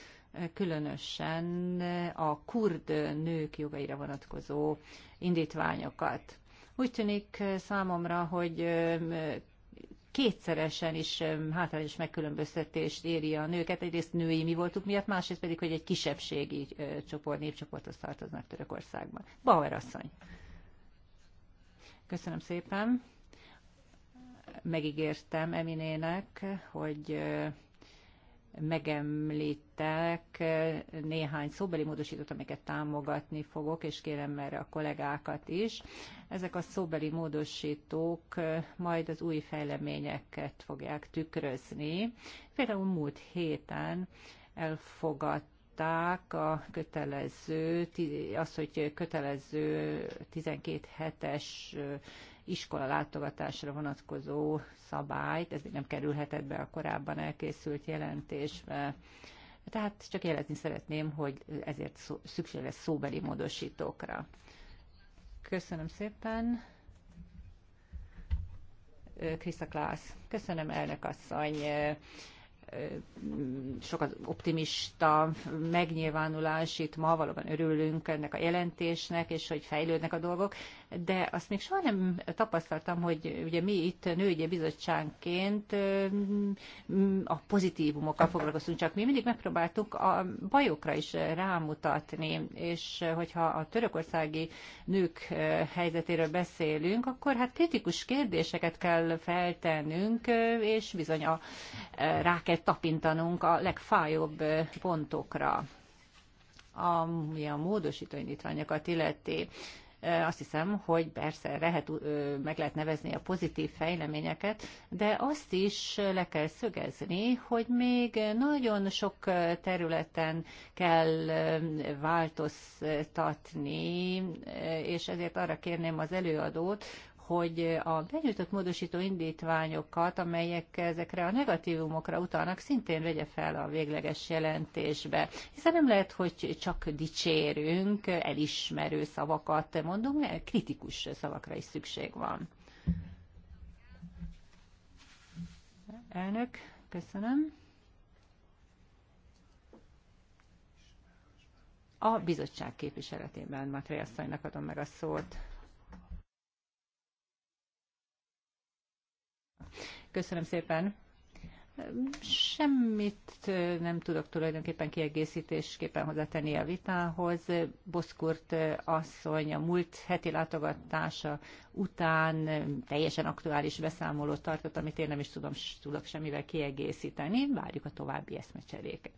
különösen a kurd nők jogaira vonatkozó indítványokat. Úgy tűnik számomra, hogy kétszeresen is hátrányos megkülönböztetést éri a nőket. Egyrészt női mi voltuk miatt, másrészt pedig, hogy egy kisebbségi csoport, népcsoporthoz tartoznak Törökországban. Bauer asszony. Köszönöm szépen megígértem Eminének, hogy megemlítek néhány szóbeli módosítót, amiket támogatni fogok, és kérem erre a kollégákat is. Ezek a szóbeli módosítók majd az új fejleményeket fogják tükrözni. Például múlt héten elfogadt a kötelező, az, hogy kötelező 12 hetes iskola látogatásra vonatkozó szabályt, ez még nem kerülhetett be a korábban elkészült jelentésbe. Tehát csak jelezni szeretném, hogy ezért szó, szükség lesz szóbeli módosítókra. Köszönöm szépen. Krisza Klász. Köszönöm, elnök asszony sok az optimista megnyilvánulás itt ma, valóban örülünk ennek a jelentésnek, és hogy fejlődnek a dolgok, de azt még soha nem tapasztaltam, hogy ugye mi itt nőgye bizottságként a pozitívumokkal foglalkoztunk, csak mi mindig megpróbáltuk a bajokra is rámutatni, és hogyha a törökországi nők helyzetéről beszélünk, akkor hát kritikus kérdéseket kell feltennünk, és bizony a, rá kell tapintanunk a legfájóbb pontokra ami a módosító indítványokat illeti. Eh, azt hiszem, hogy persze lehet, meg lehet nevezni a pozitív fejleményeket, de azt is le kell szögezni, hogy még nagyon sok területen kell változtatni, eh, és ezért arra kérném az előadót, hogy a benyújtott módosító indítványokat, amelyek ezekre a negatívumokra utalnak, szintén vegye fel a végleges jelentésbe. Hiszen nem lehet, hogy csak dicsérünk, elismerő szavakat mondunk, mert kritikus szavakra is szükség van. Elnök, köszönöm. A bizottság képviseletében Matrej asszonynak adom meg a szót. Köszönöm szépen. Semmit nem tudok tulajdonképpen kiegészítésképpen hozzátenni a vitához. Boszkurt asszony a múlt heti látogatása után teljesen aktuális beszámolót tartott, amit én nem is tudom, tudok semmivel kiegészíteni. Várjuk a további eszmecseréket.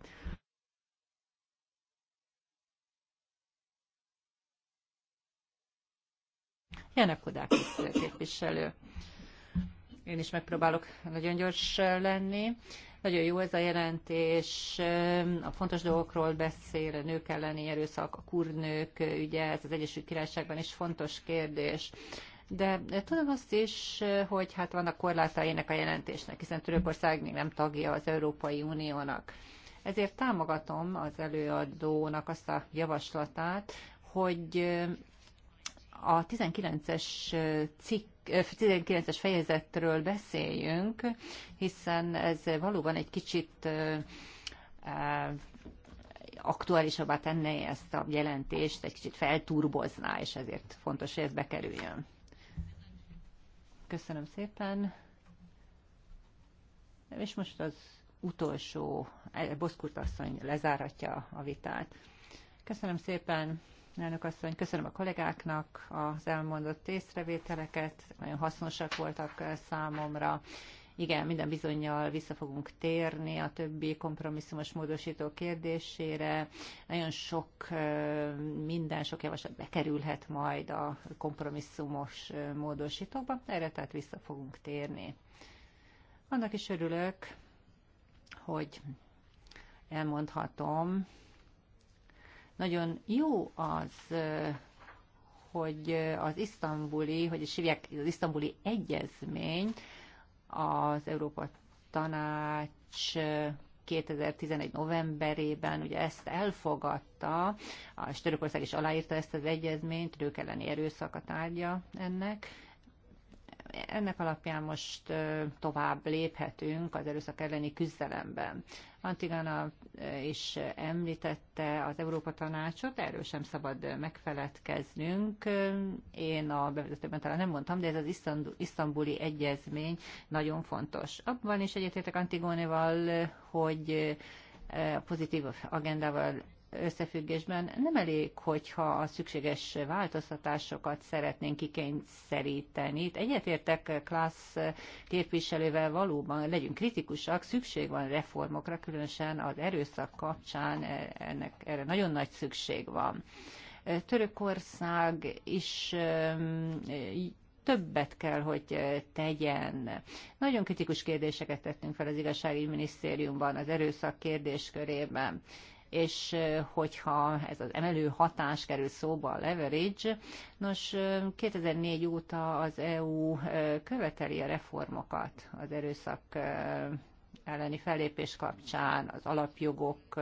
Janek Kodákis képviselő. Én is megpróbálok nagyon gyors lenni. Nagyon jó ez a jelentés, a fontos dolgokról beszél, a nők elleni erőszak, a kurnők ügye, ez az Egyesült Királyságban is fontos kérdés. De tudom azt is, hogy hát vannak korlátai ennek a jelentésnek, hiszen Törökország még nem tagja az Európai Uniónak. Ezért támogatom az előadónak azt a javaslatát, hogy a 19-es cikk 19-es fejezetről beszéljünk, hiszen ez valóban egy kicsit aktuálisabbá tenné ezt a jelentést, egy kicsit felturbozná, és ezért fontos, hogy ez bekerüljön. Köszönöm szépen. És most az utolsó, Boszkurt asszony lezáratja a vitát. Köszönöm szépen. Elnök asszony, köszönöm a kollégáknak az elmondott észrevételeket, nagyon hasznosak voltak eh, számomra. Igen, minden bizonyal vissza fogunk térni a többi kompromisszumos módosító kérdésére. Nagyon sok eh, minden, sok javaslat bekerülhet majd a kompromisszumos eh, módosítókba, erre tehát vissza fogunk térni. Annak is örülök, hogy elmondhatom, nagyon jó az, hogy az isztambuli, hogy is hívják, az isztambuli egyezmény az Európa Tanács 2011. novemberében ugye ezt elfogadta, és Törökország is aláírta ezt az egyezményt, ők elleni erőszak a tárgya ennek, ennek alapján most tovább léphetünk az erőszak elleni küzdelemben. Antigana is említette az Európa Tanácsot, erről sem szabad megfeledkeznünk. Én a bevezetőben talán nem mondtam, de ez az isztambuli egyezmény nagyon fontos. Abban is egyetértek Antigónéval, hogy a pozitív agendával összefüggésben nem elég, hogyha a szükséges változtatásokat szeretnénk kikényszeríteni. Itt egyetértek Klász képviselővel valóban, legyünk kritikusak, szükség van reformokra, különösen az erőszak kapcsán e, ennek, erre nagyon nagy szükség van. Törökország is többet kell, hogy tegyen. Nagyon kritikus kérdéseket tettünk fel az igazságügyi minisztériumban, az erőszak kérdéskörében és hogyha ez az emelő hatás kerül szóba a leverage, nos 2004 óta az EU követeli a reformokat az erőszak elleni fellépés kapcsán, az alapjogok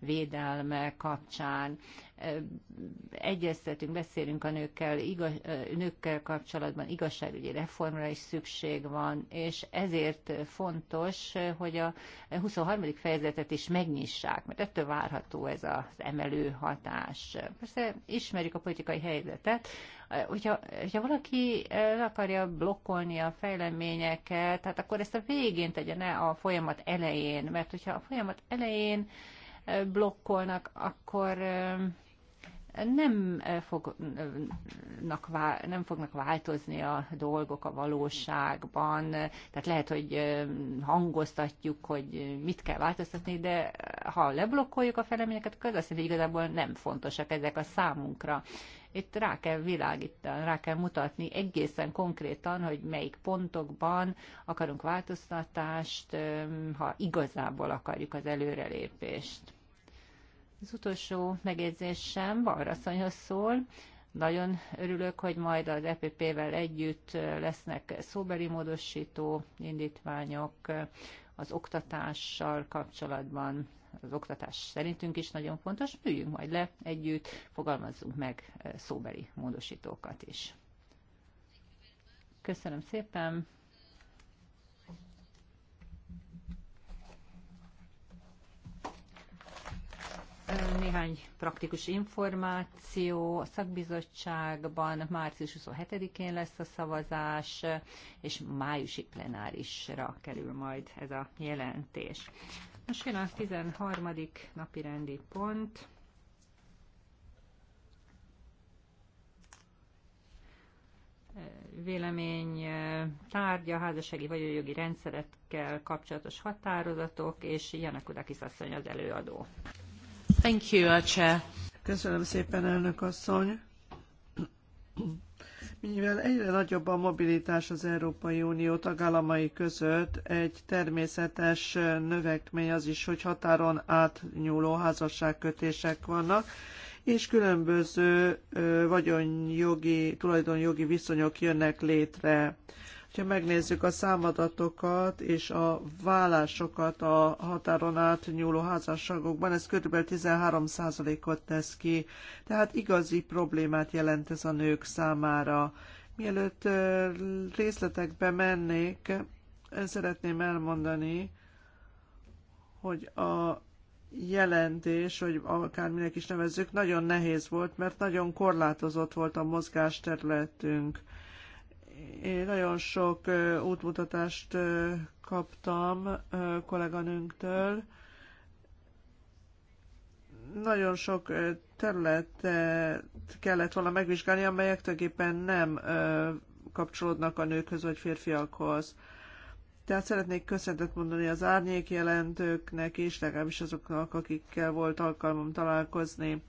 védelme kapcsán. Egyeztetünk, beszélünk a nőkkel, igaz, nőkkel kapcsolatban igazságügyi reformra is szükség van, és ezért fontos, hogy a 23. fejezetet is megnyissák, mert ettől várható ez az emelő hatás. Persze ismerjük a politikai helyzetet, hogyha, hogyha valaki el akarja blokkolni a fejleményeket, tehát akkor ezt a végén tegye, ne a folyamat elején, mert hogyha a folyamat elején blokkolnak, akkor nem, fognak, nem fognak változni a dolgok a valóságban. Tehát lehet, hogy hangoztatjuk, hogy mit kell változtatni, de ha leblokkoljuk a feleményeket, akkor az azt jelenti, hogy igazából nem fontosak ezek a számunkra. Itt rá kell világítani, rá kell mutatni egészen konkrétan, hogy melyik pontokban akarunk változtatást, ha igazából akarjuk az előrelépést. Az utolsó megjegyzésem Balraszonyhoz szól. Nagyon örülök, hogy majd az EPP-vel együtt lesznek szóbeli módosító indítványok az oktatással kapcsolatban. Az oktatás szerintünk is nagyon fontos. Üljünk majd le együtt, fogalmazzunk meg szóbeli módosítókat is. Köszönöm szépen! néhány praktikus információ. A szakbizottságban március 27-én lesz a szavazás, és májusi plenárisra kerül majd ez a jelentés. Most jön a 13. napi rendi pont. vélemény tárgya, házassági jogi rendszerekkel kapcsolatos határozatok, és Janakudakis asszony az előadó. Thank you, uh, Chair. Köszönöm szépen, elnök asszony. Mivel egyre nagyobb a mobilitás az Európai Unió tagállamai között, egy természetes növekmény az is, hogy határon átnyúló házasságkötések vannak, és különböző vagyonjogi, tulajdonjogi viszonyok jönnek létre. Ha megnézzük a számadatokat és a vállásokat a határon átnyúló házasságokban, ez kb. 13%-ot tesz ki, tehát igazi problémát jelent ez a nők számára. Mielőtt részletekbe mennék, szeretném elmondani, hogy a jelentés, hogy akárminek is nevezzük, nagyon nehéz volt, mert nagyon korlátozott volt a mozgásterületünk. területünk én nagyon sok útmutatást kaptam kolléganőnktől. Nagyon sok területet kellett volna megvizsgálni, amelyek tulajdonképpen nem kapcsolódnak a nőkhöz vagy férfiakhoz. Tehát szeretnék köszönetet mondani az árnyék jelentőknek és legalábbis azoknak, akikkel volt alkalmam találkozni.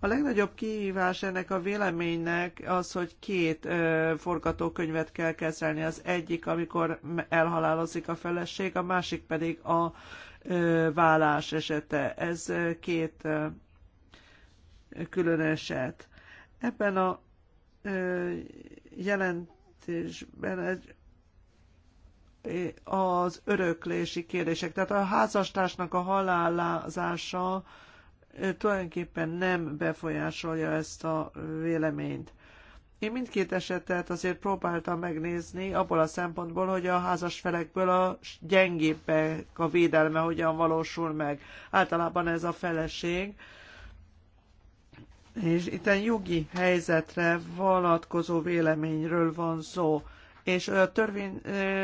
A legnagyobb kihívás ennek a véleménynek az, hogy két ö, forgatókönyvet kell kezelni. Az egyik, amikor elhalálozik a feleség, a másik pedig a ö, vállás esete. Ez ö, két ö, külön eset. Ebben a ö, jelentésben egy az öröklési kérdések. Tehát a házastársnak a halálázása tulajdonképpen nem befolyásolja ezt a véleményt. Én mindkét esetet azért próbáltam megnézni abból a szempontból, hogy a házas felekből a gyengébbek a védelme hogyan valósul meg. Általában ez a feleség. És itt jogi helyzetre vonatkozó véleményről van szó és a törvény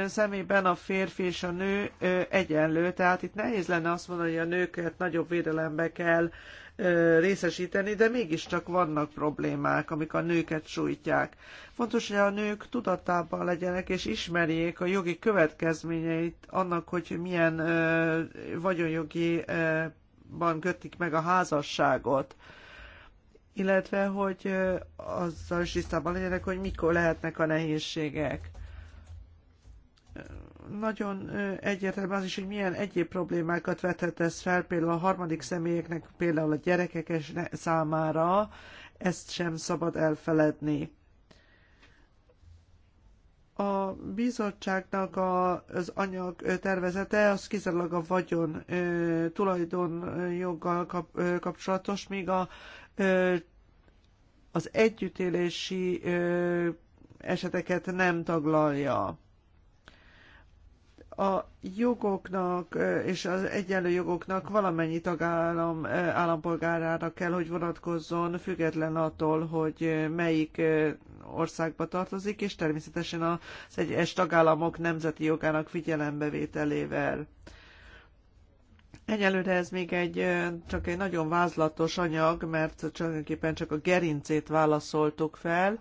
szemében a férfi és a nő egyenlő, tehát itt nehéz lenne azt mondani, hogy a nőket nagyobb védelembe kell részesíteni, de mégiscsak vannak problémák, amik a nőket sújtják. Fontos, hogy a nők tudatában legyenek és ismerjék a jogi következményeit annak, hogy milyen vagyonjogi ban kötik meg a házasságot illetve hogy azzal is tisztában legyenek, hogy mikor lehetnek a nehézségek. Nagyon egyértelmű az is, hogy milyen egyéb problémákat vethet ez fel, például a harmadik személyeknek, például a gyerekek számára, ezt sem szabad elfeledni. A bizottságnak a, az anyag tervezete az kizárólag a vagyon tulajdonjoggal kap, kapcsolatos, míg a az együttélési eseteket nem taglalja a jogoknak és az egyenlő jogoknak valamennyi tagállam állampolgárára kell, hogy vonatkozzon, független attól, hogy melyik országba tartozik, és természetesen az egyes tagállamok nemzeti jogának figyelembevételével. Egyelőre ez még egy, csak egy nagyon vázlatos anyag, mert tulajdonképpen csak a gerincét válaszoltuk fel,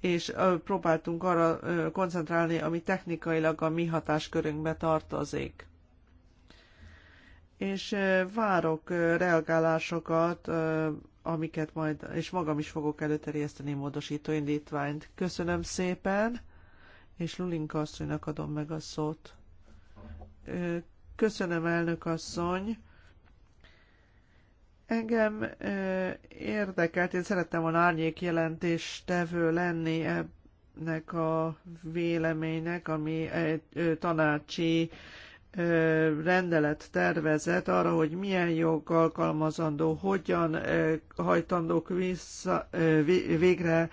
és próbáltunk arra koncentrálni, ami technikailag a mi hatáskörünkbe tartozik. És várok reagálásokat, amiket majd, és magam is fogok előterjeszteni módosító indítványt. Köszönöm szépen, és Lulinka asszonynak adom meg a szót. Köszönöm, elnök asszony. Engem ö, érdekelt, én szerettem volna árnyék jelentéstevő lenni ennek a véleménynek, ami egy ö, tanácsi ö, rendelet tervezett arra, hogy milyen jog alkalmazandó, hogyan ö, hajtandók vissza, ö, végre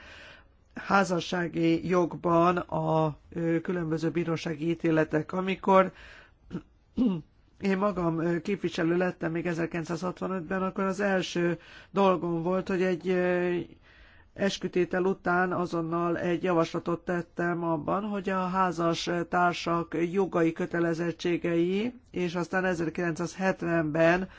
házassági jogban a ö, különböző bírósági ítéletek, amikor én magam képviselő lettem még 1965-ben, akkor az első dolgom volt, hogy egy eskütétel után azonnal egy javaslatot tettem abban, hogy a házas társak jogai kötelezettségei, és aztán 1970-ben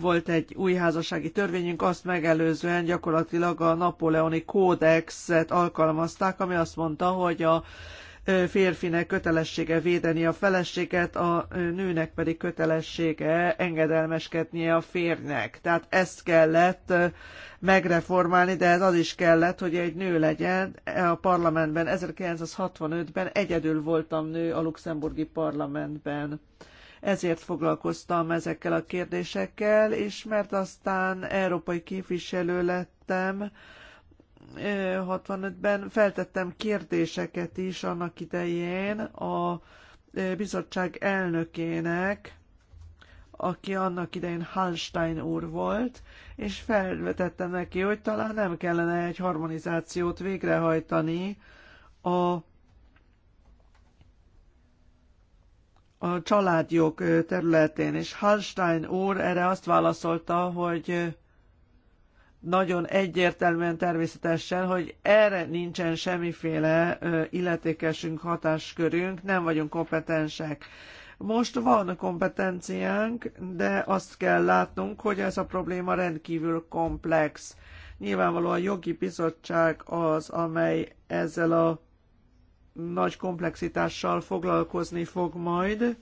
volt egy új házassági törvényünk, azt megelőzően gyakorlatilag a napoleoni kódexet alkalmazták, ami azt mondta, hogy a férfinek kötelessége védeni a feleséget, a nőnek pedig kötelessége engedelmeskednie a férnek. Tehát ezt kellett megreformálni, de ez az is kellett, hogy egy nő legyen a parlamentben. 1965-ben egyedül voltam nő a luxemburgi parlamentben ezért foglalkoztam ezekkel a kérdésekkel, és mert aztán európai képviselő lettem, 65-ben feltettem kérdéseket is annak idején a bizottság elnökének, aki annak idején Hallstein úr volt, és felvetettem neki, hogy talán nem kellene egy harmonizációt végrehajtani a, a családjog területén. És Hallstein úr erre azt válaszolta, hogy nagyon egyértelműen természetesen, hogy erre nincsen semmiféle illetékesünk, hatáskörünk, nem vagyunk kompetensek. Most van kompetenciánk, de azt kell látnunk, hogy ez a probléma rendkívül komplex. Nyilvánvalóan a jogi bizottság az, amely ezzel a nagy komplexitással foglalkozni fog majd,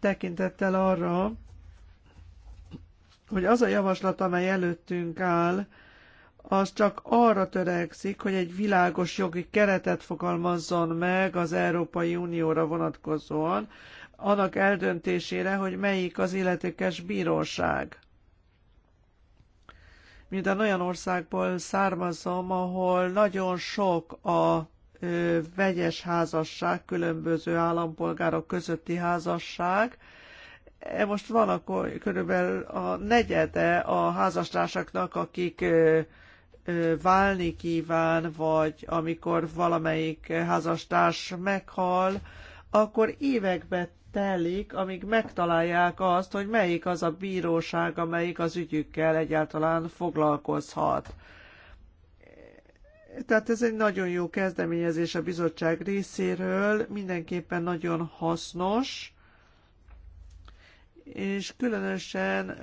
tekintettel arra, hogy az a javaslat, amely előttünk áll, az csak arra törekszik, hogy egy világos jogi keretet fogalmazzon meg az Európai Unióra vonatkozóan, annak eldöntésére, hogy melyik az illetékes bíróság. Minden olyan országból származom, ahol nagyon sok a ö, vegyes házasság, különböző állampolgárok közötti házasság, E most van akkor körülbelül a negyede a házastársaknak, akik válni kíván, vagy amikor valamelyik házastárs meghal, akkor évekbe telik, amíg megtalálják azt, hogy melyik az a bíróság, amelyik az ügyükkel egyáltalán foglalkozhat. Tehát ez egy nagyon jó kezdeményezés a bizottság részéről, mindenképpen nagyon hasznos, és különösen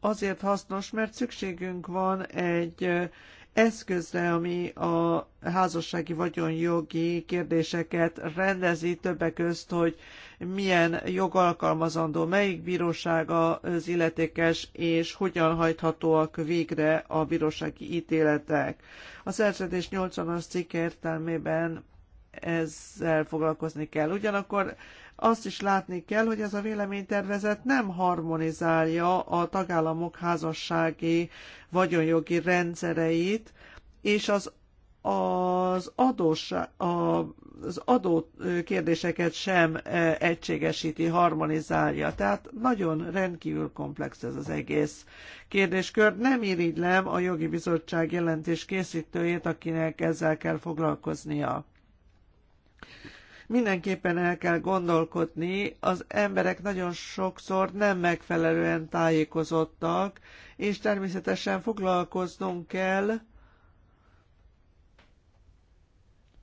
azért hasznos, mert szükségünk van egy eszközre, ami a házassági vagyonjogi kérdéseket rendezi, többek közt, hogy milyen jogalkalmazandó, melyik bíróság az illetékes, és hogyan hajthatóak végre a bírósági ítéletek. A szerződés 80-as cikk értelmében ezzel foglalkozni kell. Ugyanakkor azt is látni kell, hogy ez a véleménytervezet nem harmonizálja a tagállamok házassági vagyonjogi rendszereit, és az az, adós, az adó kérdéseket sem e, egységesíti, harmonizálja. Tehát nagyon rendkívül komplex ez az egész kérdéskör. Nem irigylem a jogi bizottság jelentés készítőjét, akinek ezzel kell foglalkoznia. Mindenképpen el kell gondolkodni, az emberek nagyon sokszor nem megfelelően tájékozottak, és természetesen foglalkoznunk kell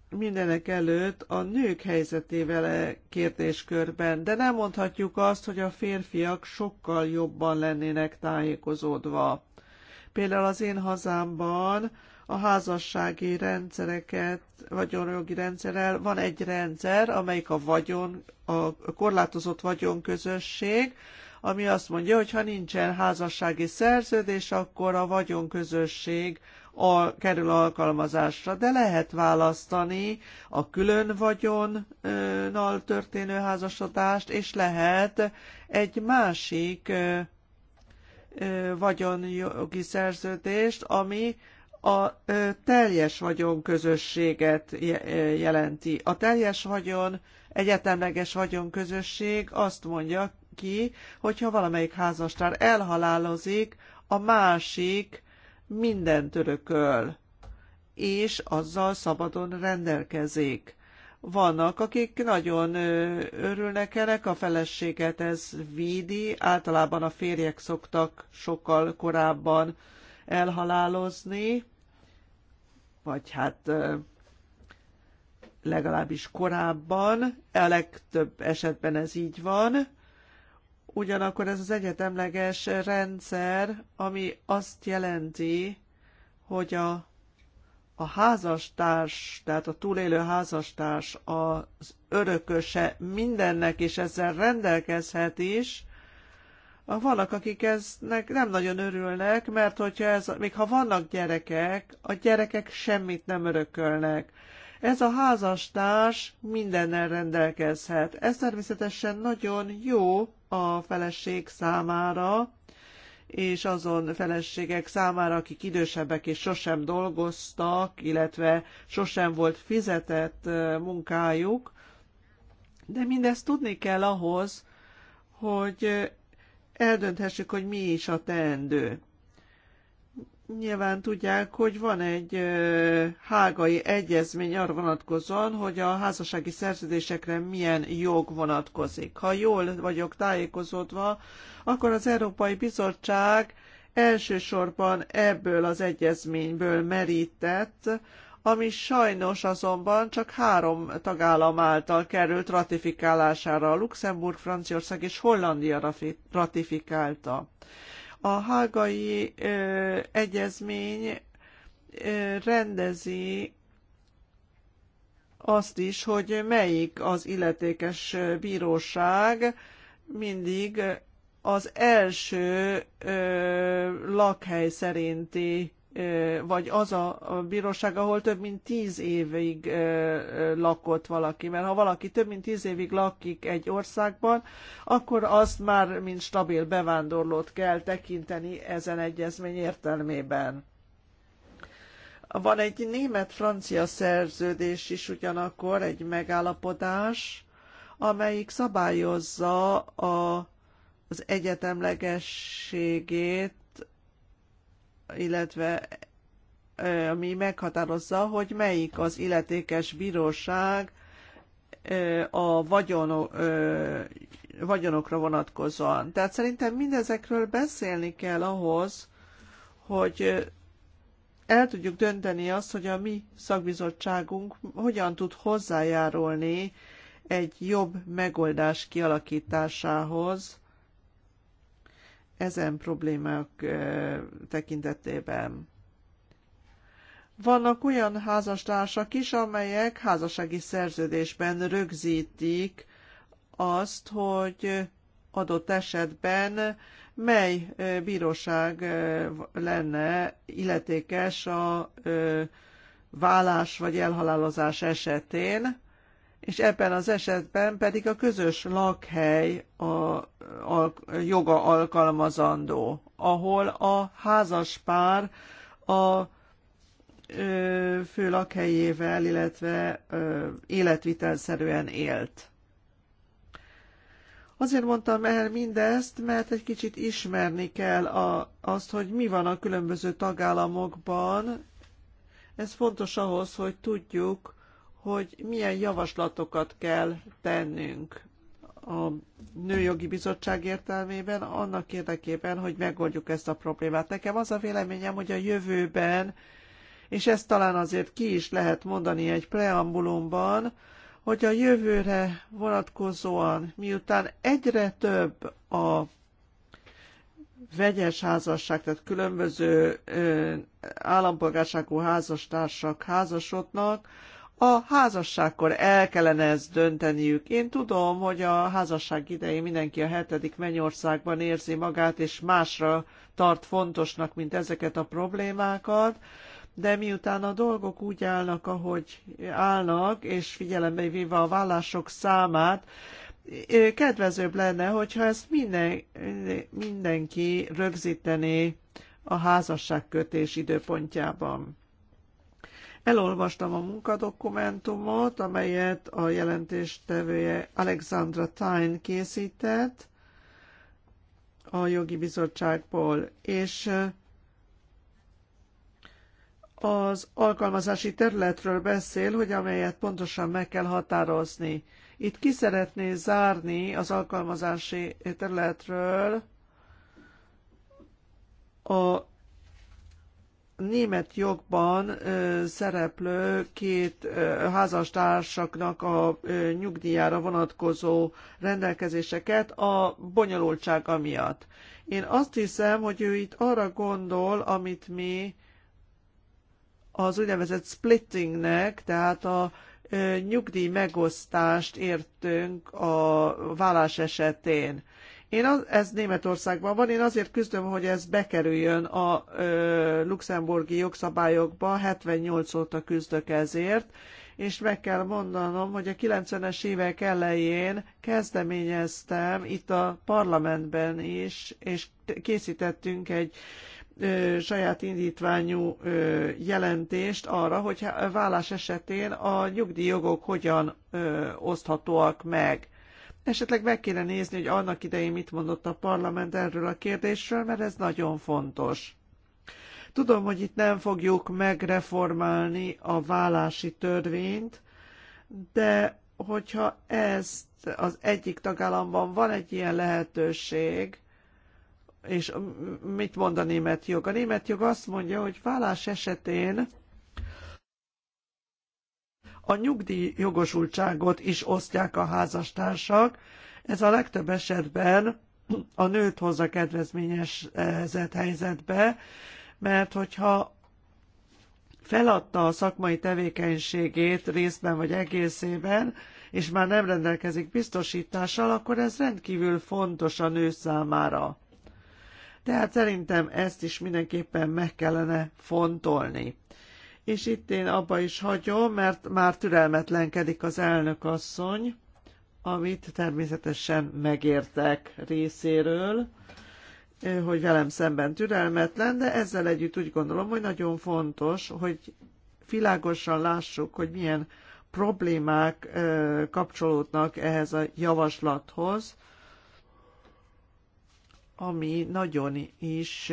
mindenek előtt a nők helyzetével e kérdéskörben, de nem mondhatjuk azt, hogy a férfiak sokkal jobban lennének tájékozódva. Például az én hazámban a házassági rendszereket, vagyonjogi rendszerrel. Van egy rendszer, amelyik a vagyon, a korlátozott vagyonközösség, ami azt mondja, hogy ha nincsen házassági szerződés, akkor a vagyonközösség a, kerül alkalmazásra, de lehet választani a külön vagyonnal történő házasodást, és lehet egy másik vagyonjogi szerződést, ami a teljes vagyonközösséget jelenti. A teljes vagyon, egyetemleges vagyonközösség azt mondja ki, hogyha valamelyik házastár elhalálozik, a másik mindent örököl, és azzal szabadon rendelkezik. Vannak, akik nagyon örülnek ennek, a feleséget ez védi, általában a férjek szoktak sokkal korábban elhalálozni, vagy hát legalábbis korábban, a legtöbb esetben ez így van. Ugyanakkor ez az egyetemleges rendszer, ami azt jelenti, hogy a, a házastárs, tehát a túlélő házastárs az örököse mindennek, és ezzel rendelkezhet is, vannak, akik eznek nem nagyon örülnek, mert hogyha ez, még ha vannak gyerekek, a gyerekek semmit nem örökölnek. Ez a házastárs mindennel rendelkezhet. Ez természetesen nagyon jó a feleség számára, és azon feleségek számára, akik idősebbek és sosem dolgoztak, illetve sosem volt fizetett munkájuk, de mindezt tudni kell ahhoz, hogy eldönthessük, hogy mi is a teendő. Nyilván tudják, hogy van egy hágai egyezmény arra vonatkozóan, hogy a házassági szerződésekre milyen jog vonatkozik. Ha jól vagyok tájékozódva, akkor az Európai Bizottság elsősorban ebből az egyezményből merített, ami sajnos azonban csak három tagállam által került ratifikálására. Luxemburg, Franciaország és Hollandia ratifikálta. A hágai ö, egyezmény ö, rendezi azt is, hogy melyik az illetékes bíróság mindig az első ö, lakhely szerinti vagy az a bíróság, ahol több mint tíz évig lakott valaki. Mert ha valaki több mint tíz évig lakik egy országban, akkor azt már, mint stabil bevándorlót kell tekinteni ezen egyezmény értelmében. Van egy német-francia szerződés is ugyanakkor, egy megállapodás, amelyik szabályozza a, az egyetemlegességét illetve ami meghatározza, hogy melyik az illetékes bíróság a vagyon, vagyonokra vonatkozóan. Tehát szerintem mindezekről beszélni kell ahhoz, hogy el tudjuk dönteni azt, hogy a mi szakbizottságunk hogyan tud hozzájárulni egy jobb megoldás kialakításához, ezen problémák tekintetében. Vannak olyan házastársak is, amelyek házassági szerződésben rögzítik azt, hogy adott esetben mely bíróság lenne illetékes a vállás vagy elhalálozás esetén, és ebben az esetben pedig a közös lakhely a, a joga alkalmazandó, ahol a házas pár a ö, fő lakhelyével, illetve ö, életvitelszerűen élt. Azért mondtam el mindezt, mert egy kicsit ismerni kell a, azt, hogy mi van a különböző tagállamokban. Ez fontos ahhoz, hogy tudjuk, hogy milyen javaslatokat kell tennünk a Nőjogi Bizottság értelmében annak érdekében, hogy megoldjuk ezt a problémát. Nekem az a véleményem, hogy a jövőben, és ezt talán azért ki is lehet mondani egy preambulumban, hogy a jövőre vonatkozóan, miután egyre több a vegyes házasság, tehát különböző ö, állampolgárságú házastársak házasodnak, a házasságkor el kellene ezt dönteniük. Én tudom, hogy a házasság idején mindenki a hetedik mennyországban érzi magát, és másra tart fontosnak, mint ezeket a problémákat, de miután a dolgok úgy állnak, ahogy állnak, és figyelembe véve a vállások számát, kedvezőbb lenne, hogyha ezt minden, mindenki rögzítené a házasságkötés időpontjában. Elolvastam a munkadokumentumot, amelyet a jelentéstevője Alexandra Tyne készített a jogi bizottságból, és eh, az alkalmazási területről beszél, hogy amelyet pontosan meg kell határozni. Itt ki szeretné zárni az alkalmazási területről a német jogban ö, szereplő két ö, házastársaknak a ö, nyugdíjára vonatkozó rendelkezéseket a bonyolultsága miatt. Én azt hiszem, hogy ő itt arra gondol, amit mi az úgynevezett splittingnek, tehát a ö, nyugdíj megosztást értünk a vállás esetén. Én az, ez Németországban van, én azért küzdöm, hogy ez bekerüljön a ö, luxemburgi jogszabályokba, 78 óta küzdök ezért, és meg kell mondanom, hogy a 90-es évek elején kezdeményeztem itt a parlamentben is, és készítettünk egy ö, saját indítványú ö, jelentést arra, hogy vállás esetén a nyugdíjjogok hogyan ö, oszthatóak meg Esetleg meg kéne nézni, hogy annak idején mit mondott a parlament erről a kérdésről, mert ez nagyon fontos. Tudom, hogy itt nem fogjuk megreformálni a vállási törvényt, de hogyha ezt az egyik tagállamban van egy ilyen lehetőség, és mit mond a német jog? A német jog azt mondja, hogy vállás esetén a nyugdíj jogosultságot is osztják a házastársak. Ez a legtöbb esetben a nőt hozza kedvezményezett helyzetbe, mert hogyha feladta a szakmai tevékenységét részben vagy egészében, és már nem rendelkezik biztosítással, akkor ez rendkívül fontos a nő számára. Tehát szerintem ezt is mindenképpen meg kellene fontolni és itt én abba is hagyom, mert már türelmetlenkedik az elnök asszony, amit természetesen megértek részéről, hogy velem szemben türelmetlen, de ezzel együtt úgy gondolom, hogy nagyon fontos, hogy világosan lássuk, hogy milyen problémák kapcsolódnak ehhez a javaslathoz, ami nagyon is,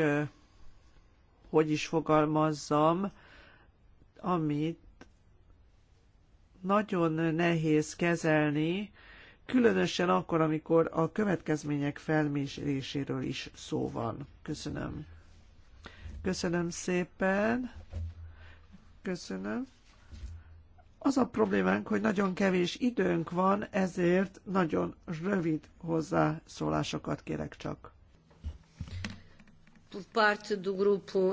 hogy is fogalmazzam, amit nagyon nehéz kezelni, különösen akkor, amikor a következmények felméréséről is szó van. Köszönöm. Köszönöm szépen. Köszönöm. Az a problémánk, hogy nagyon kevés időnk van, ezért nagyon rövid hozzászólásokat kérek csak. Parte do grupo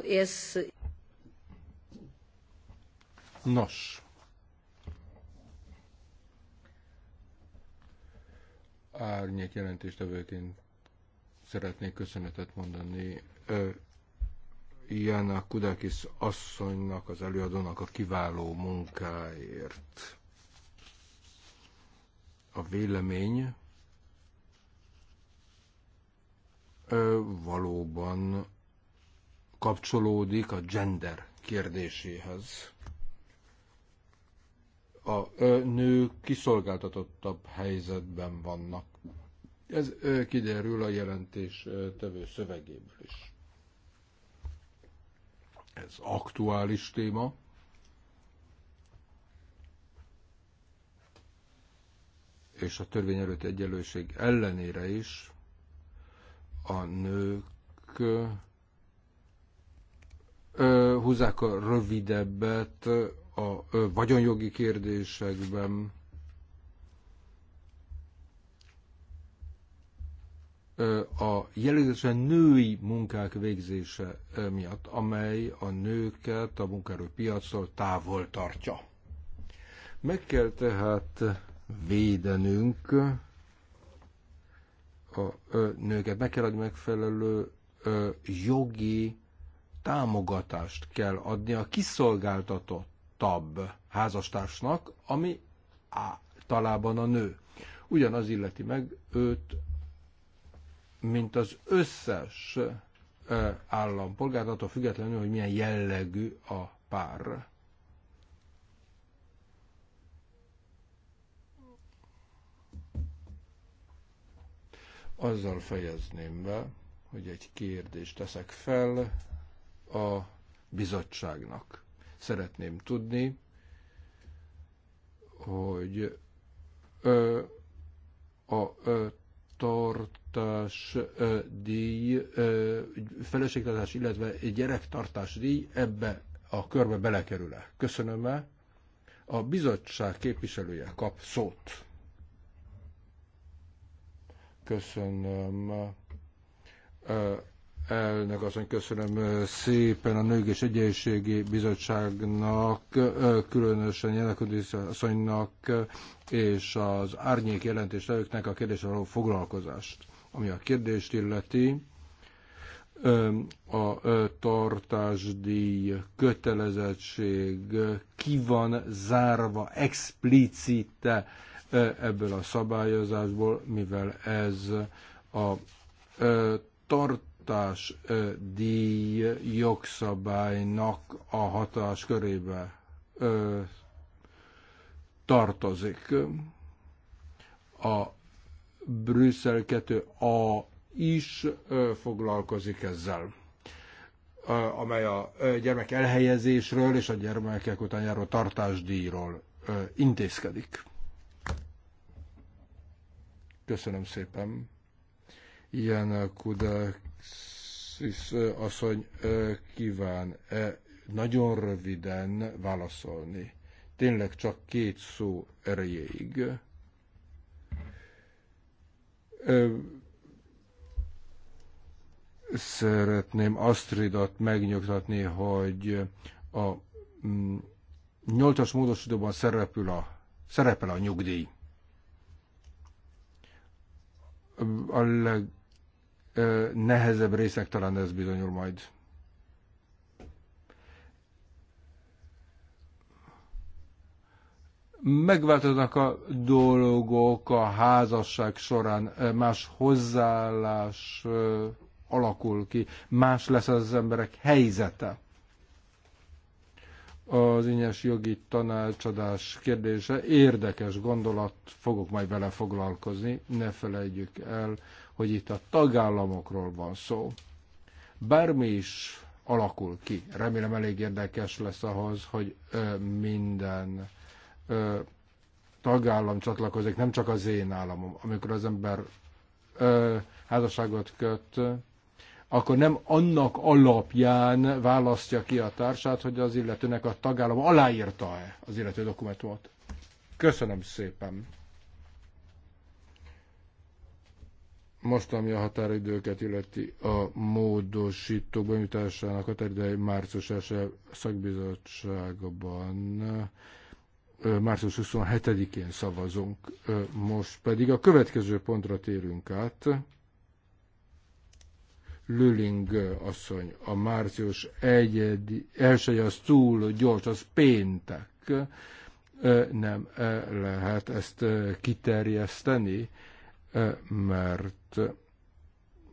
Nos, árnyék én szeretnék köszönetet mondani a Kudakis asszonynak, az előadónak a kiváló munkáért. A vélemény valóban kapcsolódik a gender kérdéséhez a nők kiszolgáltatottabb helyzetben vannak. Ez kiderül a jelentés tevő szövegéből is. Ez aktuális téma. És a törvény előtt egyenlőség ellenére is a nők húzzák a rövidebbet a vagyonjogi kérdésekben, a jellegzetesen női munkák végzése miatt, amely a nőket a munkaerőpiacról távol tartja. Meg kell tehát védenünk a nőket, meg kell adni megfelelő jogi támogatást kell adni a kiszolgáltatott házastársatabb házastársnak, ami általában a nő. Ugyanaz illeti meg őt, mint az összes állampolgárt, attól függetlenül, hogy milyen jellegű a pár. Azzal fejezném be, hogy egy kérdést teszek fel a bizottságnak. Szeretném tudni, hogy ö, a ö, tartás ö, díj, ö, feleségtartás, illetve gyerektartás díj ebbe a körbe belekerül-e? Köszönöm -e. A bizottság képviselője kap szót. Köszönöm. Ö, Elnök asszony, köszönöm szépen a Nők és Egyenségi Bizottságnak, különösen Jelenkodis asszonynak és az árnyék jelentéstevőknek a kérdésre való foglalkozást. Ami a kérdést illeti, a tartásdíj kötelezettség ki van zárva explicite ebből a szabályozásból, mivel ez a tart hatás díj jogszabálynak a hatás körébe ö, tartozik. A Brüsszel 2A is ö, foglalkozik ezzel ö, amely a gyermek elhelyezésről és a gyermekek után járó tartásdíjról ö, intézkedik. Köszönöm szépen. Ilyen Kuda Szisz asszony kíván-e nagyon röviden válaszolni? Tényleg csak két szó erejéig. Szeretném Astridot megnyugtatni, hogy a mm, nyolcas módosítóban szerepül a, szerepel a nyugdíj. A leg, nehezebb részek talán ez bizonyul majd. megváltoznak a dolgok a házasság során, más hozzáállás alakul ki, más lesz az emberek helyzete. Az ingyenes jogi tanácsadás kérdése érdekes gondolat, fogok majd vele foglalkozni, ne felejtjük el, hogy itt a tagállamokról van szó. Bármi is alakul ki, remélem elég érdekes lesz ahhoz, hogy minden tagállam csatlakozik, nem csak az én államom. Amikor az ember ö, házasságot köt, akkor nem annak alapján választja ki a társát, hogy az illetőnek a tagállam aláírta-e az illető dokumentumot. Köszönöm szépen! Most, ami a határidőket illeti a módosítók bemutatásának határidei március 1 szakbizottságban március 27-én szavazunk, most pedig a következő pontra térünk át. Lüling asszony, a március 1 elsője az túl gyors, az péntek. Nem lehet ezt kiterjeszteni mert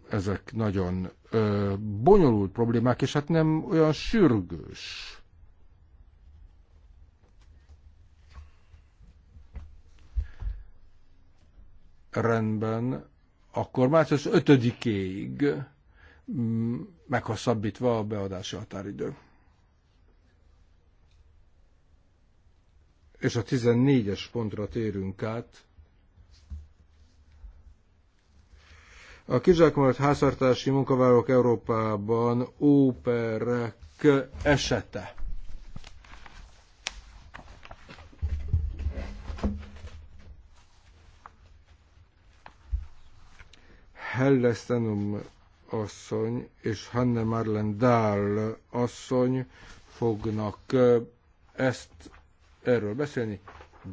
ezek nagyon bonyolult problémák, és hát nem olyan sürgős. Rendben, akkor március 5 ig mm, meghosszabbítva a beadási határidő. És a 14-es pontra térünk át, A kizsákmányolt háztartási munkavállalók Európában óperek esete. Hellestenum asszony és Hanne Marlen Dahl asszony fognak eh, ezt erről beszélni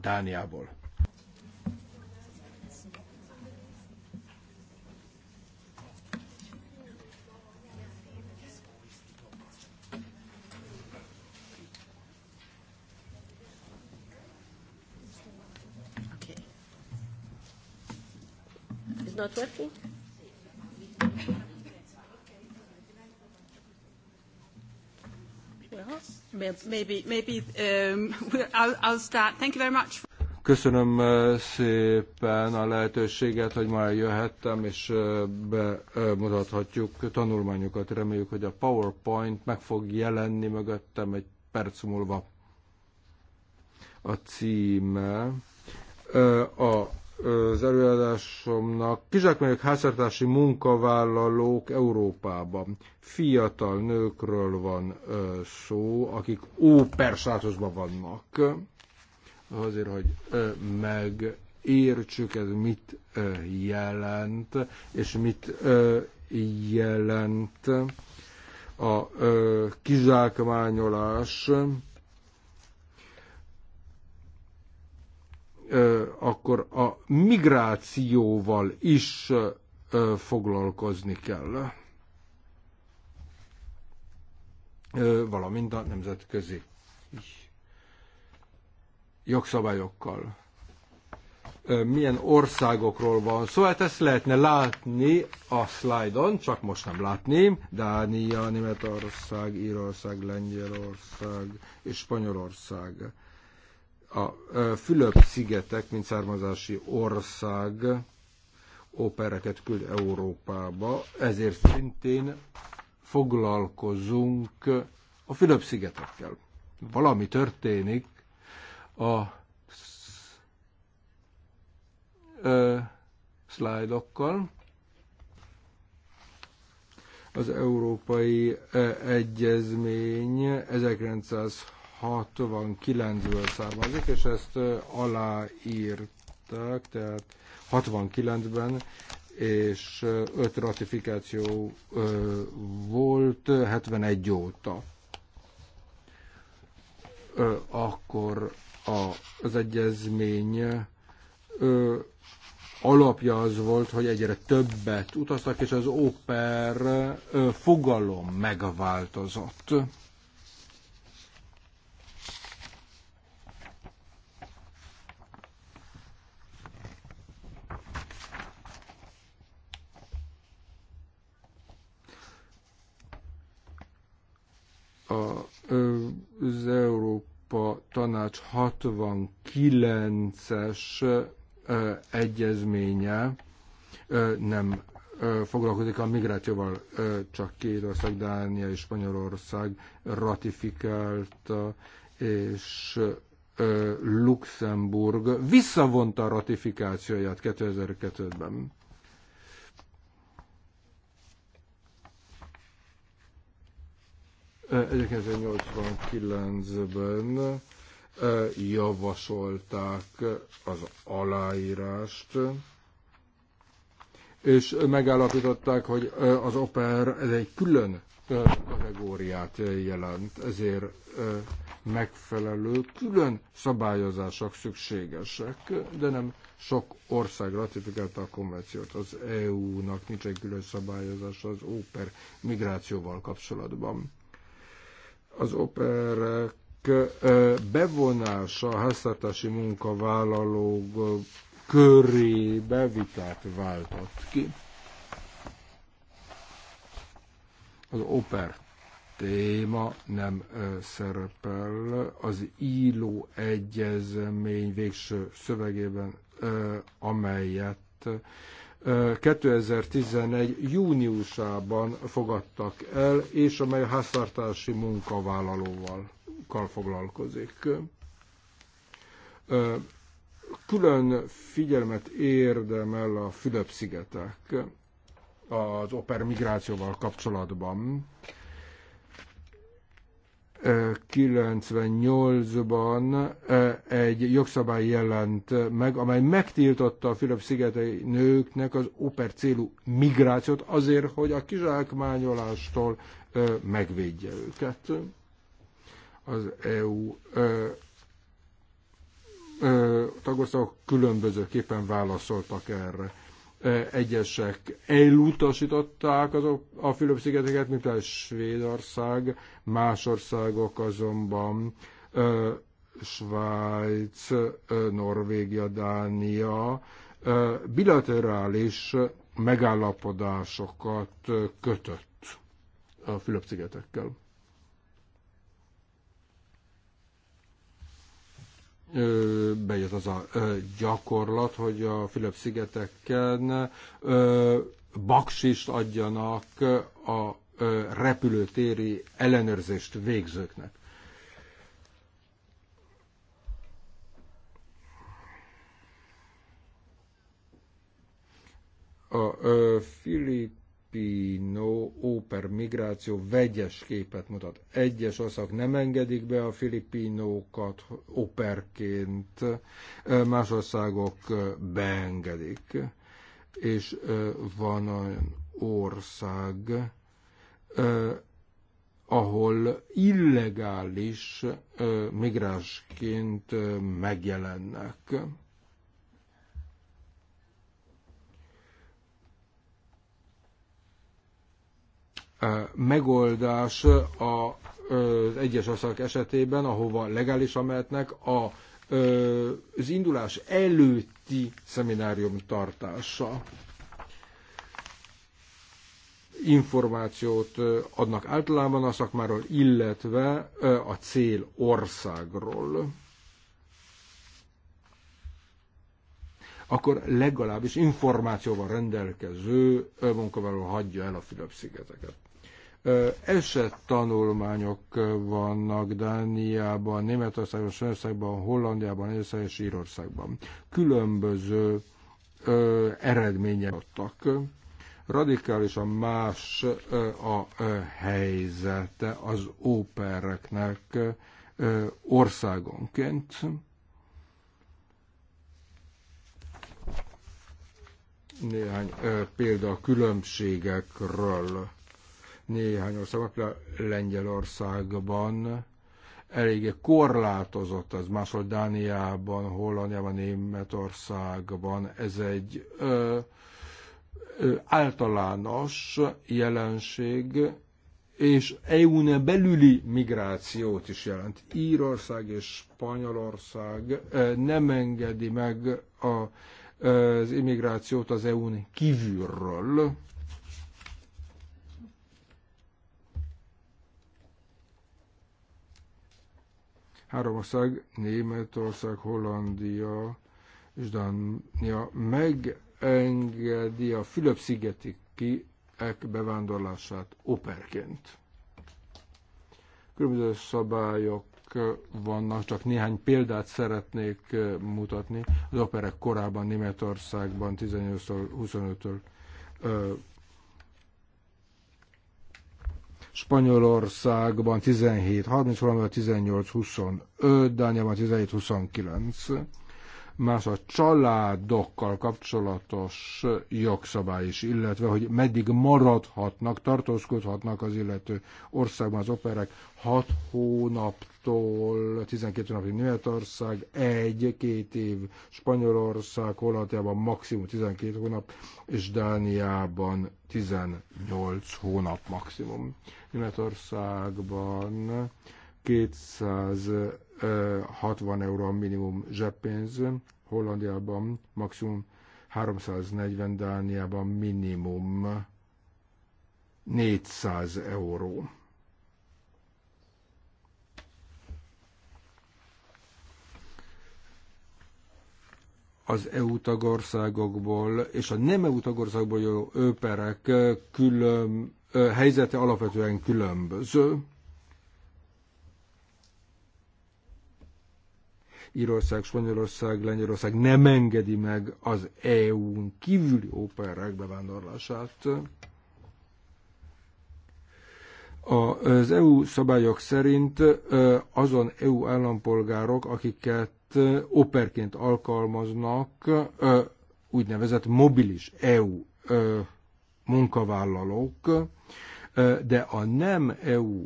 Dániából. not working? Köszönöm uh, szépen a lehetőséget, hogy ma eljöhettem, és uh, bemutathatjuk uh, tanulmányokat. Reméljük, hogy a PowerPoint meg fog jelenni mögöttem egy perc múlva. A címe a az előadásomnak kizsákmányok háztartási munkavállalók Európában. Fiatal nőkről van szó, akik óper státuszban vannak. Azért, hogy megértsük, ez mit jelent, és mit jelent a kizsákmányolás akkor a migrációval is foglalkozni kell, valamint a nemzetközi jogszabályokkal. Milyen országokról van szó, szóval hát ezt lehetne látni a szlájdon, csak most nem látni. Dánia, Németország, Írország, Lengyelország és Spanyolország a Fülöp-szigetek, mint származási ország, ópereket küld Európába, ezért szintén foglalkozunk a Fülöp-szigetekkel. Valami történik a szlájdokkal. Az Európai Egyezmény 1900 69-ből származik, és ezt aláírták, tehát 69-ben, és 5 ratifikáció volt 71 óta. Akkor az egyezmény alapja az volt, hogy egyre többet utaztak, és az óper fogalom megváltozott. a, az Európa Tanács 69-es egyezménye nem foglalkozik a migrációval, csak két ország, Dánia és Spanyolország ratifikálta, és Luxemburg visszavonta a ratifikációját 2002-ben. 1989-ben javasolták az aláírást, és megállapították, hogy az oper ez egy külön kategóriát jelent, ezért megfelelő külön szabályozások szükségesek, de nem sok ország ratifikálta a konvenciót. Az EU-nak nincs egy külön szabályozás az óper migrációval kapcsolatban az operek bevonása a háztartási munkavállalók körébe vitát váltott ki. Az oper téma nem szerepel az író egyezmény végső szövegében, amelyet 2011. júniusában fogadtak el, és amely a háztartási munkavállalóval foglalkozik. Külön figyelmet érdemel a Fülöp-szigetek az oper migrációval kapcsolatban. 98-ban egy jogszabály jelent meg, amely megtiltotta a Fülöp-szigetei nőknek az oper célú migrációt azért, hogy a kizsákmányolástól megvédje őket. Az EU tagországok különbözőképpen válaszoltak erre egyesek elutasították azok a Fülöp-szigeteket, mint a Svédország, más országok azonban, Svájc, Norvégia, Dánia bilaterális megállapodásokat kötött a Fülöp-szigetekkel. bejött az a gyakorlat, hogy a Fülöp-szigeteken baksist adjanak a repülőtéri ellenőrzést végzőknek. A Filip filipino óper migráció vegyes képet mutat. Egyes országok nem engedik be a filipinókat operként, más országok beengedik, és van olyan ország, ahol illegális migránsként megjelennek megoldás az egyes országok esetében, ahova legálisan mehetnek, a, az indulás előtti szeminárium tartása információt adnak általában a szakmáról, illetve a cél országról. akkor legalábbis információval rendelkező munkavállaló hagyja el a Fülöp-szigeteket. Esett tanulmányok vannak Dániában, Németországban, Svédországban, Hollandiában, Észak és Írországban. Különböző ö, eredmények adtak. Radikálisan más ö, a ö, helyzete az ópereknek ö, országonként. Néhány ö, példa a különbségekről néhány országban, Lengyelországban eléggé korlátozott az, máshol Dániában, Hollandiában, Németországban. Ez egy ö, ö, általános jelenség, és EU-n belüli migrációt is jelent. Írország és Spanyolország nem engedi meg a, az immigrációt az EU-n kívülről. Három ország, Németország, Hollandia és Dánia megengedi a Fülöp-szigeti kiek bevándorlását operként. Különböző szabályok vannak, csak néhány példát szeretnék mutatni. Az operek korábban Németországban 18-25-től Spanyolországban 17-30, valamivel 18-25, Dániában 17-29. Más a családokkal kapcsolatos jogszabály is, illetve hogy meddig maradhatnak, tartózkodhatnak az illető országban az operek 6 hónap tól 12 napig Németország, egy-két év Spanyolország, Hollandiában maximum 12 hónap, és Dániában 18 hónap maximum. Németországban 260 euró a minimum zseppénz, Hollandiában maximum 340, Dániában minimum 400 euró az EU tagországokból és a nem EU tagországból jövő öperek külön, helyzete alapvetően különböző. Írország, Spanyolország, Lengyelország nem engedi meg az EU-n kívüli operák bevándorlását. Az EU szabályok szerint azon EU állampolgárok, akiket operként alkalmaznak úgynevezett mobilis EU munkavállalók, de a nem EU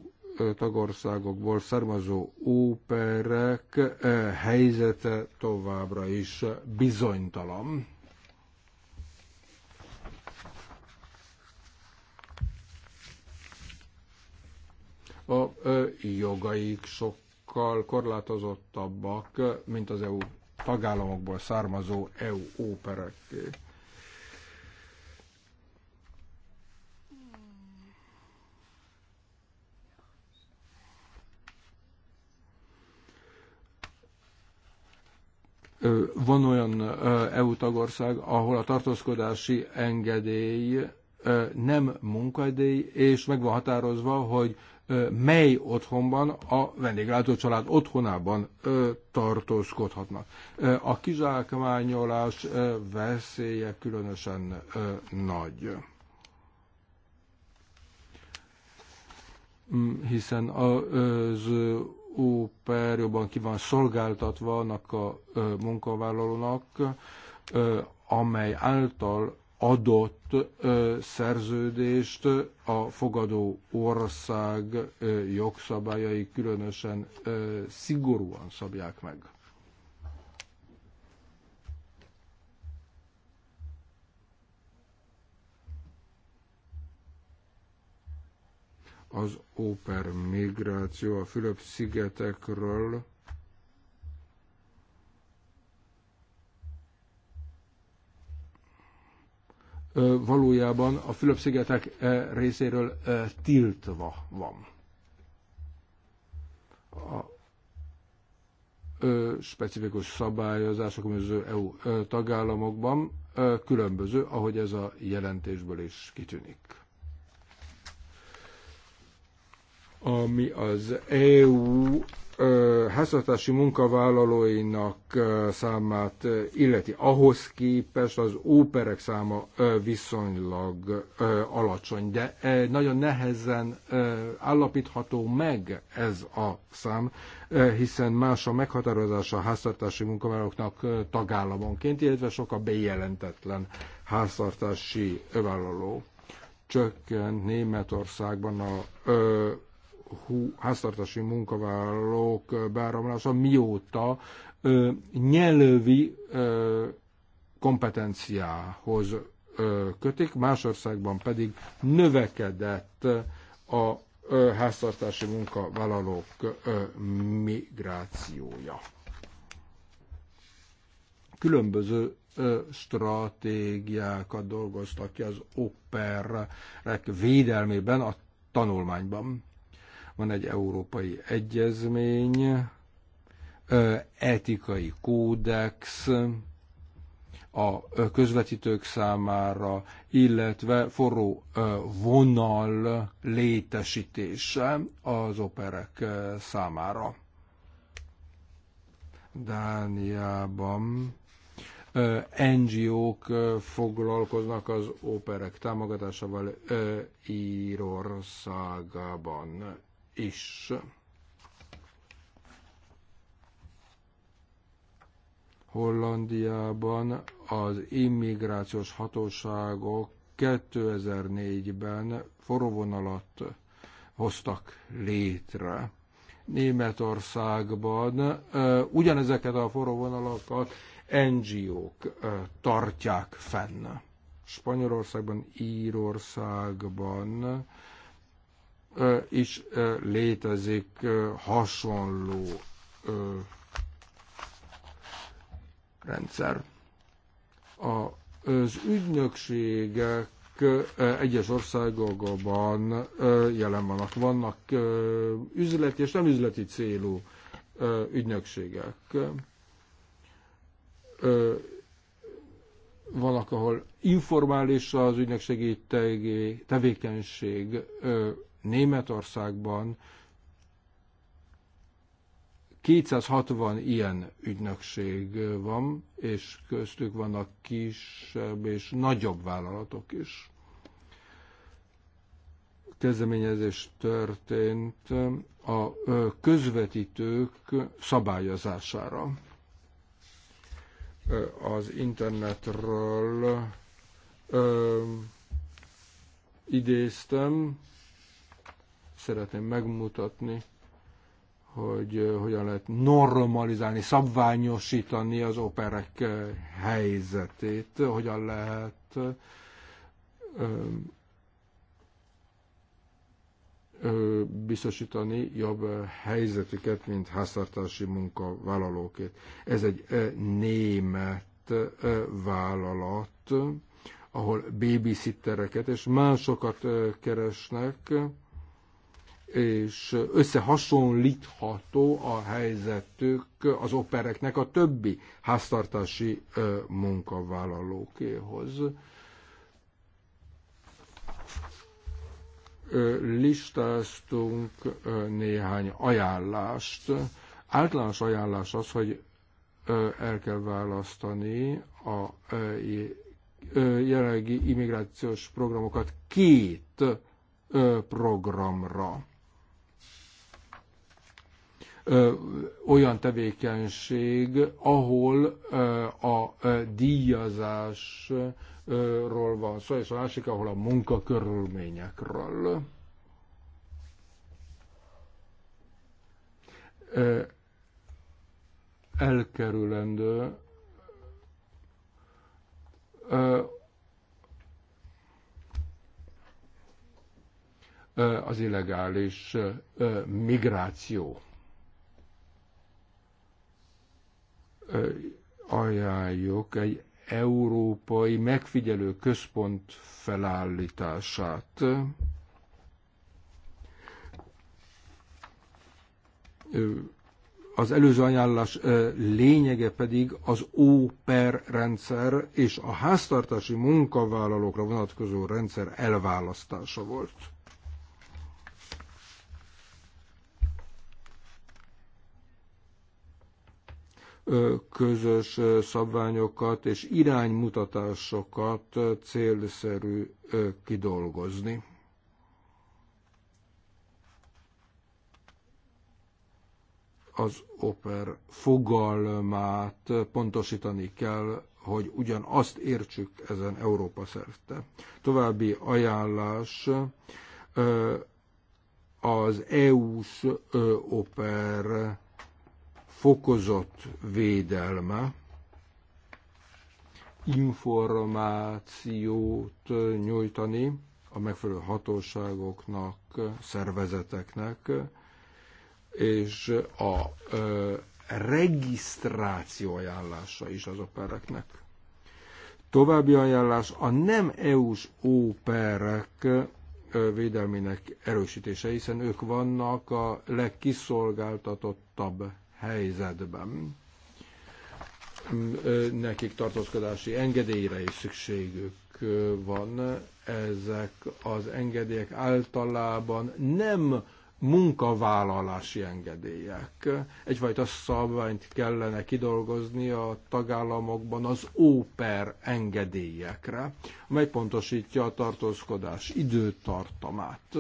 tagországokból származó óperek helyzete továbbra is bizonytalan. A jogaik sok sokkal korlátozottabbak, mint az EU tagállamokból származó EU óperek. Van olyan EU tagország, ahol a tartózkodási engedély nem munkaidély, és meg van határozva, hogy mely otthonban a vendéglátó család otthonában tartózkodhatnak. A kizsákmányolás veszélye különösen nagy. Mm, hiszen az óper jobban ki van szolgáltatva annak a munkavállalónak, amely által adott szerződést a fogadó ország jogszabályai különösen szigorúan szabják meg. Az Oper migráció a Fülöp-szigetekről valójában a Fülöp-szigetek részéről tiltva van. A specifikus szabályozások az EU tagállamokban különböző, ahogy ez a jelentésből is kitűnik. Ami az EU háztartási munkavállalóinak számát illeti. Ahhoz képest az óperek száma viszonylag alacsony, de nagyon nehezen állapítható meg ez a szám, hiszen más a meghatározása a háztartási munkavállalóknak tagállamonként, illetve sok a bejelentetlen háztartási vállaló. Csökkent Németországban a hú, háztartási munkavállalók beáramlása mióta ö, nyelvi ö, kompetenciához ö, kötik, más országban pedig növekedett a ö, háztartási munkavállalók ö, migrációja. Különböző stratégiákat dolgoztak ki az operek védelmében, a tanulmányban. Van egy európai egyezmény, etikai kódex a közvetítők számára, illetve forró vonal létesítése az operek számára. Dániában NGO-k foglalkoznak az operek támogatásával Írországában is. Hollandiában az immigrációs hatóságok 2004-ben forróvonalat hoztak létre. Németországban ugyanezeket a forróvonalakat NGO-k tartják fenn. Spanyolországban, Írországban is létezik hasonló rendszer. Az ügynökségek egyes országokban jelen vannak. Vannak üzleti és nem üzleti célú ügynökségek. Vannak, ahol informális az ügynökségi tevékenység, Németországban 260 ilyen ügynökség van, és köztük vannak kisebb és nagyobb vállalatok is. Kezdeményezés történt a közvetítők szabályozására. Az internetről idéztem, szeretném megmutatni, hogy eh, hogyan lehet normalizálni, szabványosítani az operek eh, helyzetét, hogyan lehet eh, biztosítani jobb helyzetüket, mint háztartási munkavállalókét. Ez egy német vállalat, ahol babysittereket és másokat keresnek, és összehasonlítható a helyzetük az opereknek a többi háztartási munkavállalókéhoz. Listáztunk néhány ajánlást. Általános ajánlás az, hogy el kell választani a jelenlegi immigrációs programokat két programra ö, olyan tevékenység, ahol ö, a ö, díjazásról van szó, és a másik, ahol a munkakörülményekről. elkerülendő az illegális migráció. ajánljuk egy európai megfigyelő központ felállítását. Az előző ajánlás lényege pedig az óper rendszer és a háztartási munkavállalókra vonatkozó rendszer elválasztása volt. közös szabványokat és iránymutatásokat célszerű kidolgozni. Az oper fogalmát pontosítani kell, hogy ugyanazt értsük ezen Európa szerte. További ajánlás az EU-s oper fokozott védelme, információt nyújtani a megfelelő hatóságoknak, szervezeteknek, és a ö, regisztráció ajánlása is az opereknek. További ajánlás a nem EU-s óperek védelmének erősítése, hiszen ők vannak a legkiszolgáltatottabb helyzetben. Nekik tartózkodási engedélyre is szükségük van. Ezek az engedélyek általában nem munkavállalási engedélyek. Egyfajta szabványt kellene kidolgozni a tagállamokban az óper engedélyekre, amely pontosítja a tartózkodás időtartamát.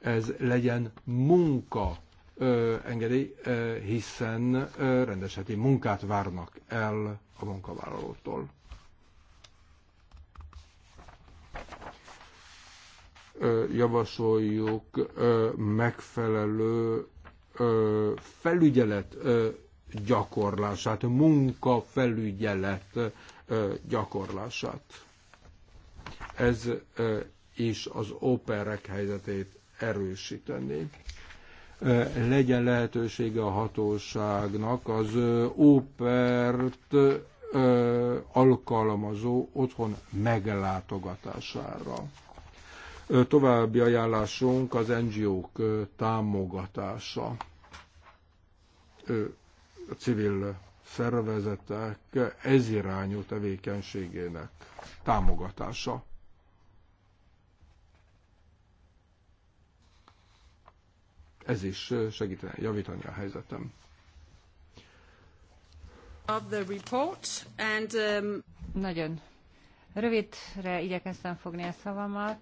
Ez legyen munka ö, engedély, ö, hiszen ö, rendesheti munkát várnak el a munkavállalótól. Ö, javasoljuk ö, megfelelő ö, felügyelet ö, gyakorlását, munkafelügyelet ö, gyakorlását. Ez ö, is az operek helyzetét erősíteni legyen lehetősége a hatóságnak az ópert alkalmazó otthon meglátogatására. További ajánlásunk az NGO-k támogatása. A civil szervezetek ezirányú tevékenységének támogatása. Ez is segítene javítani a helyzetem. Of the report and, um... Nagyon Rövidre igyekeztem fogni a szavamat,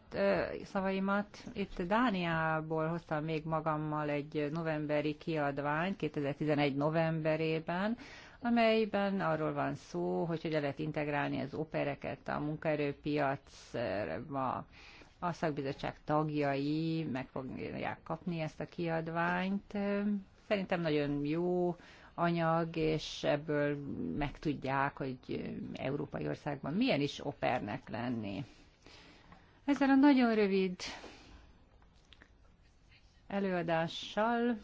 szavaimat. Itt Dániából hoztam még magammal egy novemberi kiadványt 2011 novemberében, amelyben arról van szó, hogy hogyan lehet integrálni az opereket a munkaerőpiacba a szakbizottság tagjai meg fogják kapni ezt a kiadványt. Szerintem nagyon jó anyag, és ebből megtudják, hogy európai országban milyen is opernek lenni. Ezzel a nagyon rövid előadással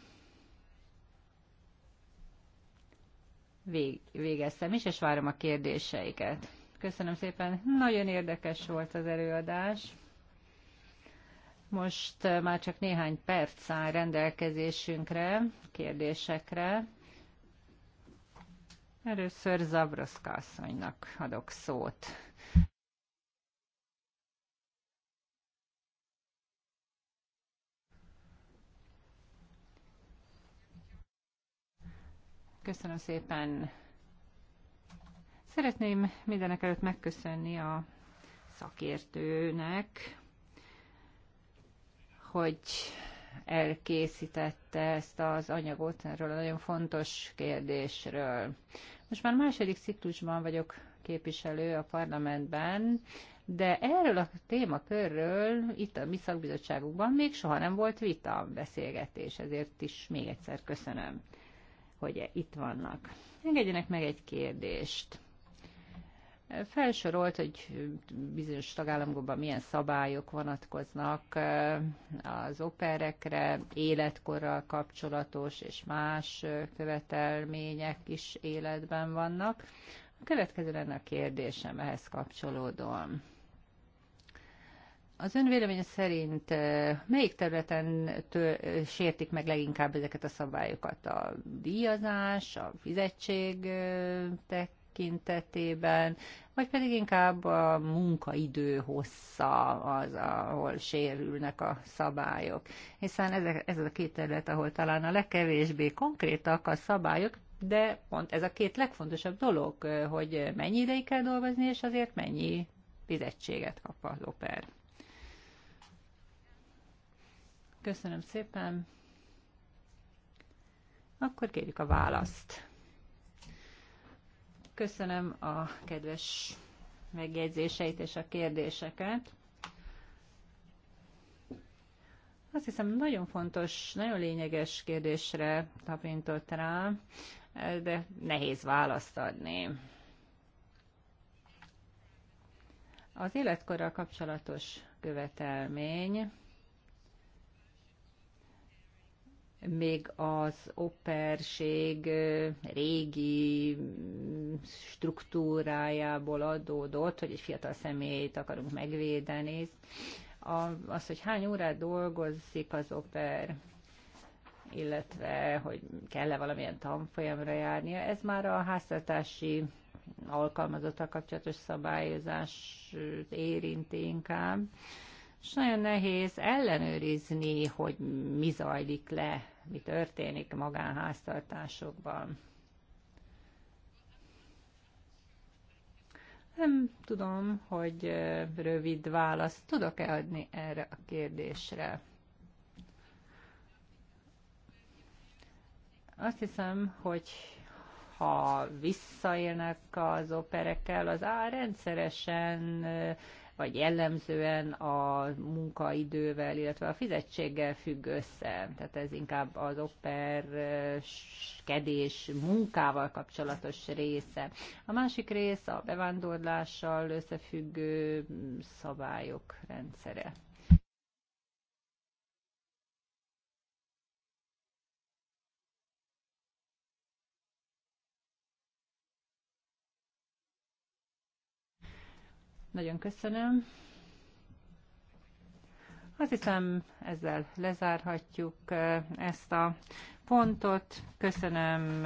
végeztem is, és várom a kérdéseiket. Köszönöm szépen, nagyon érdekes volt az előadás. Most eh, már csak néhány perc áll rendelkezésünkre, kérdésekre. Először Zabroszka asszonynak adok szót. Köszönöm szépen. Szeretném mindenek előtt megköszönni a szakértőnek, hogy elkészítette ezt az anyagot erről a nagyon fontos kérdésről. Most már második ciklusban vagyok képviselő a parlamentben, de erről a témakörről itt a mi szakbizottságunkban még soha nem volt vita, beszélgetés, ezért is még egyszer köszönöm, hogy itt vannak. Engedjenek meg egy kérdést. Felsorolt, hogy bizonyos tagállamokban milyen szabályok vonatkoznak eh, az operekre, életkorral kapcsolatos és más eh, követelmények is életben vannak. A következő lenne a kérdésem ehhez kapcsolódóan. Az ön véleménye szerint eh, melyik területen tő, sértik meg leginkább ezeket a szabályokat? A díjazás, a fizetségtek tekintetében, vagy pedig inkább a munkaidő hossza az, ahol sérülnek a szabályok. Hiszen ez, ez a két terület, ahol talán a legkevésbé konkrétak a szabályok, de pont ez a két legfontosabb dolog, hogy mennyi ideig kell dolgozni, és azért mennyi fizetséget kap az oper. Köszönöm szépen. Akkor kérjük a választ. Köszönöm a kedves megjegyzéseit és a kérdéseket. Azt hiszem, nagyon fontos, nagyon lényeges kérdésre tapintott rá, de nehéz választ adni. Az életkorral kapcsolatos követelmény még az operség régi mm, struktúrájából adódott, hogy egy fiatal személyt akarunk megvédeni. A, az, hogy hány órát dolgozik az oper, illetve hogy kell-e valamilyen tanfolyamra járnia, ez már a háztartási alkalmazottak kapcsolatos szabályozás érinti inkább és nagyon nehéz ellenőrizni, hogy mi zajlik le, mi történik magánháztartásokban. Nem tudom, hogy rövid választ tudok-e adni erre a kérdésre. Azt hiszem, hogy ha visszaélnek az operekkel, az áll rendszeresen vagy jellemzően a munkaidővel, illetve a fizetséggel függ össze. Tehát ez inkább az operskedés munkával kapcsolatos része. A másik rész a bevándorlással összefüggő szabályok rendszere. Nagyon köszönöm. Azt hiszem, ezzel lezárhatjuk ezt a pontot. Köszönöm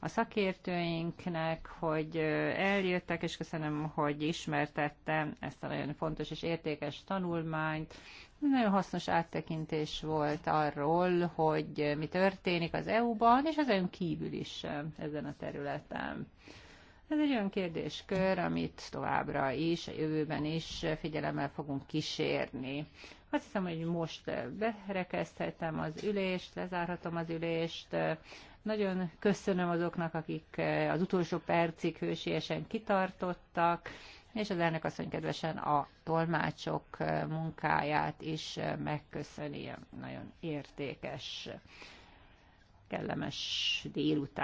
a szakértőinknek, hogy eljöttek, és köszönöm, hogy ismertette ezt a nagyon fontos és értékes tanulmányt. Nagyon hasznos áttekintés volt arról, hogy mi történik az EU-ban, és EU-n kívül is ezen a területen. Ez egy olyan kérdéskör, amit továbbra is, a jövőben is figyelemmel fogunk kísérni. Azt hiszem, hogy most berekezthetem az ülést, lezárhatom az ülést. Nagyon köszönöm azoknak, akik az utolsó percig hősiesen kitartottak, és az elnök asszony kedvesen a tolmácsok munkáját is megköszöni. Nagyon értékes, kellemes délután.